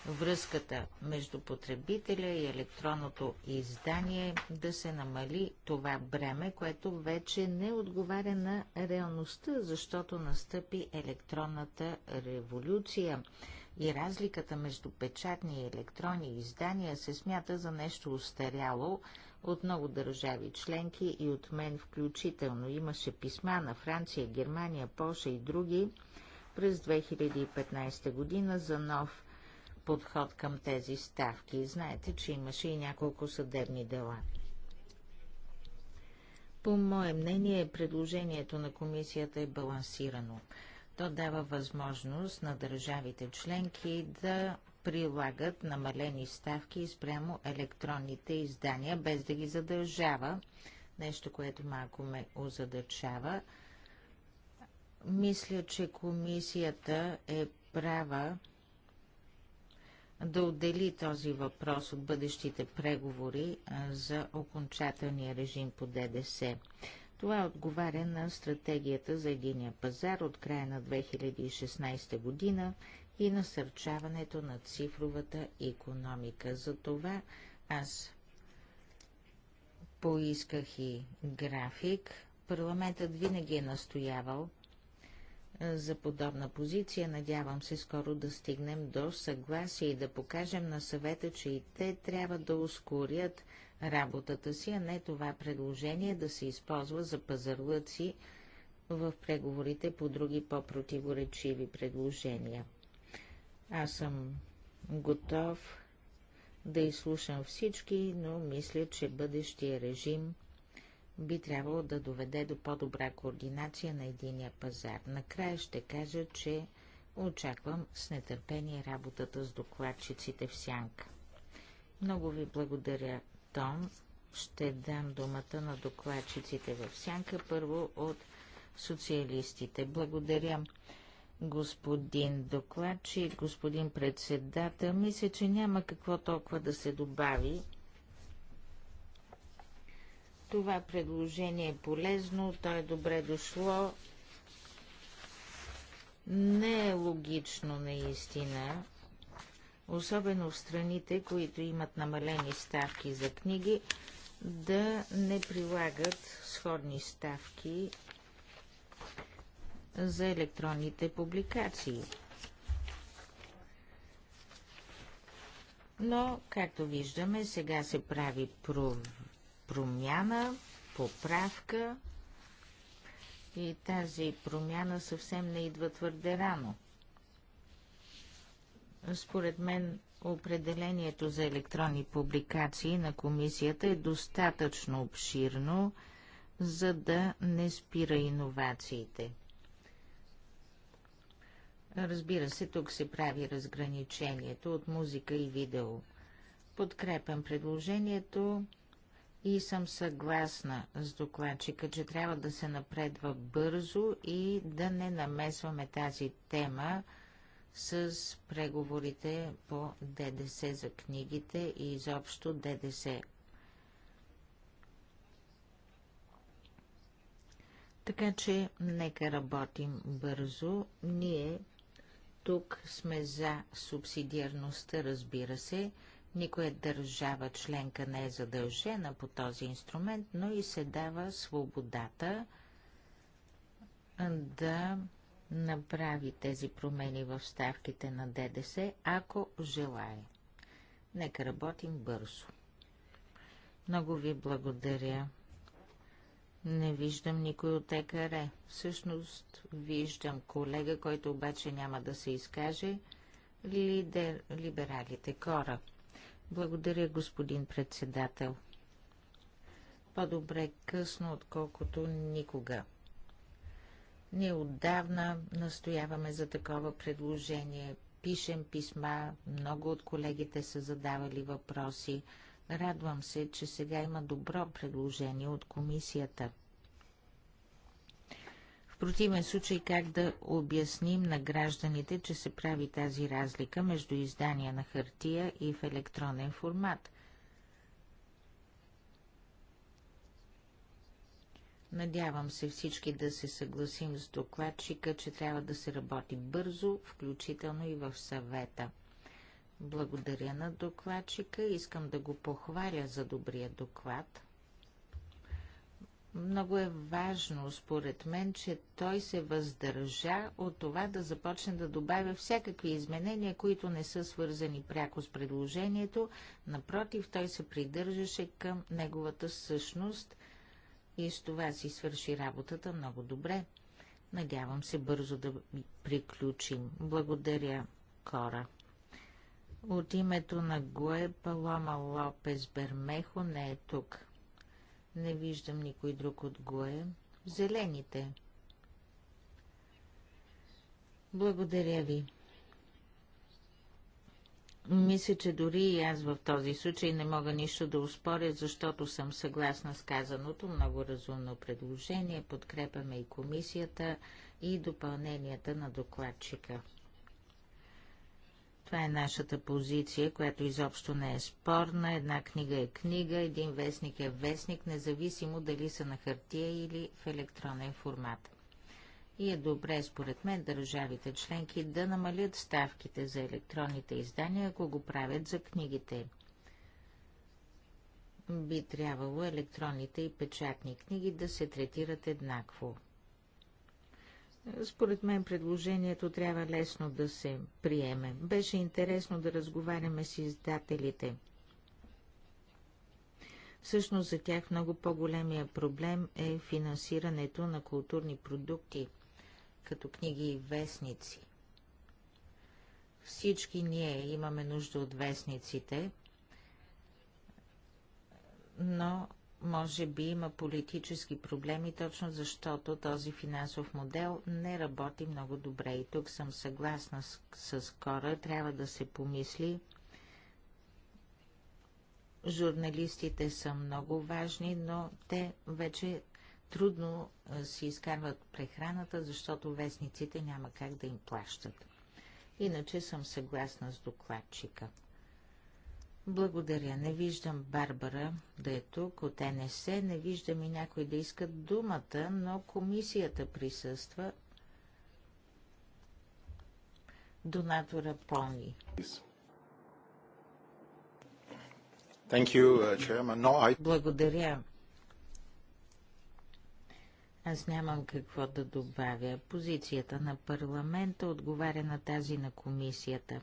Speaker 2: връзката между потребителя и електронното издание, да се намали това бреме, което вече не отговаря на реалността, защото настъпи електронната революция и разликата между печатни и електронни издания се смята за нещо устаряло, от много държави членки и от мен включително. Имаше писма на Франция, Германия, Польша и други през 2015 година за нов подход към тези ставки. Знаете, че имаше и няколко съдебни дела. По мое мнение, предложението на комисията е балансирано. То дава възможност на държавите членки да прилагат намалени ставки спрямо електронните издания, без да ги задължава. Нещо, което малко ме озадачава. Мисля, че комисията е права да отдели този въпрос от бъдещите преговори за окончателния режим по ДДС. Това отговаря на стратегията за единия пазар от края на 2016 година и насърчаването на цифровата економика. Затова аз поисках и график. Парламентът винаги е настоявал за подобна позиция. Надявам се скоро да стигнем до съгласие и да покажем на съвета, че и те трябва да ускорят работата си, а не това предложение да се използва за пазарлъци в преговорите по други по-противоречиви предложения. Аз съм готов да изслушам всички, но мисля, че бъдещия режим би трябвало да доведе до по-добра координация на единия пазар. Накрая ще кажа, че очаквам с нетърпение работата с докладчиците в Сянка. Много ви благодаря, Том. Ще дам думата на докладчиците в Сянка, първо от социалистите. Благодаря господин докладчик, господин председател. Мисля, че няма какво толкова да се добави. Това предложение е полезно, то е добре дошло. Не е логично наистина, особено в страните, които имат намалени ставки за книги, да не прилагат сходни ставки за електронните публикации. Но, както виждаме, сега се прави промяна, поправка и тази промяна съвсем не идва твърде рано. Според мен определението за електронни публикации на комисията е достатъчно обширно, за да не спира иновациите. Разбира се, тук се прави разграничението от музика и видео. Подкрепям предложението и съм съгласна с докладчика, че трябва да се напредва бързо и да не намесваме тази тема с преговорите по ДДС за книгите и изобщо ДДС. Така че нека работим бързо. Ние тук сме за субсидиарността, разбира се. Никоя държава членка не е задължена по този инструмент, но и се дава свободата да направи тези промени в ставките на ДДС, ако желае. Нека работим бързо. Много ви благодаря. Не виждам никой от ЕКР. Е. Всъщност виждам колега, който обаче няма да се изкаже. Лидер, либералите кора. Благодаря, господин председател. По-добре късно, отколкото никога. Ние отдавна настояваме за такова предложение. Пишем писма, много от колегите са задавали въпроси. Радвам се, че сега има добро предложение от комисията. В противен случай как да обясним на гражданите, че се прави тази разлика между издания на хартия и в електронен формат? Надявам се всички да се съгласим с докладчика, че трябва да се работи бързо, включително и в съвета. Благодаря на докладчика. Искам да го похваля за добрия доклад. Много е важно, според мен, че той се въздържа от това да започне да добавя всякакви изменения, които не са свързани пряко с предложението. Напротив, той се придържаше към неговата същност и с това си свърши работата много добре. Надявам се бързо да приключим. Благодаря, Кора. От името на Гое Палама Лопес Бермехо не е тук. Не виждам никой друг от Гое. Зелените. Благодаря ви. Мисля, че дори и аз в този случай не мога нищо да успоря, защото съм съгласна с казаното. Много разумно предложение. Подкрепяме и комисията и допълненията на докладчика. Това е нашата позиция, която изобщо не е спорна. Една книга е книга, един вестник е вестник, независимо дали са на хартия или в електронен формат. И е добре, според мен, държавите членки да намалят ставките за електронните издания, ако го правят за книгите. Би трябвало електронните и печатни книги да се третират еднакво. Според мен предложението трябва лесно да се приеме. Беше интересно да разговаряме с издателите. Всъщност за тях много по-големия проблем е финансирането на културни продукти, като книги и вестници. Всички ние имаме нужда от вестниците, но може би има политически проблеми, точно защото този финансов модел не работи много добре. И тук съм съгласна с, с Кора, трябва да се помисли. Журналистите са много важни, но те вече трудно си изкарват прехраната, защото вестниците няма как да им плащат. Иначе съм съгласна с докладчика. Благодаря. Не виждам Барбара да е тук от НС. Не виждам и някой да иска думата, но комисията присъства. Донатора Пони. Uh, Благодаря. Аз нямам какво да добавя. Позицията на парламента отговаря на тази на комисията.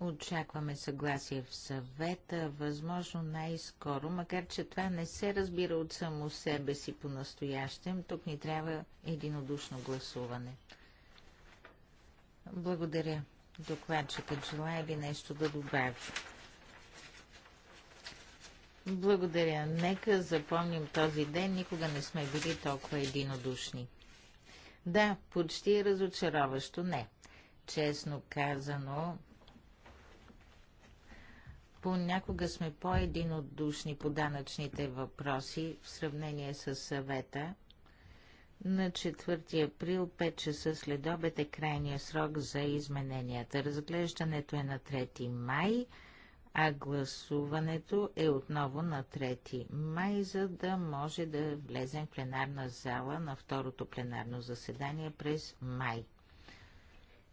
Speaker 2: Очакваме съгласие в съвета, възможно най-скоро, макар че това не се разбира от само себе си по-настоящем. Тук ни трябва единодушно гласуване. Благодаря. Докладчикът желая ви нещо да добавя. Благодаря. Нека запомним този ден. Никога не сме били толкова единодушни. Да, почти е разочароващо не. Честно казано, Понякога сме по-единодушни по данъчните въпроси в сравнение с съвета. На 4 април 5 часа след обед е крайния срок за измененията. Разглеждането е на 3 май, а гласуването е отново на 3 май, за да може да влезем в пленарна зала на второто пленарно заседание през май.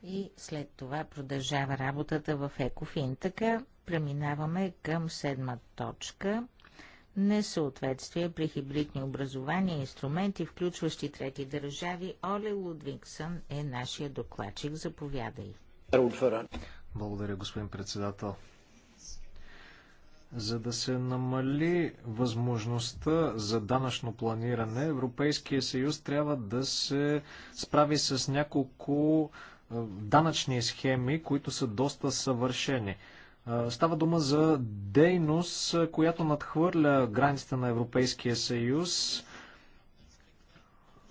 Speaker 2: И след това продължава работата в Екофин. Така Преминаваме към седма точка. Несъответствие при хибридни образования и инструменти, включващи трети държави. Оле Лудвингсън е нашия докладчик. Заповядай.
Speaker 3: Благодаря, господин председател. За да се намали възможността за данъчно планиране, Европейския съюз трябва да се справи с няколко е, данъчни схеми, които са доста съвършени. Става дума за дейност, която надхвърля границите на Европейския съюз.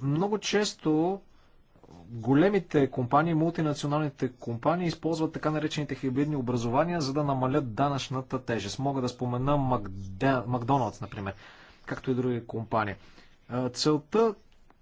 Speaker 3: Много често големите компании, мултинационалните компании използват така наречените хибридни образования, за да намалят данъчната тежест. Мога да спомена Макде... Макдоналдс, например, както и други компании. Целта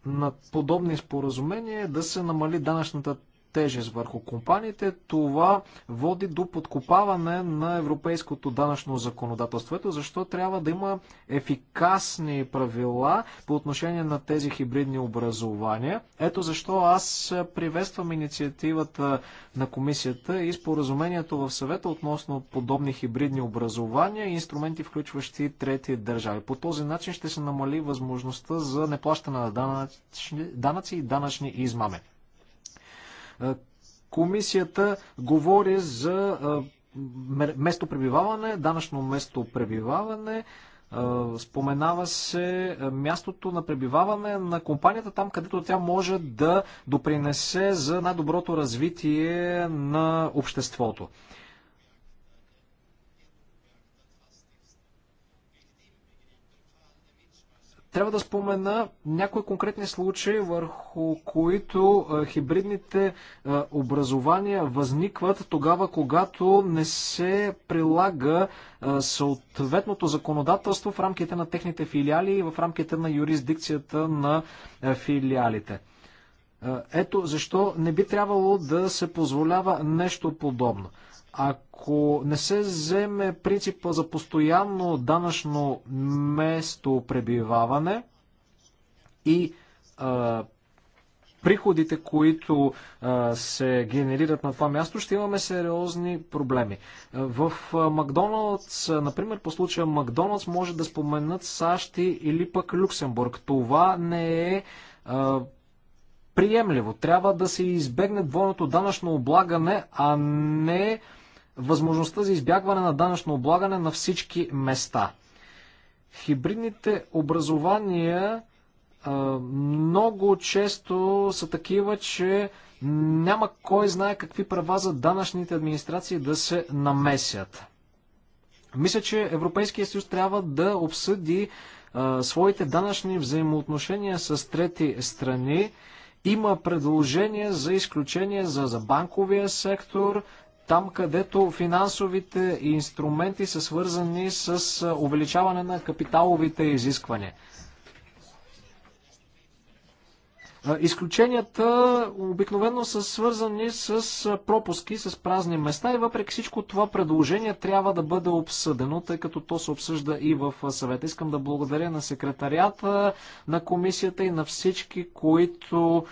Speaker 3: на подобни споразумения е да се намали данъчната тежест върху компаниите, това води до подкопаване на европейското данъчно законодателство. Ето защо трябва да има ефикасни правила по отношение на тези хибридни образования. Ето защо аз приветствам инициативата на комисията и споразумението в съвета относно подобни хибридни образования и инструменти, включващи трети държави. По този начин ще се намали възможността за неплащане на данъчни, данъци и данъчни измами. Комисията говори за место пребиваване, данъчно место пребиваване. споменава се мястото на пребиваване на компанията там, където тя може да допринесе за най-доброто развитие на обществото. Трябва да спомена някои конкретни случаи, върху които хибридните образования възникват тогава, когато не се прилага съответното законодателство в рамките на техните филиали и в рамките на юрисдикцията на филиалите. Ето защо не би трябвало да се позволява нещо подобно. Ако не се вземе принципа за постоянно данъчно место пребиваване и а, приходите, които а, се генерират на това място, ще имаме сериозни проблеми. В Макдоналдс, например, по случая Макдоналдс може да споменат САЩ или пък Люксембург. Това не е а, приемливо. Трябва да се избегне двойното данъчно облагане, а не възможността за избягване на данъчно облагане на всички места. Хибридните образования много често са такива, че няма кой знае какви права за данъчните администрации да се намесят. Мисля, че Европейския съюз трябва да обсъди а, своите данъчни взаимоотношения с трети страни. Има предложение за изключение за, за банковия сектор, там, където финансовите инструменти са свързани с увеличаване на капиталовите изисквания. Изключенията обикновено са свързани с пропуски, с празни места и въпреки всичко това предложение трябва да бъде обсъдено, тъй като то се обсъжда и в съвета. Искам да благодаря на секретарията, на комисията и на всички, които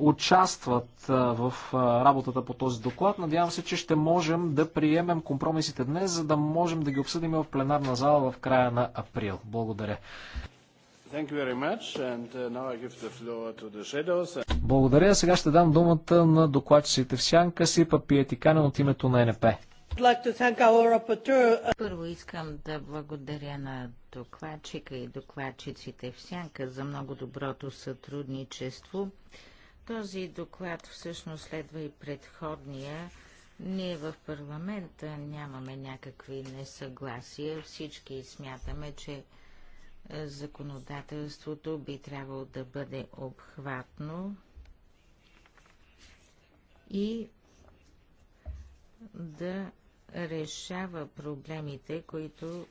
Speaker 3: участват в работата по този доклад. Надявам се, че ще можем да приемем компромисите днес, за да можем да ги обсъдим в пленарна зала в края на април. Благодаря. Uh, благодаря. Сега ще дам думата на докладчиците в сянка си, Папиети Канен от името на НП.
Speaker 2: Първо искам да благодаря на докладчика и докладчиците в сянка за много доброто сътрудничество. Този доклад всъщност следва и предходния. Ние в парламента нямаме някакви несъгласия. Всички смятаме, че законодателството би трябвало да бъде обхватно и да решава проблемите, които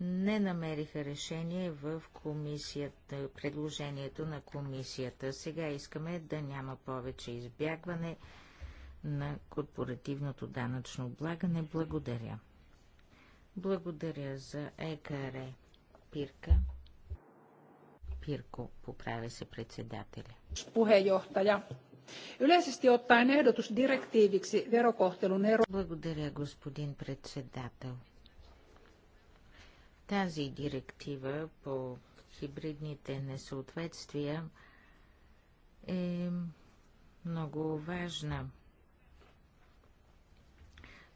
Speaker 2: не намериха решение в комисията, предложението на комисията. Сега искаме да няма повече избягване на корпоративното данъчно облагане. Благодаря. Благодаря за ЕКР. Пирка. Пирко, поправя се председателя.
Speaker 6: Puheenjohtaja. Yleisesti ottaen ehdotus direktiiviksi verokohtelun ero...
Speaker 2: Благодаря, господин председател. Тази директива по хибридните несъответствия е много важна.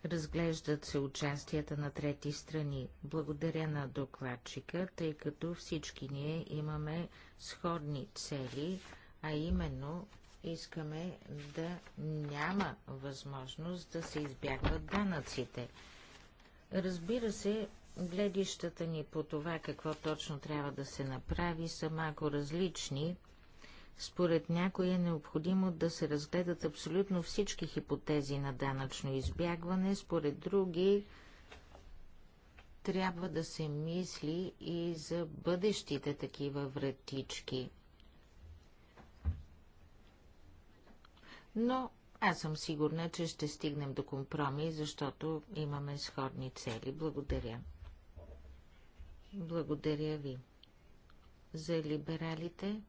Speaker 2: Разглеждат се участията на трети страни. Благодаря на докладчика, тъй като всички ние имаме сходни цели, а именно искаме да няма възможност да се избягват данъците. Разбира се, гледищата ни по това какво точно трябва да се направи са малко различни. Според някои е необходимо да се разгледат абсолютно всички хипотези на данъчно избягване, според други трябва да се мисли и за бъдещите такива вратички. Но аз съм сигурна, че ще стигнем до компромис, защото имаме сходни цели. Благодаря. Благодаря ви. За либералите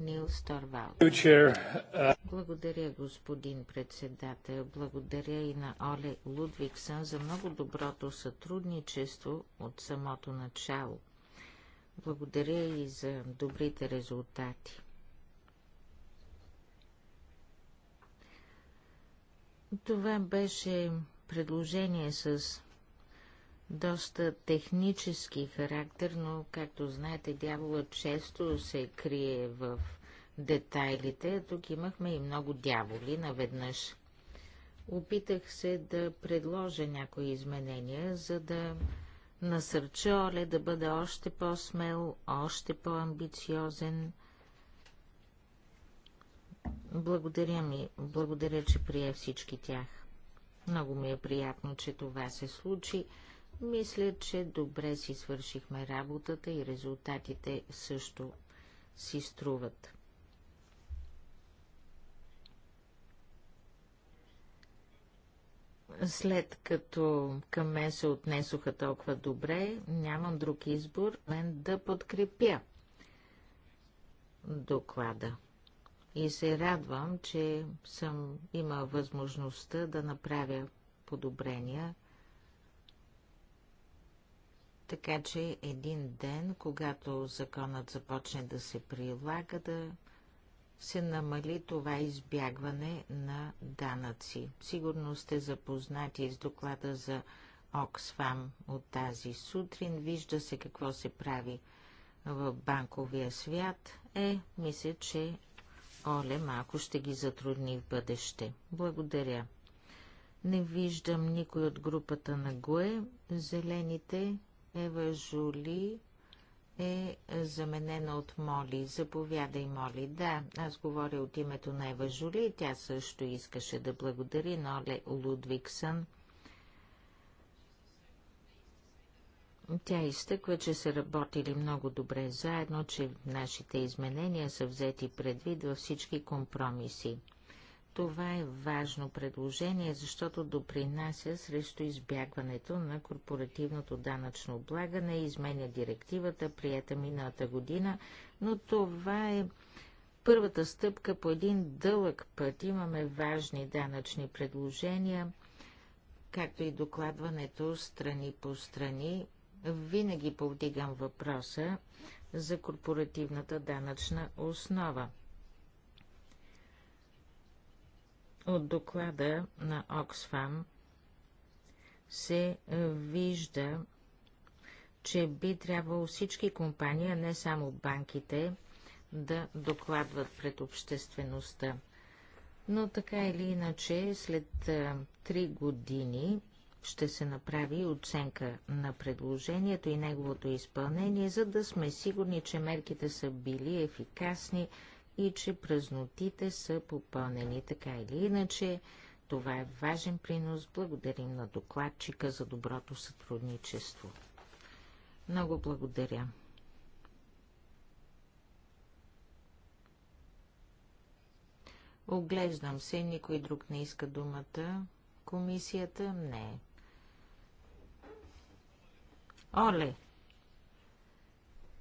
Speaker 2: Нилс Торвал. Благодаря, господин председател. Благодаря и на Оле Лудвиксън за много доброто сътрудничество от самото начало. Благодаря и за добрите резултати. Това беше предложение с доста технически характер, но, както знаете, дяволът често се крие в детайлите. Тук имахме и много дяволи наведнъж. Опитах се да предложа някои изменения, за да насърча Оле да бъде още по-смел, още по-амбициозен. Благодаря ми, благодаря, че прие всички тях. Много ми е приятно, че това се случи. Мисля, че добре си свършихме работата и резултатите също си струват. След като към мен се отнесоха толкова добре, нямам друг избор, мен да подкрепя доклада. И се радвам, че съм има възможността да направя подобрения – така че един ден, когато законът започне да се прилага, да се намали това избягване на данъци. Сигурно сте запознати с доклада за Оксфам от тази сутрин. Вижда се какво се прави в банковия свят. Е, мисля, че Оле малко ще ги затрудни в бъдеще. Благодаря. Не виждам никой от групата на ГОЕ. Зелените Ева Жули е заменена от Моли. Заповядай, Моли. Да, аз говоря от името на Ева Жули. Тя също искаше да благодари но Оле Лудвиксън. Тя изтъква, че са работили много добре заедно, че нашите изменения са взети предвид във всички компромиси. Това е важно предложение, защото допринася срещу избягването на корпоративното данъчно облагане, и изменя директивата, прията миналата година, но това е първата стъпка по един дълъг път. Имаме важни данъчни предложения, както и докладването страни по страни. Винаги повдигам въпроса за корпоративната данъчна основа – От доклада на Оксфам се вижда, че би трябвало всички компании, а не само банките, да докладват пред обществеността. Но така или иначе, след три години ще се направи оценка на предложението и неговото изпълнение, за да сме сигурни, че мерките са били ефикасни и че празнотите са попълнени така или иначе. Това е важен принос. Благодарим на докладчика за доброто сътрудничество. Много благодаря. Оглеждам се, никой друг не иска думата. Комисията не. Оле,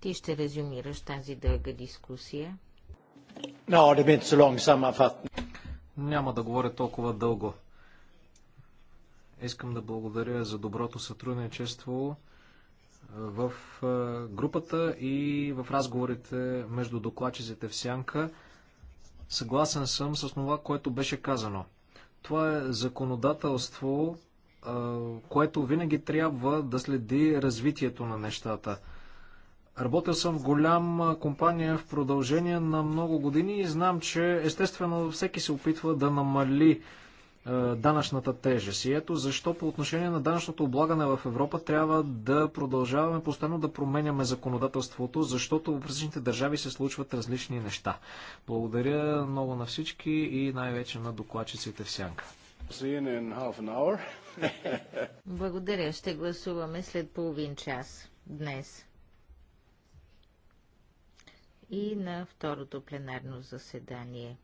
Speaker 2: ти ще резюмираш тази дълга дискусия.
Speaker 3: No, Няма да говоря толкова дълго. Искам да благодаря за доброто сътрудничество в групата и в разговорите между докладчиците в Сянка. Съгласен съм с това, което беше казано. Това е законодателство, което винаги трябва да следи развитието на нещата. Работил съм в голяма компания в продължение на много години и знам, че естествено всеки се опитва да намали е, данъчната тежест. И ето защо по отношение на данъчното облагане в Европа трябва да продължаваме постоянно да променяме законодателството, защото в различните държави се случват различни неща. Благодаря много на всички и най-вече на докладчиците в Сянка.
Speaker 2: Благодаря. Ще гласуваме след половин час днес и на второто пленарно заседание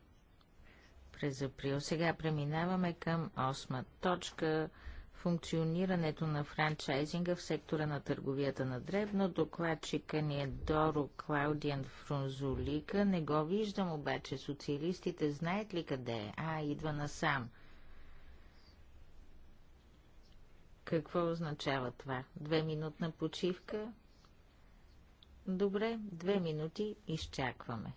Speaker 2: през април. Сега преминаваме към осма точка функционирането на франчайзинга в сектора на търговията на дребно. Докладчика ни е Доро Клаудиан Фрунзулика. Не го виждам обаче. Социалистите знаят ли къде е? А, идва насам. Какво означава това? Две минутна почивка? Добре, две минути изчакваме.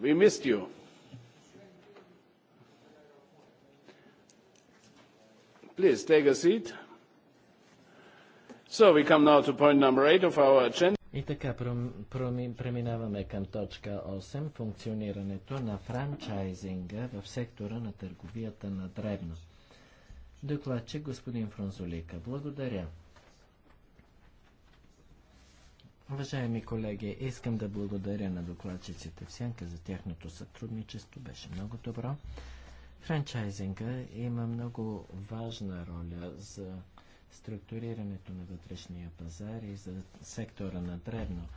Speaker 3: We missed you. Please take a seat. So we come now to point number eight of our agenda.
Speaker 4: И така преминаваме към точка 8 функционирането на франчайзинга в сектора на търговията на дребно. Докладчик господин Фронзолика. Благодаря. Уважаеми колеги, искам да благодаря на докладчиците в Сянка за тяхното сътрудничество. Беше много добро. Франчайзинга има много важна роля за структурирането на вътрешния пазар и за сектора на древно.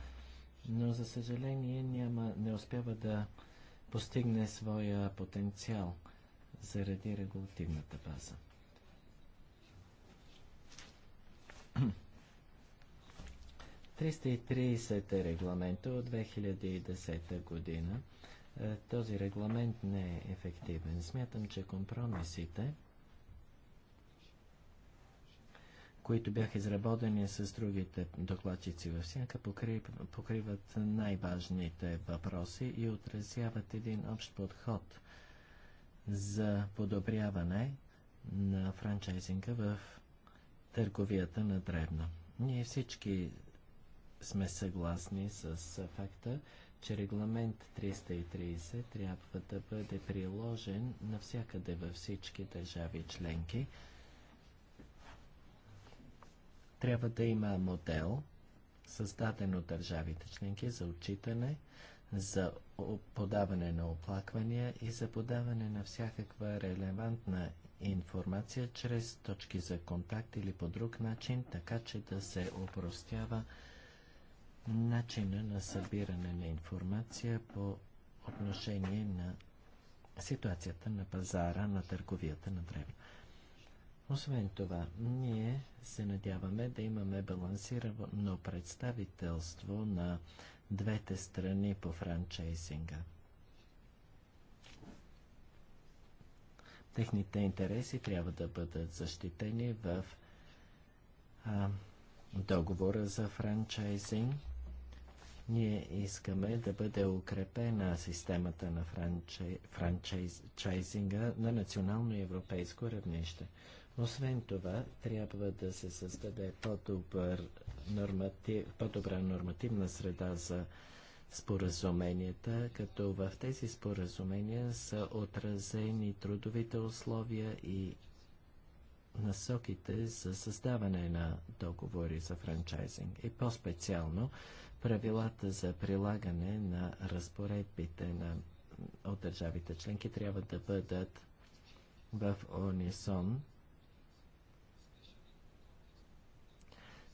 Speaker 4: Но, за съжаление, няма, не успява да постигне своя потенциал заради регулативната база. 330 е регламента от 2010 година. Е, този регламент не е ефективен. Смятам, че компромисите, които бяха изработени с другите докладчици във сянка, покриват най-важните въпроси и отразяват един общ подход за подобряване на франчайзинга в търговията на древно. Ние всички сме съгласни с факта, че регламент 330 трябва да бъде приложен навсякъде във всички държави членки. Трябва да има модел, създаден от държавите членки за отчитане, за подаване на оплаквания и за подаване на всякаква релевантна информация чрез точки за контакт или по друг начин, така че да се опростява начина на събиране на информация по отношение на ситуацията на пазара, на търговията на древно. Освен това, ние се надяваме да имаме балансирано представителство на двете страни по франчайзинга. Техните интереси трябва да бъдат защитени в а, договора за франчайзинг ние искаме да бъде укрепена системата на франчай... франчайзинга на национално и европейско равнище. Освен това, трябва да се създаде по-добър норматив, по-добра нормативна среда за споразуменията, като в тези споразумения са отразени трудовите условия и насоките за създаване на договори за франчайзинг. И по-специално правилата за прилагане на разпоредбите на, от държавите членки трябва да бъдат в унисон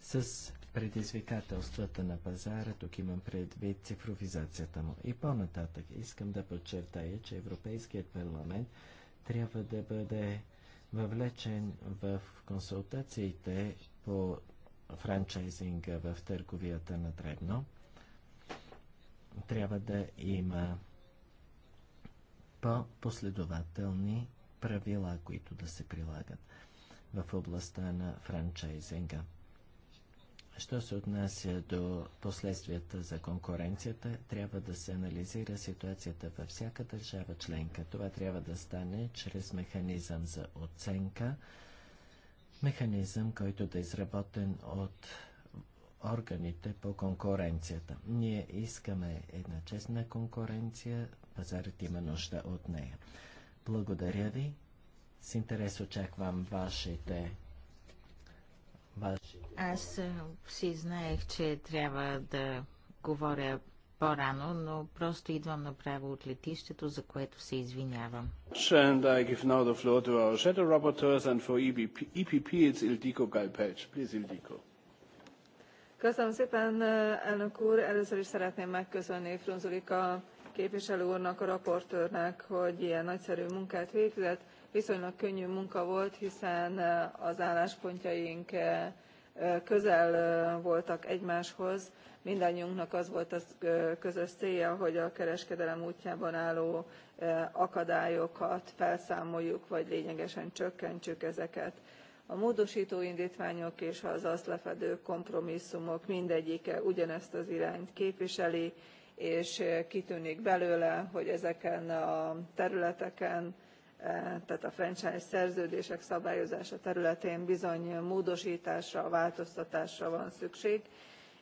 Speaker 4: с предизвикателствата на пазара, тук имам предвид цифровизацията му. И по-нататък искам да подчертая, че Европейският парламент трябва да бъде въвлечен в консултациите по франчайзинга в търговията на дребно. Трябва да има по-последователни правила, които да се прилагат в областта на франчайзинга. Що се отнася до последствията за конкуренцията, трябва да се анализира ситуацията във всяка държава членка. Това трябва да стане чрез механизъм за оценка механизъм, който да е изработен от органите по конкуренцията. Ние искаме една честна конкуренция, пазарът има нужда от нея. Благодаря ви. С интерес очаквам вашите ваши... Аз
Speaker 2: си знаех, че трябва да говоря по-рано, но просто идвам направо от летището, за което се извинявам.
Speaker 6: Köszönöm szépen, elnök úr! Először is szeretném megköszönni Frunzulika képviselő úrnak, a raportőrnek, hogy ilyen nagyszerű munkát végzett. Viszonylag könnyű munka volt, hiszen az álláspontjaink közel voltak egymáshoz, mindannyiunknak az volt a közös célja hogy a kereskedelem útjában álló akadályokat felszámoljuk vagy lényegesen csökkentsük ezeket. a módostó indtványok és az azt lefedő kompromisszumok mindegyike ugyanezt az irányt képviseli és kitűnik belőle hogy ezeken a területeken tehát a franchise szerződések szabályozása területén bizony módosításra, változtatásra van szükség,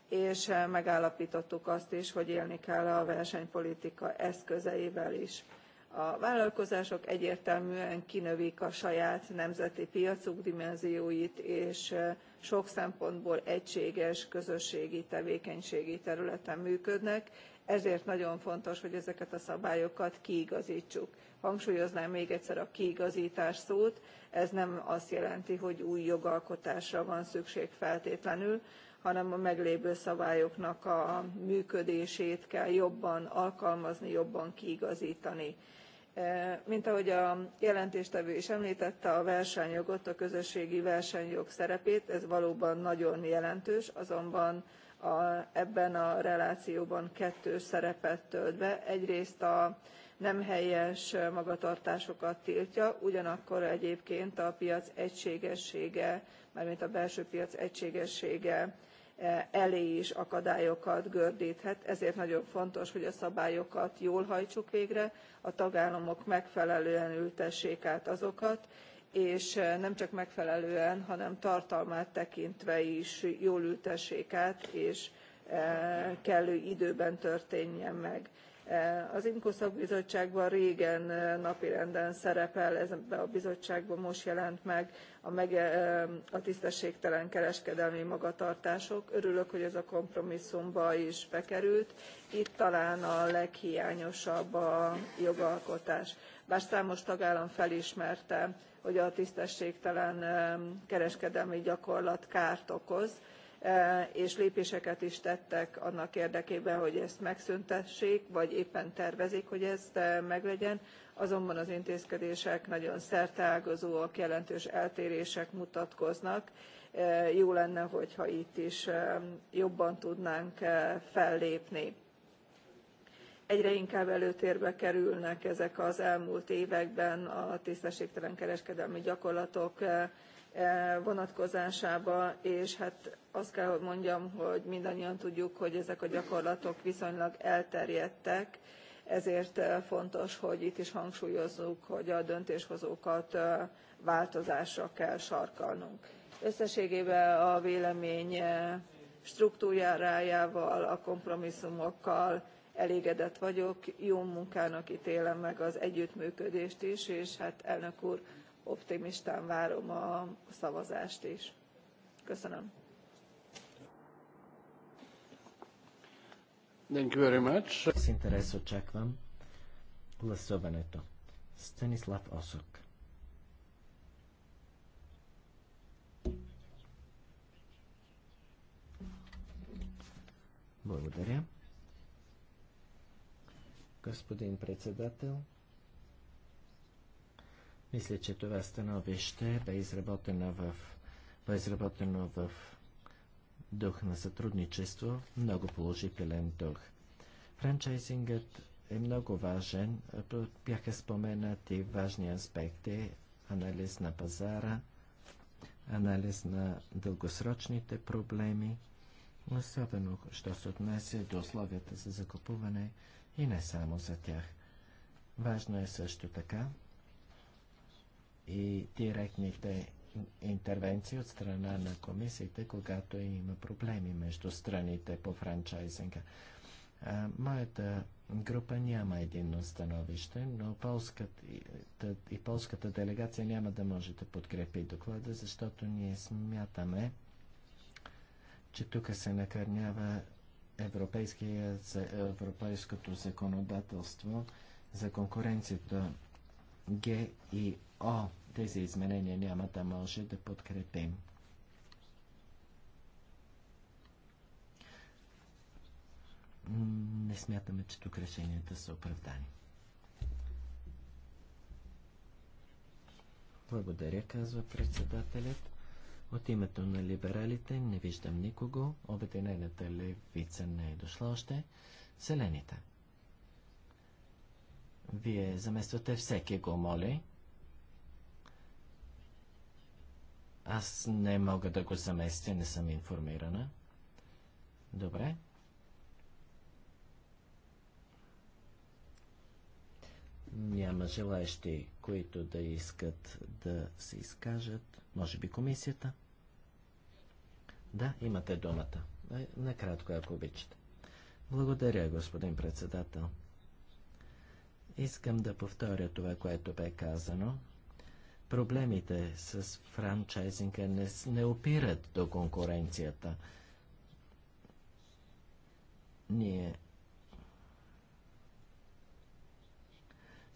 Speaker 6: és megállapítottuk azt is, hogy élni kell a versenypolitika eszközeivel is. A vállalkozások egyértelműen kinövik a saját nemzeti piacuk dimenzióit, és sok szempontból egységes közösségi tevékenységi területen működnek, ezért nagyon fontos, hogy ezeket a szabályokat kiigazítsuk Hangsúlyoznám még egyszer a kiigazítás szót, ez nem azt jelenti, hogy új jogalkotásra van szükség feltétlenül, hanem a meglévő szabályoknak a működését kell jobban alkalmazni, jobban kiigazítani mint ahogy a jelentéstevő is emltette a versenyjogot a közösségi versenyjog szerepét ez valóban nagyon jelentős azonban ebben a relációban kettős szerepet tölt be egyrészt a nem helyes magatartásokat tiltja ugyanakkor egyébként a piac egységessége mármint a belső piac egységessége elé is akadályokat gördthet ezért nagyon fontos hogy a szabályokat jól hajtsuk végre a tagállamok megfelelően ültessék át azokat és nem csak megfelelően hanem tartalmát tekintve is jól ültessék át és kellő időben történjen meg. Az Inko Bizottságban régen napirenden szerepel, ebben a bizottságban most jelent meg a, meg a tisztességtelen kereskedelmi magatartások. Örülök, hogy ez a kompromisszumba is bekerült. Itt talán a leghiányosabb a jogalkotás. Bár számos tagállam felismerte, hogy a tisztességtelen kereskedelmi gyakorlat kárt okoz, és lépéseket is tettek annak érdekében hogy ezt megszüntessék vagy éppen tervezik hogy ez meglegyen azonban az intézkedések nagyon szerteágazóak jelentős eltérések mutatkoznak jó lenne hogyha itt is jobban tudnánk fellépni. egyre inkább előtérbe kerülnek ezek az elmúlt években a tisztességtelen kereskedelmi gyakorlatok vonatkozásába, és hát azt kell, hogy mondjam, hogy mindannyian tudjuk, hogy ezek a gyakorlatok viszonylag elterjedtek, ezért fontos, hogy itt is hangsúlyozzuk, hogy a döntéshozókat változásra kell sarkalnunk. Összességében a vélemény struktúrájával, a kompromisszumokkal elégedett vagyok, jó munkának ítélem meg az együttműködést is, és hát elnök úr, optimistán várom a szavazást is. Köszönöm.
Speaker 4: Thank you very much. С интерес очаквам гласуването. Станислав Осок. Благодаря. Господин председател, мисля, че това становище бе изработено в, бе изработено в дух на сътрудничество, много положителен дух. Франчайзингът е много важен. Бяха споменати важни аспекти анализ на пазара, анализ на дългосрочните проблеми, особено що се отнася до условията за закупуване и не само за тях. Важно е също така и директните интервенции от страна на комисиите, когато има проблеми между страните по франчайзинга. А, моята група няма единно становище, но полската, и полската делегация няма да може да подкрепи доклада, защото ние смятаме, че тук се накърнява европейското законодателство за конкуренцията Г и О тези изменения няма да може да подкрепим. Не смятаме, че тук решенията са оправдани. Благодаря, казва председателят. От името на либералите не виждам никого. Обединената левица не е дошла още. Зелените. Вие замествате всеки го, моля. Аз не мога да го заместя, не съм информирана. Добре. Няма желаещи, които да искат да се изкажат. Може би комисията? Да, имате думата. Е, накратко, ако обичате. Благодаря, господин председател. Искам да повторя това, което бе казано проблемите с франчайзинга не, не опират до конкуренцията. Ние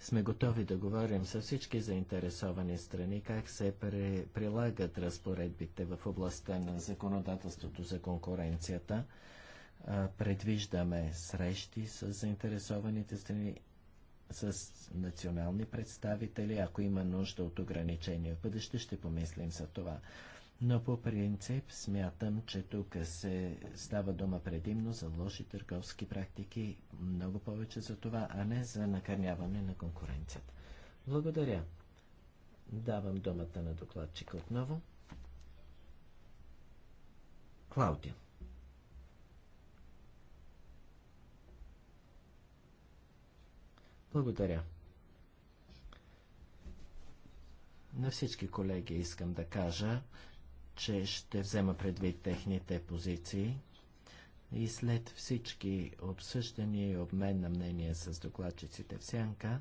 Speaker 4: сме готови да говорим с всички заинтересовани страни как се при, прилагат разпоредбите в областта на законодателството за конкуренцията. предвиждаме срещи с заинтересованите страни с национални представители. Ако има нужда от ограничения в бъдеще, ще помислим за това. Но по принцип смятам, че тук се става дума предимно за лоши търговски практики, много повече за това, а не за накърняване на конкуренцията. Благодаря. Давам думата на докладчика отново. Клаудия. Благодаря. На всички колеги искам да кажа, че ще взема предвид техните позиции и след всички обсъждания и обмен на мнение с докладчиците в Сянка,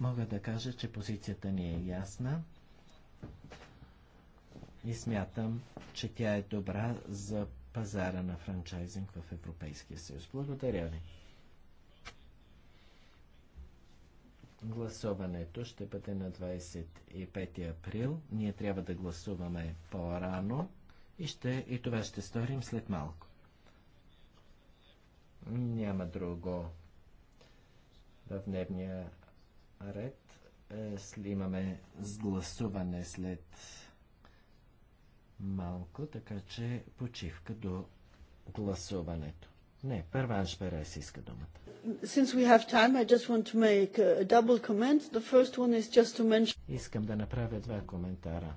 Speaker 4: мога да кажа, че позицията ни е ясна и смятам, че тя е добра за пазара на франчайзинг в Европейския съюз. Благодаря ви. Гласуването ще бъде на 25 април. Ние трябва да гласуваме по-рано и, ще, и това ще сторим след малко. Няма друго в дневния ред. Е, имаме сгласуване след малко, така че почивка до гласуването. Не, Перванш Берес иска думата.
Speaker 6: Since we have time, I just want to make a double comment. The first one is just to mention...
Speaker 4: Искам да направя два коментара.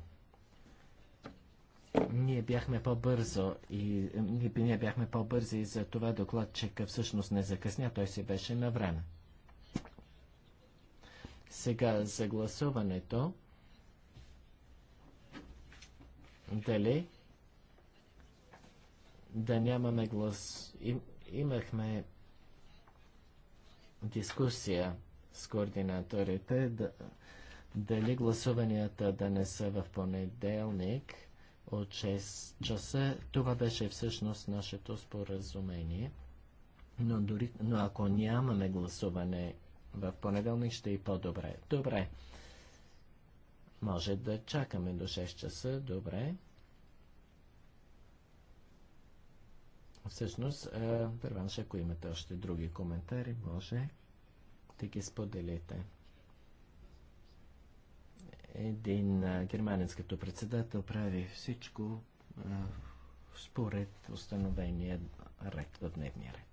Speaker 4: Ние бяхме по-бързо и ние бяхме по-бързи и за това докладчика всъщност не закъсня, той си беше на време. Сега за гласуването. Дали да нямаме глас. Имахме дискусия с координаторите да, дали гласуванията да не са в понеделник от 6 часа. Това беше всъщност нашето споразумение. Но, дори, но ако нямаме гласуване в понеделник, ще и по-добре. Добре. Може да чакаме до 6 часа. Добре. Всъщност, Първанш, ако имате още други коментари, може да ги споделите. Един германец като председател прави всичко според установения ред в дневния ред.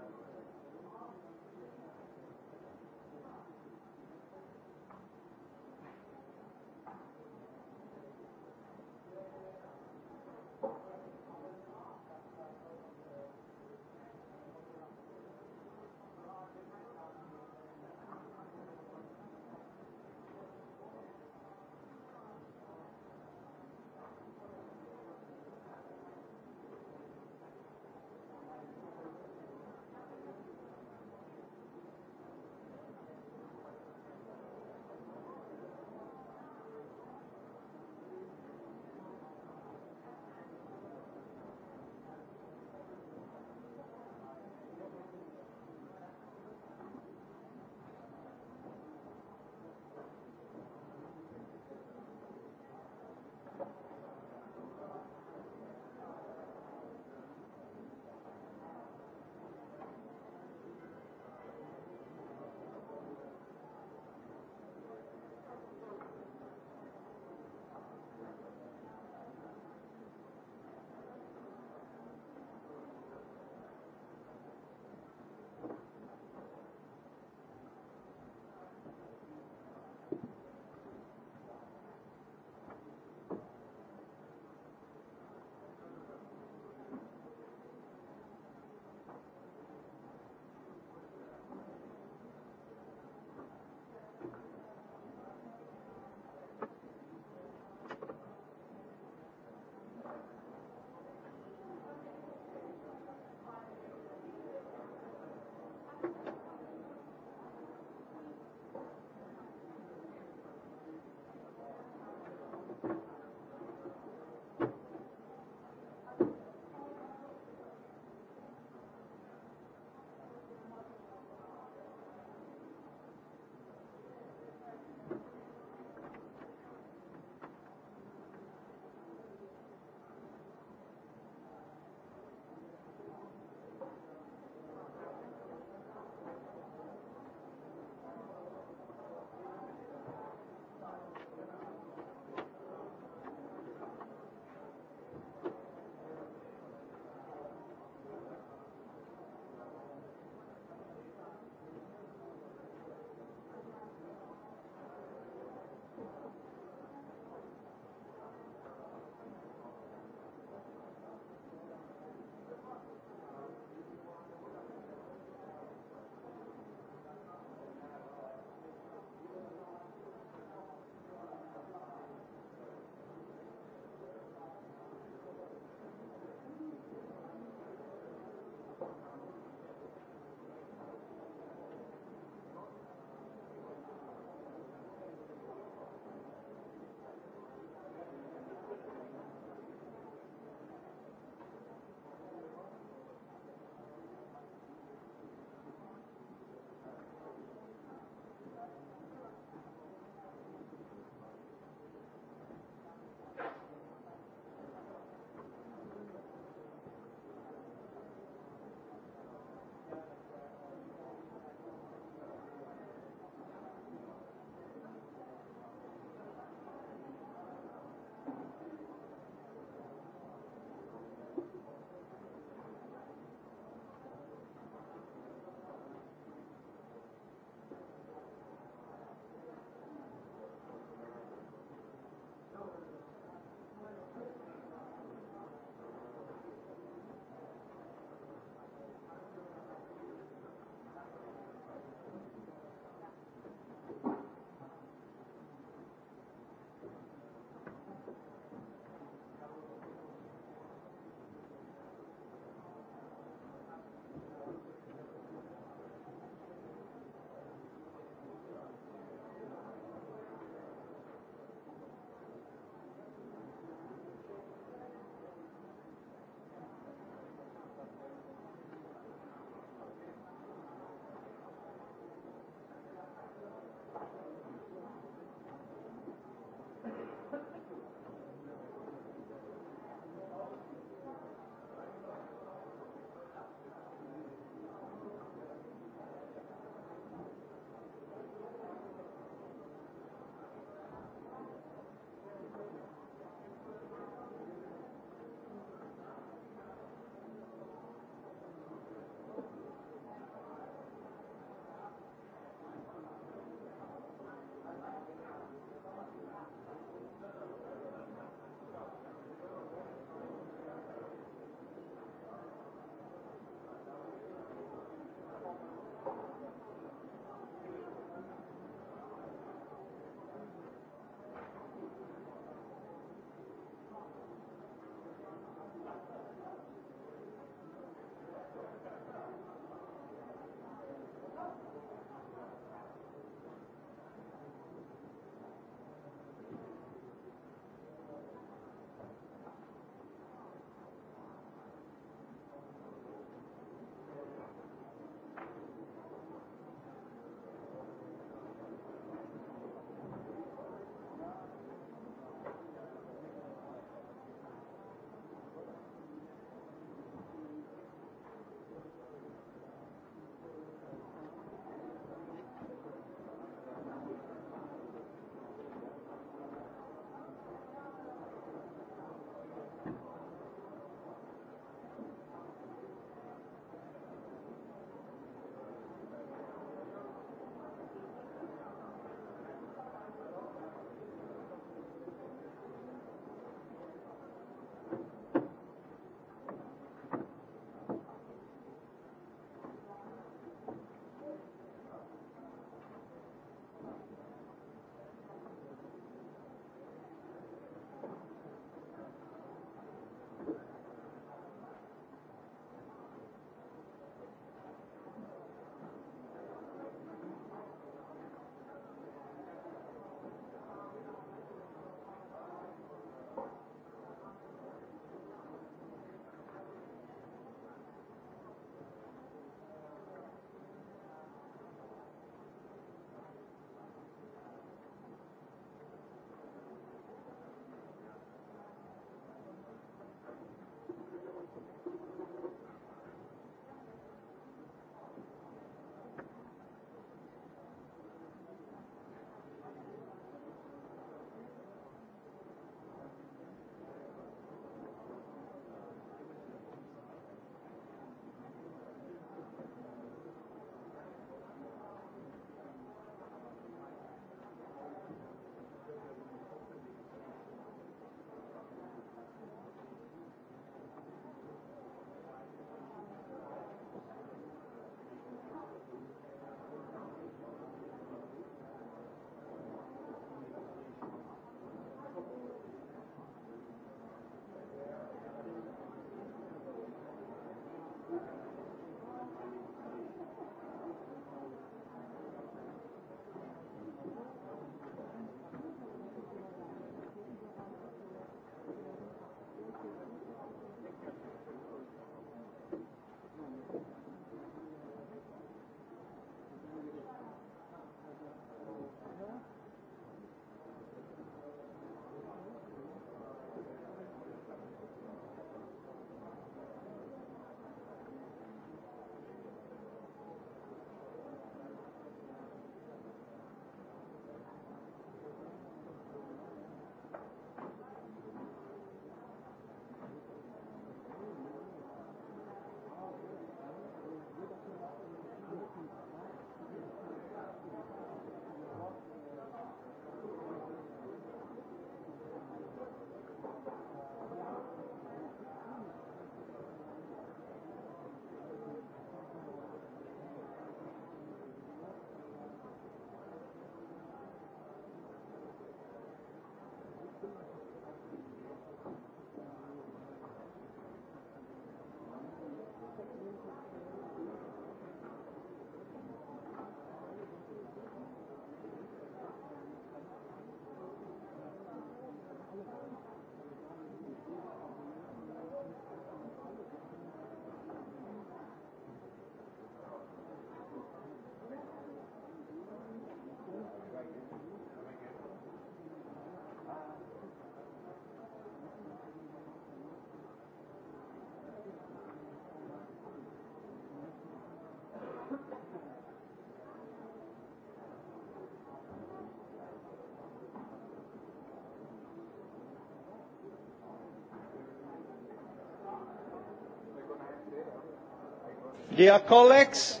Speaker 1: Dear colleagues,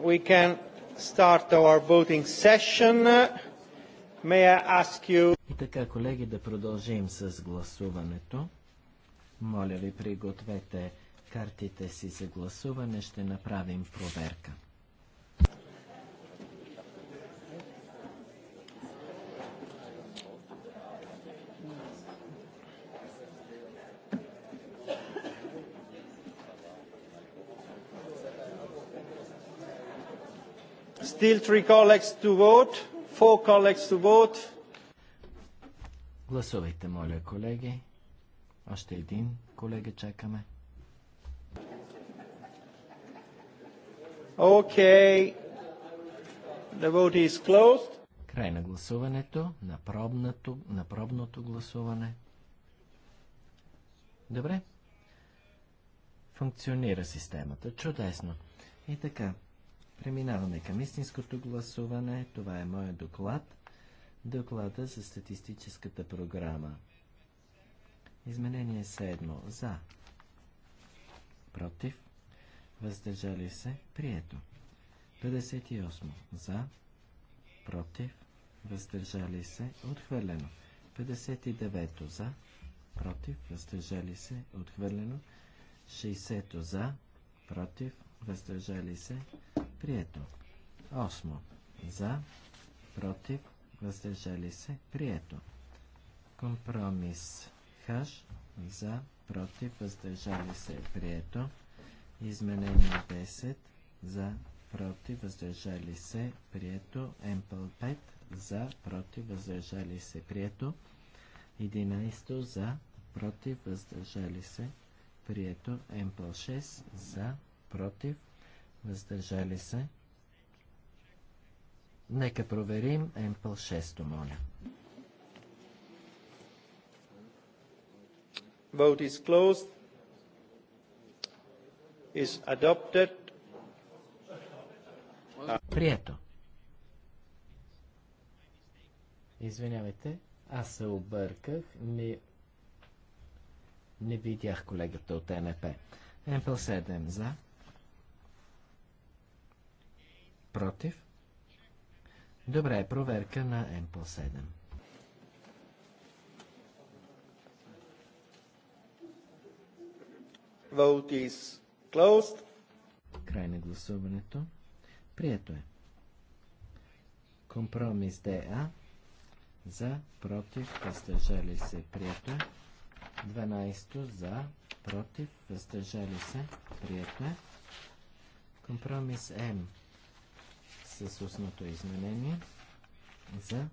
Speaker 1: we can start our voting session. May I ask you... И така, колеги, да продължим
Speaker 4: с гласуването. Моля ви, пригответе картите си за гласуване. Ще направим проверка.
Speaker 1: Still three colleagues to vote. Four colleagues to vote.
Speaker 4: Гласувайте, моля, колеги. Още един колега чакаме.
Speaker 1: Окей. Okay. The vote is closed.
Speaker 4: Край на гласуването, на пробното, на пробното гласуване. Добре. Функционира системата. Чудесно. И така, Преминаваме към истинското гласуване. Това е моят доклад. Доклада за статистическата програма. Изменение 7. За. Против. Въздържали се. Прието. 58. За. Против. Въздържали се. Отхвърлено. 59. За. Против. Въздържали се. Отхвърлено. 60. За. Против. Въздържали се. Прието. Осмо. За. Против. Въздържали се. Прието. Компромис. Хаш. За. Против. Въздържали се. Прието. Изменение 10. За. Против. Въздържали се. Прието. МПЛ 5. За. Против. Въздържали се. Прието. 11. За. Против. Въздържали се. Прието. Мпл 6. За. Против въздържали се. Нека проверим МПЛ 6, моля.
Speaker 1: Vote is closed. Is adopted.
Speaker 4: Прието. Извинявайте, аз се обърках. Не, не видях колегата от НП. МПЛ 7 за Против? Добре, проверка на М по 7.
Speaker 1: Vote is closed.
Speaker 4: Край на гласуването. Прието е. Компромис ДА. За, против, въздържали се. Прието е. 12 за, против, въздържали се. Прието е. Компромис М с устното изменение. За.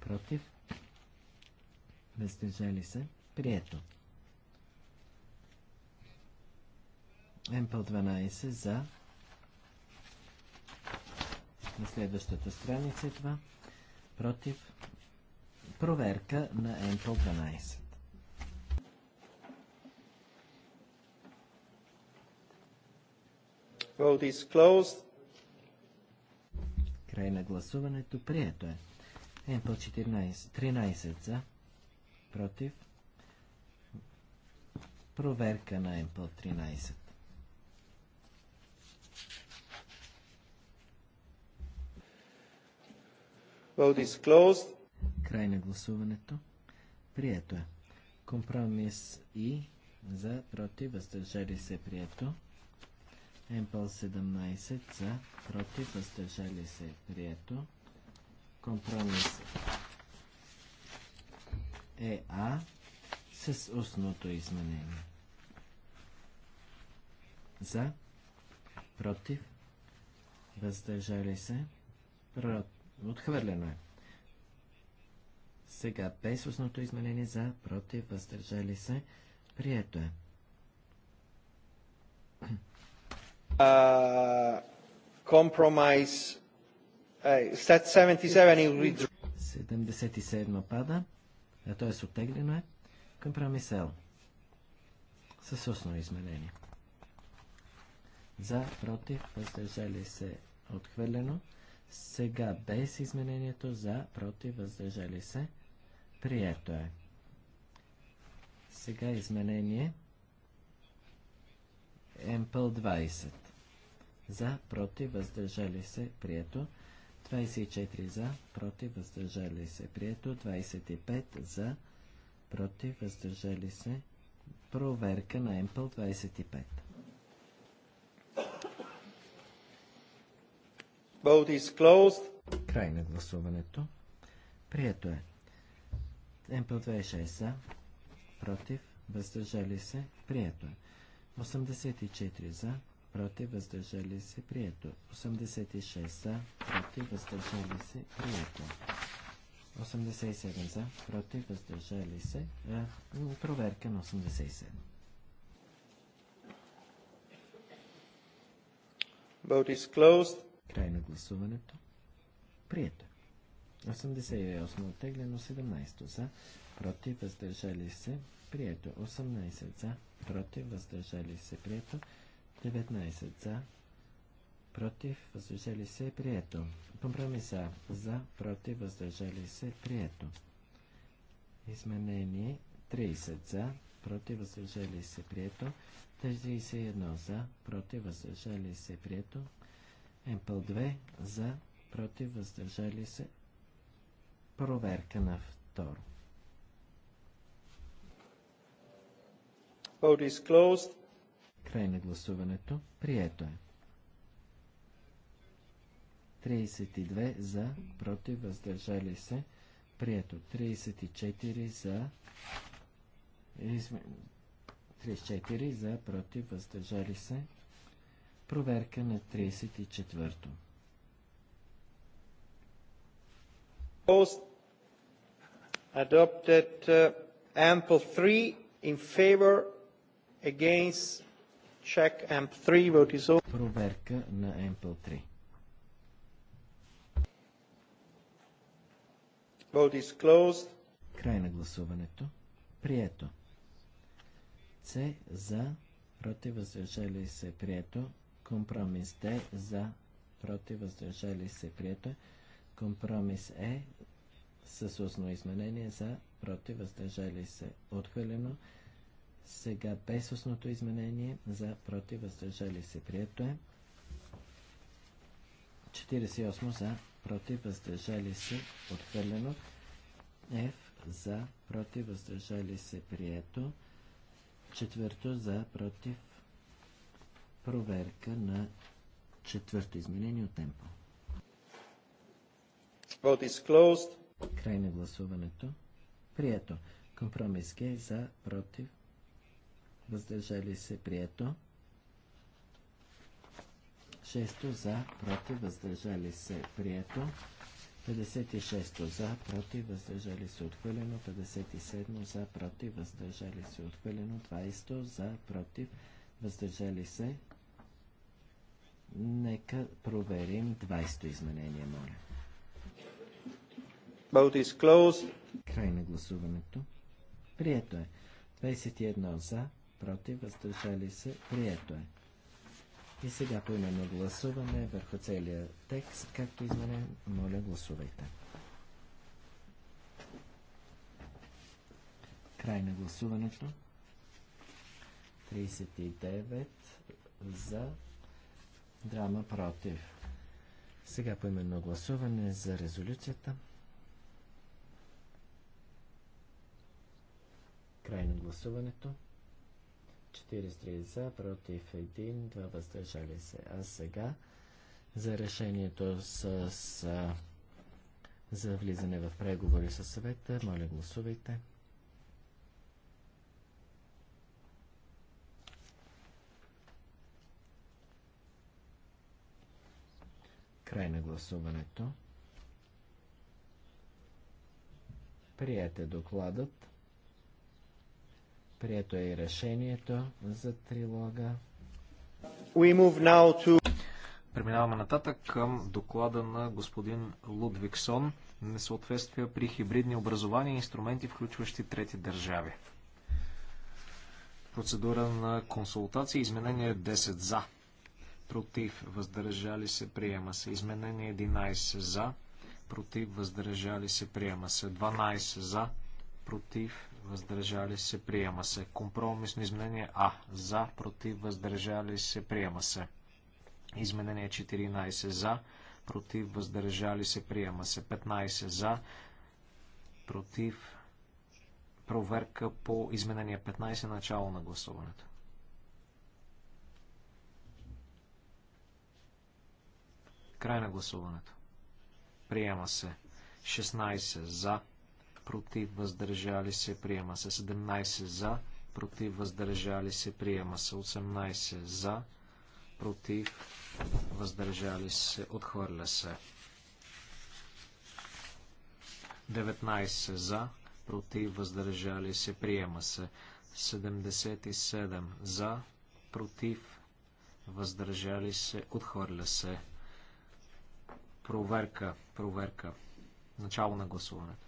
Speaker 4: Против. Въздържали се. Прието. МПЛ 12 за. На следващата страница е това. Против. Проверка на МПЛ
Speaker 1: 12. Vote is closed.
Speaker 4: Край на гласуването. Прието е. МП 14. 13 за. Против. Проверка на МП 13.
Speaker 1: Vote is closed.
Speaker 4: Край на гласуването. Прието е. Компромис и за, против, въздържали се, прието. МПЛ 17 за, против, въздържали се, прието. Компромис е А с устното изменение. За, против, въздържали се, прот... отхвърлено е. Сега без устното изменение за, против, въздържали се, прието е.
Speaker 1: Uh, compromise. Uh, 77
Speaker 4: 77 пада, т.е. оттеглено е. Компромис L. С устно изменение. За, против, въздържали се, отхвърлено. Сега без изменението за, против, въздържали се, прието е. Сега изменение МПЛ 20 за, против, въздържали се, прието. 24 за, против, въздържали се, прието. 25 за, против, въздържали се. Проверка на МПЛ 25.
Speaker 1: Vote is closed.
Speaker 4: Край на гласуването. Прието е. МПЛ 26 за, против, въздържали се, прието е. 84 за, против, въздържали се, прието. 86 за, против, въздържали се, прието. 87 за, против, въздържали се. А, проверка на 87.
Speaker 1: Vote is closed. Край на
Speaker 4: гласуването. Прието. 88 оттеглено, 17 за, против, въздържали се, прието. 18 за, против, въздържали се, прието. 19 за, против, въздържали се, прието. Компромиса за, против, въздържали се, прието. Изменение 30 за, против, въздържали се, прието. 31 за, против, въздържали се, прието. МПЛ 2 за, против, въздържали се. Проверка на второ.
Speaker 1: Vote is closed. Край на
Speaker 4: гласуването. Прието е. 32 за, против, въздържали се. Прието. 34 за. 34 за, против, въздържали се. Проверка на 34-то.
Speaker 1: adopted uh, ample 3 in favor against Check AMP3. Vote is
Speaker 4: Проверка на AMP3.
Speaker 1: Vote is closed.
Speaker 4: Край на гласуването. Прието. С за, против, въздържали се, прието. Компромис Д за, против, въздържали се, прието. Компромис Е с устно изменение за, против, въздържали се, отхвърлено. Сега без устното изменение за против въздържали се. Прието е. 48 за против въздържали се. Отхвърлено. F за против въздържали се. Прието. Четвърто за против проверка на четвърто изменение от темпо. Край на гласуването. Прието. Компромис Г за против въздържали се, прието. Шесто за, против, въздържали се, прието. 56 за, против, въздържали се отхвърлено, 57 за, против, въздържали се отхвърлено, 20 за, против, въздържали се. Нека проверим 20 изменение, моля. Vote is closed. Край на гласуването. Прието е. 21 за, против, въздържали се, прието е. И сега поименно гласуваме върху целия текст, както изменен. Моля, гласувайте. Край на гласуването. 39 за драма против. Сега поименно гласуване за резолюцията. Край на гласуването. 43 за, против 1, 2 въздържали се. А сега за решението с, с за влизане в преговори с съвета, моля гласувайте. Край на гласуването. Приете докладът. Прието е и решението за трилога.
Speaker 3: We move now to... Преминаваме нататък към доклада на господин Лудвиксон. Несъответствия при хибридни образования и инструменти, включващи трети държави. Процедура на консултация. Изменение 10 за. Против. Въздържали се. Приема се. Изменение 11 за. Против. Въздържали се. Приема се. 12 за. Против въздържали се, приема се. Компромисно изменение А. За, против, въздържали се, приема се. Изменение 14. За, против, въздържали се, приема се. 15. За, против, проверка по изменение 15, начало на гласуването. Край на гласуването. Приема се. 16 за, против, въздържали се, приема се. 17 за, против, въздържали се, приема се. 18 за, против, въздържали се, отхвърля се. 19 за, против, въздържали се, приема се. 77 за, против, въздържали се, отхвърля се. Проверка, проверка. Начало на гласуването.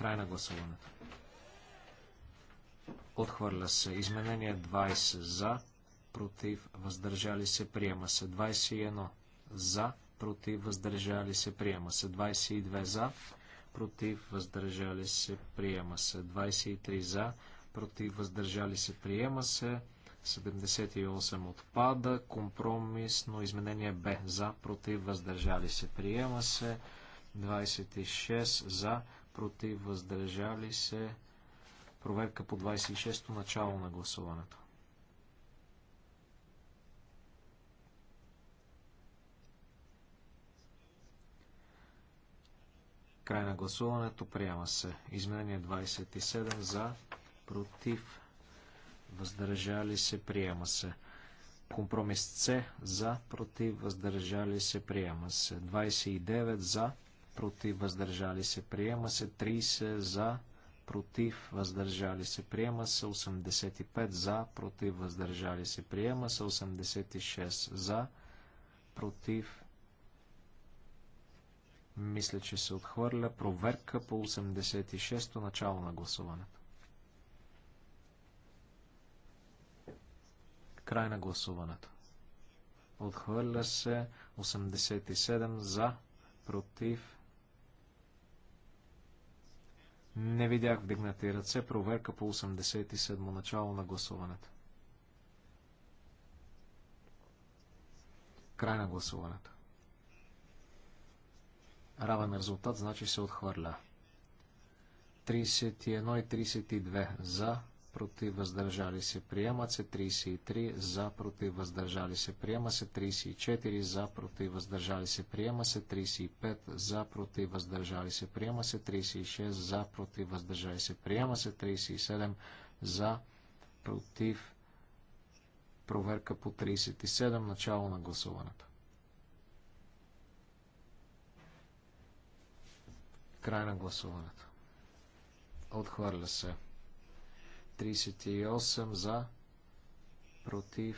Speaker 3: Край на гласуването. Отхвърля се. Изменение 20 за, против, въздържали се, приема се. 21 за, против, въздържали се, приема се. 22 за, против, въздържали се, приема се. 23 за, против, въздържали се, приема се. 78 отпада. Компромисно изменение Б. За, против, въздържали се. Приема се. 26 за, против, въздържали се. Проверка по 26-то начало на гласуването. Край на гласуването приема се. Изменение 27 за, против, въздържали се, приема се. Компромис С за, против, въздържали се, приема се. 29 за, против, въздържали се, приема се 30 за, против, въздържали се, приема се 85 за, против, въздържали се, приема се 86 за, против, мисля, че се отхвърля проверка по 86-то начало на гласуването. Край на гласуването. Отхвърля се 87 за, против, не видях вдигнати ръце. Проверка по 87 начало на гласуването. Край на гласуването. Равен резултат, значи се отхвърля. 31 и 32 за, против въздържали се, приема се 33, за против въздържали се, приема се 34, за против въздържали се, приема се 35, за против въздържали се, приема се 36, за против въздържали се, приема се 37, за против проверка по 37, начало на гласуването. Край на гласуването. Отхвърля се. 38 за, против,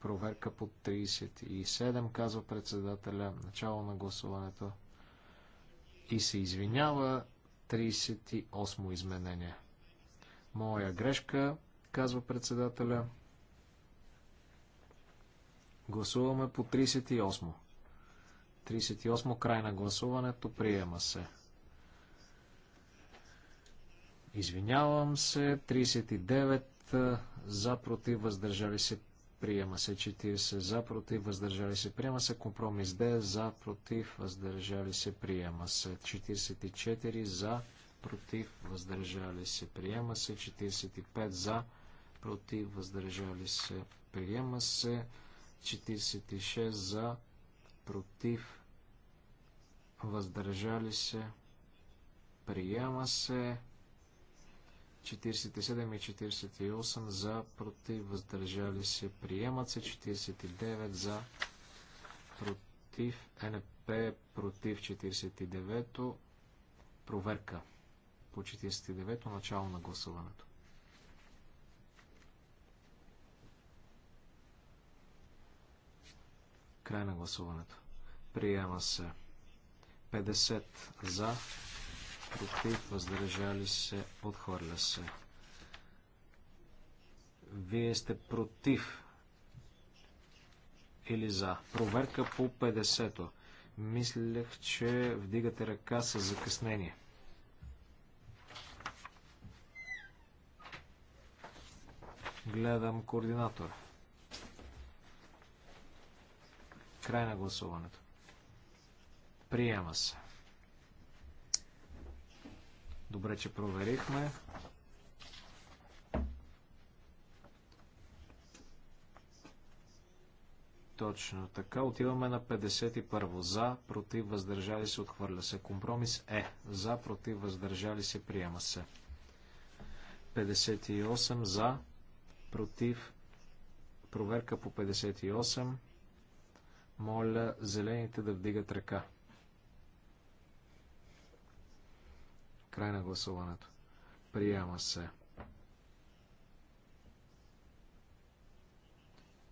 Speaker 3: проверка по 37, казва председателя, начало на гласуването и се извинява 38 изменение. Моя грешка, казва председателя. Гласуваме по 38. 38 край на гласуването приема се. Извинявам се. 39 за против въздържали се приема се. 40 за против въздържали се приема се. Компромис Д за против въздържали се приема се. 44 за против въздържали се приема се. 45 за против въздържали се приема се. 46 за против въздържали се приема се. 47 и 48 за, против, въздържали се, приемат се, 49 за, против, НП против 49-то, проверка по 49-то, начало на гласуването. Край на гласуването. Приема се 50 за, против, въздържали се, отхвърля се. Вие сте против или за. Проверка по 50-то. Мислех, че вдигате ръка с закъснение. Гледам координатора. Край на гласуването. Приема се. Добре, че проверихме. Точно така. Отиваме на 51. За, против, въздържали се, отхвърля се. Компромис е. За, против, въздържали се, приема се. 58. За, против, проверка по 58. Моля зелените да вдигат ръка. Край на гласуването. Приема се.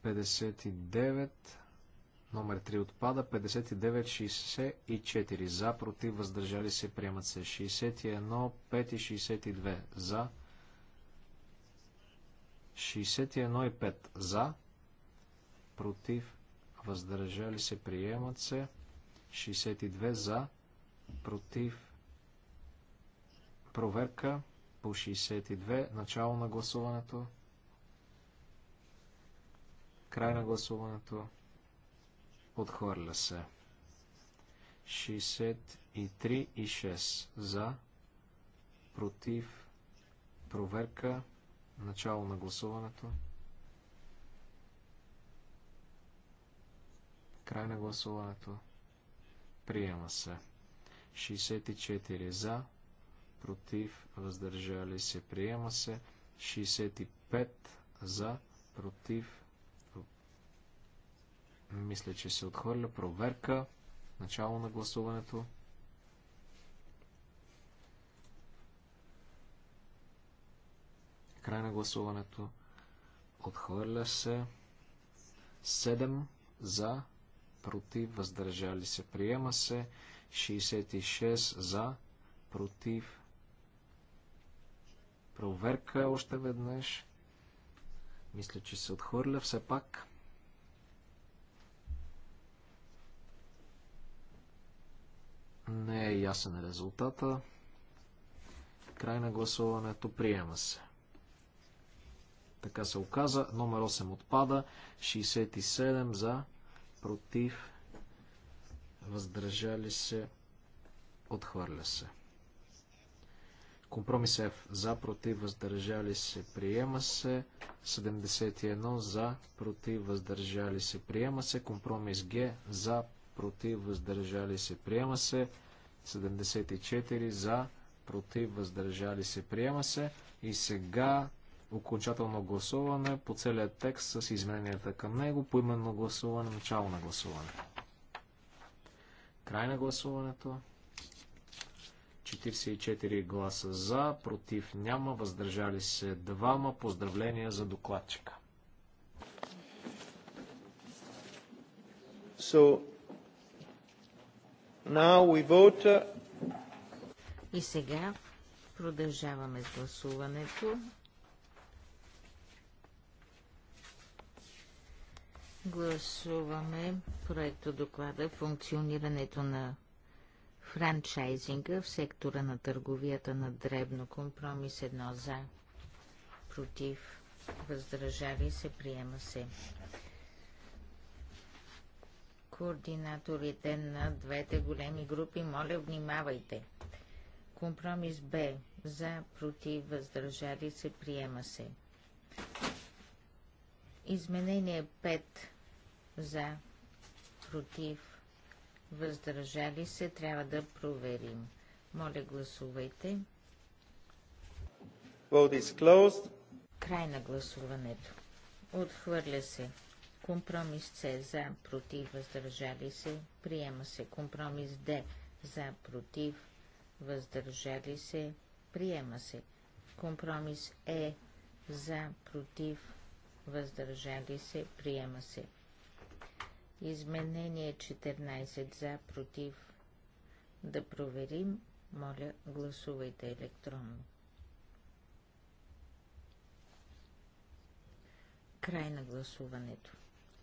Speaker 3: 59. Номер 3 отпада. 59, 64. За, против, въздържали се, приемат се. 61, 5 и 62. За. 61 и 5. За. Против, въздържали се, приемат се. 62. За. Против, Проверка по 62. Начало на гласуването. Край на гласуването. Отхвърля се. 63 и 6 за. Против. Проверка. Начало на гласуването. Край на гласуването. Приема се. 64 за против, въздържали се, приема се. 65 за, против, мисля, че се отхвърля. Проверка. Начало на гласуването. Край на гласуването. Отхвърля се. 7 за, против, въздържали се, приема се. 66 за, против, Проверка още веднъж. Мисля, че се отхвърля все пак. Не е ясен резултата. Край на гласуването. Приема се. Така се оказа. Номер 8 отпада. 67 за. Против. Въздържали се. Отхвърля се. Компромис F за, против, въздържали се, приема се. 71 за, против, въздържали се, приема се. Компромис Г за, против, въздържали се, приема се. 74 за, против, въздържали се, приема се. И сега окончателно гласуване по целият текст с измененията към него, по именно гласуване, начало на гласуване. Край на гласуването. 44 гласа за, против няма, въздържали се двама. Поздравления за докладчика. So, now we
Speaker 1: vote.
Speaker 2: И сега продължаваме с гласуването. Гласуваме проекто доклада функционирането на франчайзинга в сектора на търговията на дребно компромис едно за, против, въздържали се, приема се. Координаторите на двете големи групи, моля внимавайте. Компромис Б. За, против, въздържали се, приема се. Изменение 5. За, против, въздържали се, трябва да проверим. Моля, гласувайте.
Speaker 1: Vote is closed.
Speaker 2: Край на гласуването. Отхвърля се. Компромис С за, против, въздържали се. Приема се. Компромис Д за, против, въздържали се. Приема се. Компромис Е за, против, въздържали се. Приема се. Изменение 14 за, против. Да проверим. Моля, гласувайте електронно. Край на гласуването.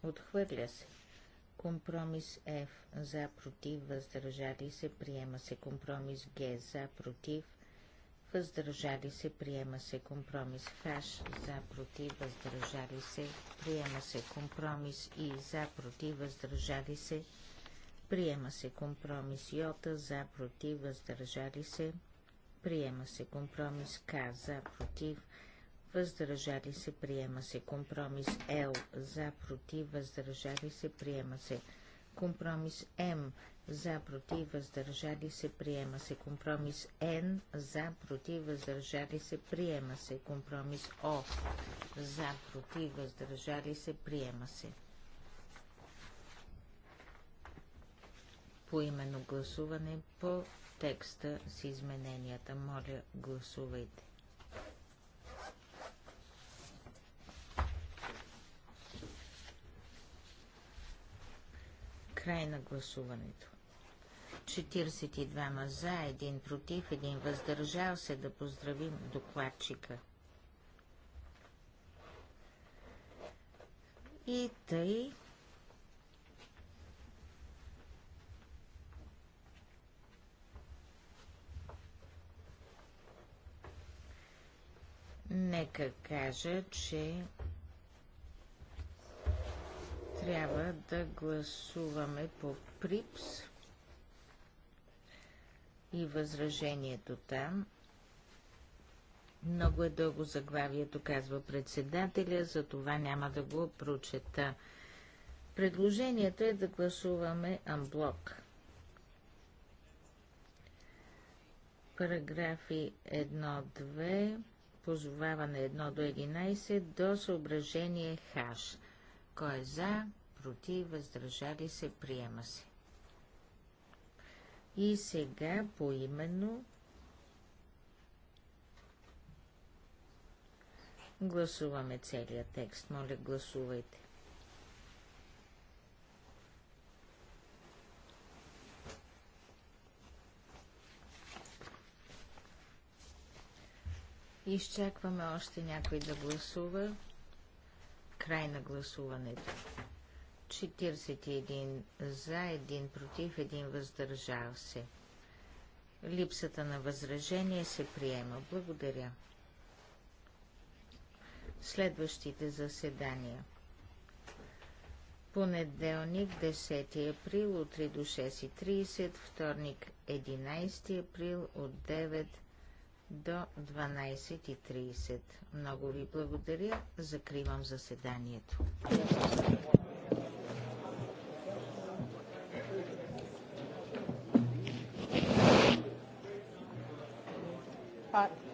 Speaker 2: Отхвърля се. Компромис F за против въздържали се приема се. Компромис Г за против въздържали се, приема се компромис ХАШ, за, против, въздържали се, приема се компромис И, за, против, въздържали се, приема се компромис Йота, за, против, въздържали се, приема се компромис К, за, против, въздържали се, приема се компромис Л, за, против, въздържали се, приема се компромис М, за против въздържали се приема се компромис Н за против въздържали се приема се компромис О за против въздържали се приема се поименно гласуване по текста с измененията. Моля, гласувайте. Край на гласуването. 42 за, един против, един въздържал се да поздравим докладчика. И тъй Нека кажа, че трябва да гласуваме по ПРИПС и възражението там. Много е дълго заглавието, казва председателя, за това няма да го прочета. Предложението е да гласуваме амблок. Параграфи 1-2, позоваване 1 до 11, до съображение Хаш. Кой е за, против, въздържали се, приема се. И сега поименно гласуваме целия текст. Моля, гласувайте. Изчакваме още някой да гласува. Край на гласуването. 41 за, 1 против, 1 въздържал се. Липсата на възражение се приема. Благодаря. Следващите заседания Понеделник 10 април от 3 до 6.30, вторник 11 април от 9 до 12.30. Много ви благодаря. Закривам заседанието.
Speaker 5: but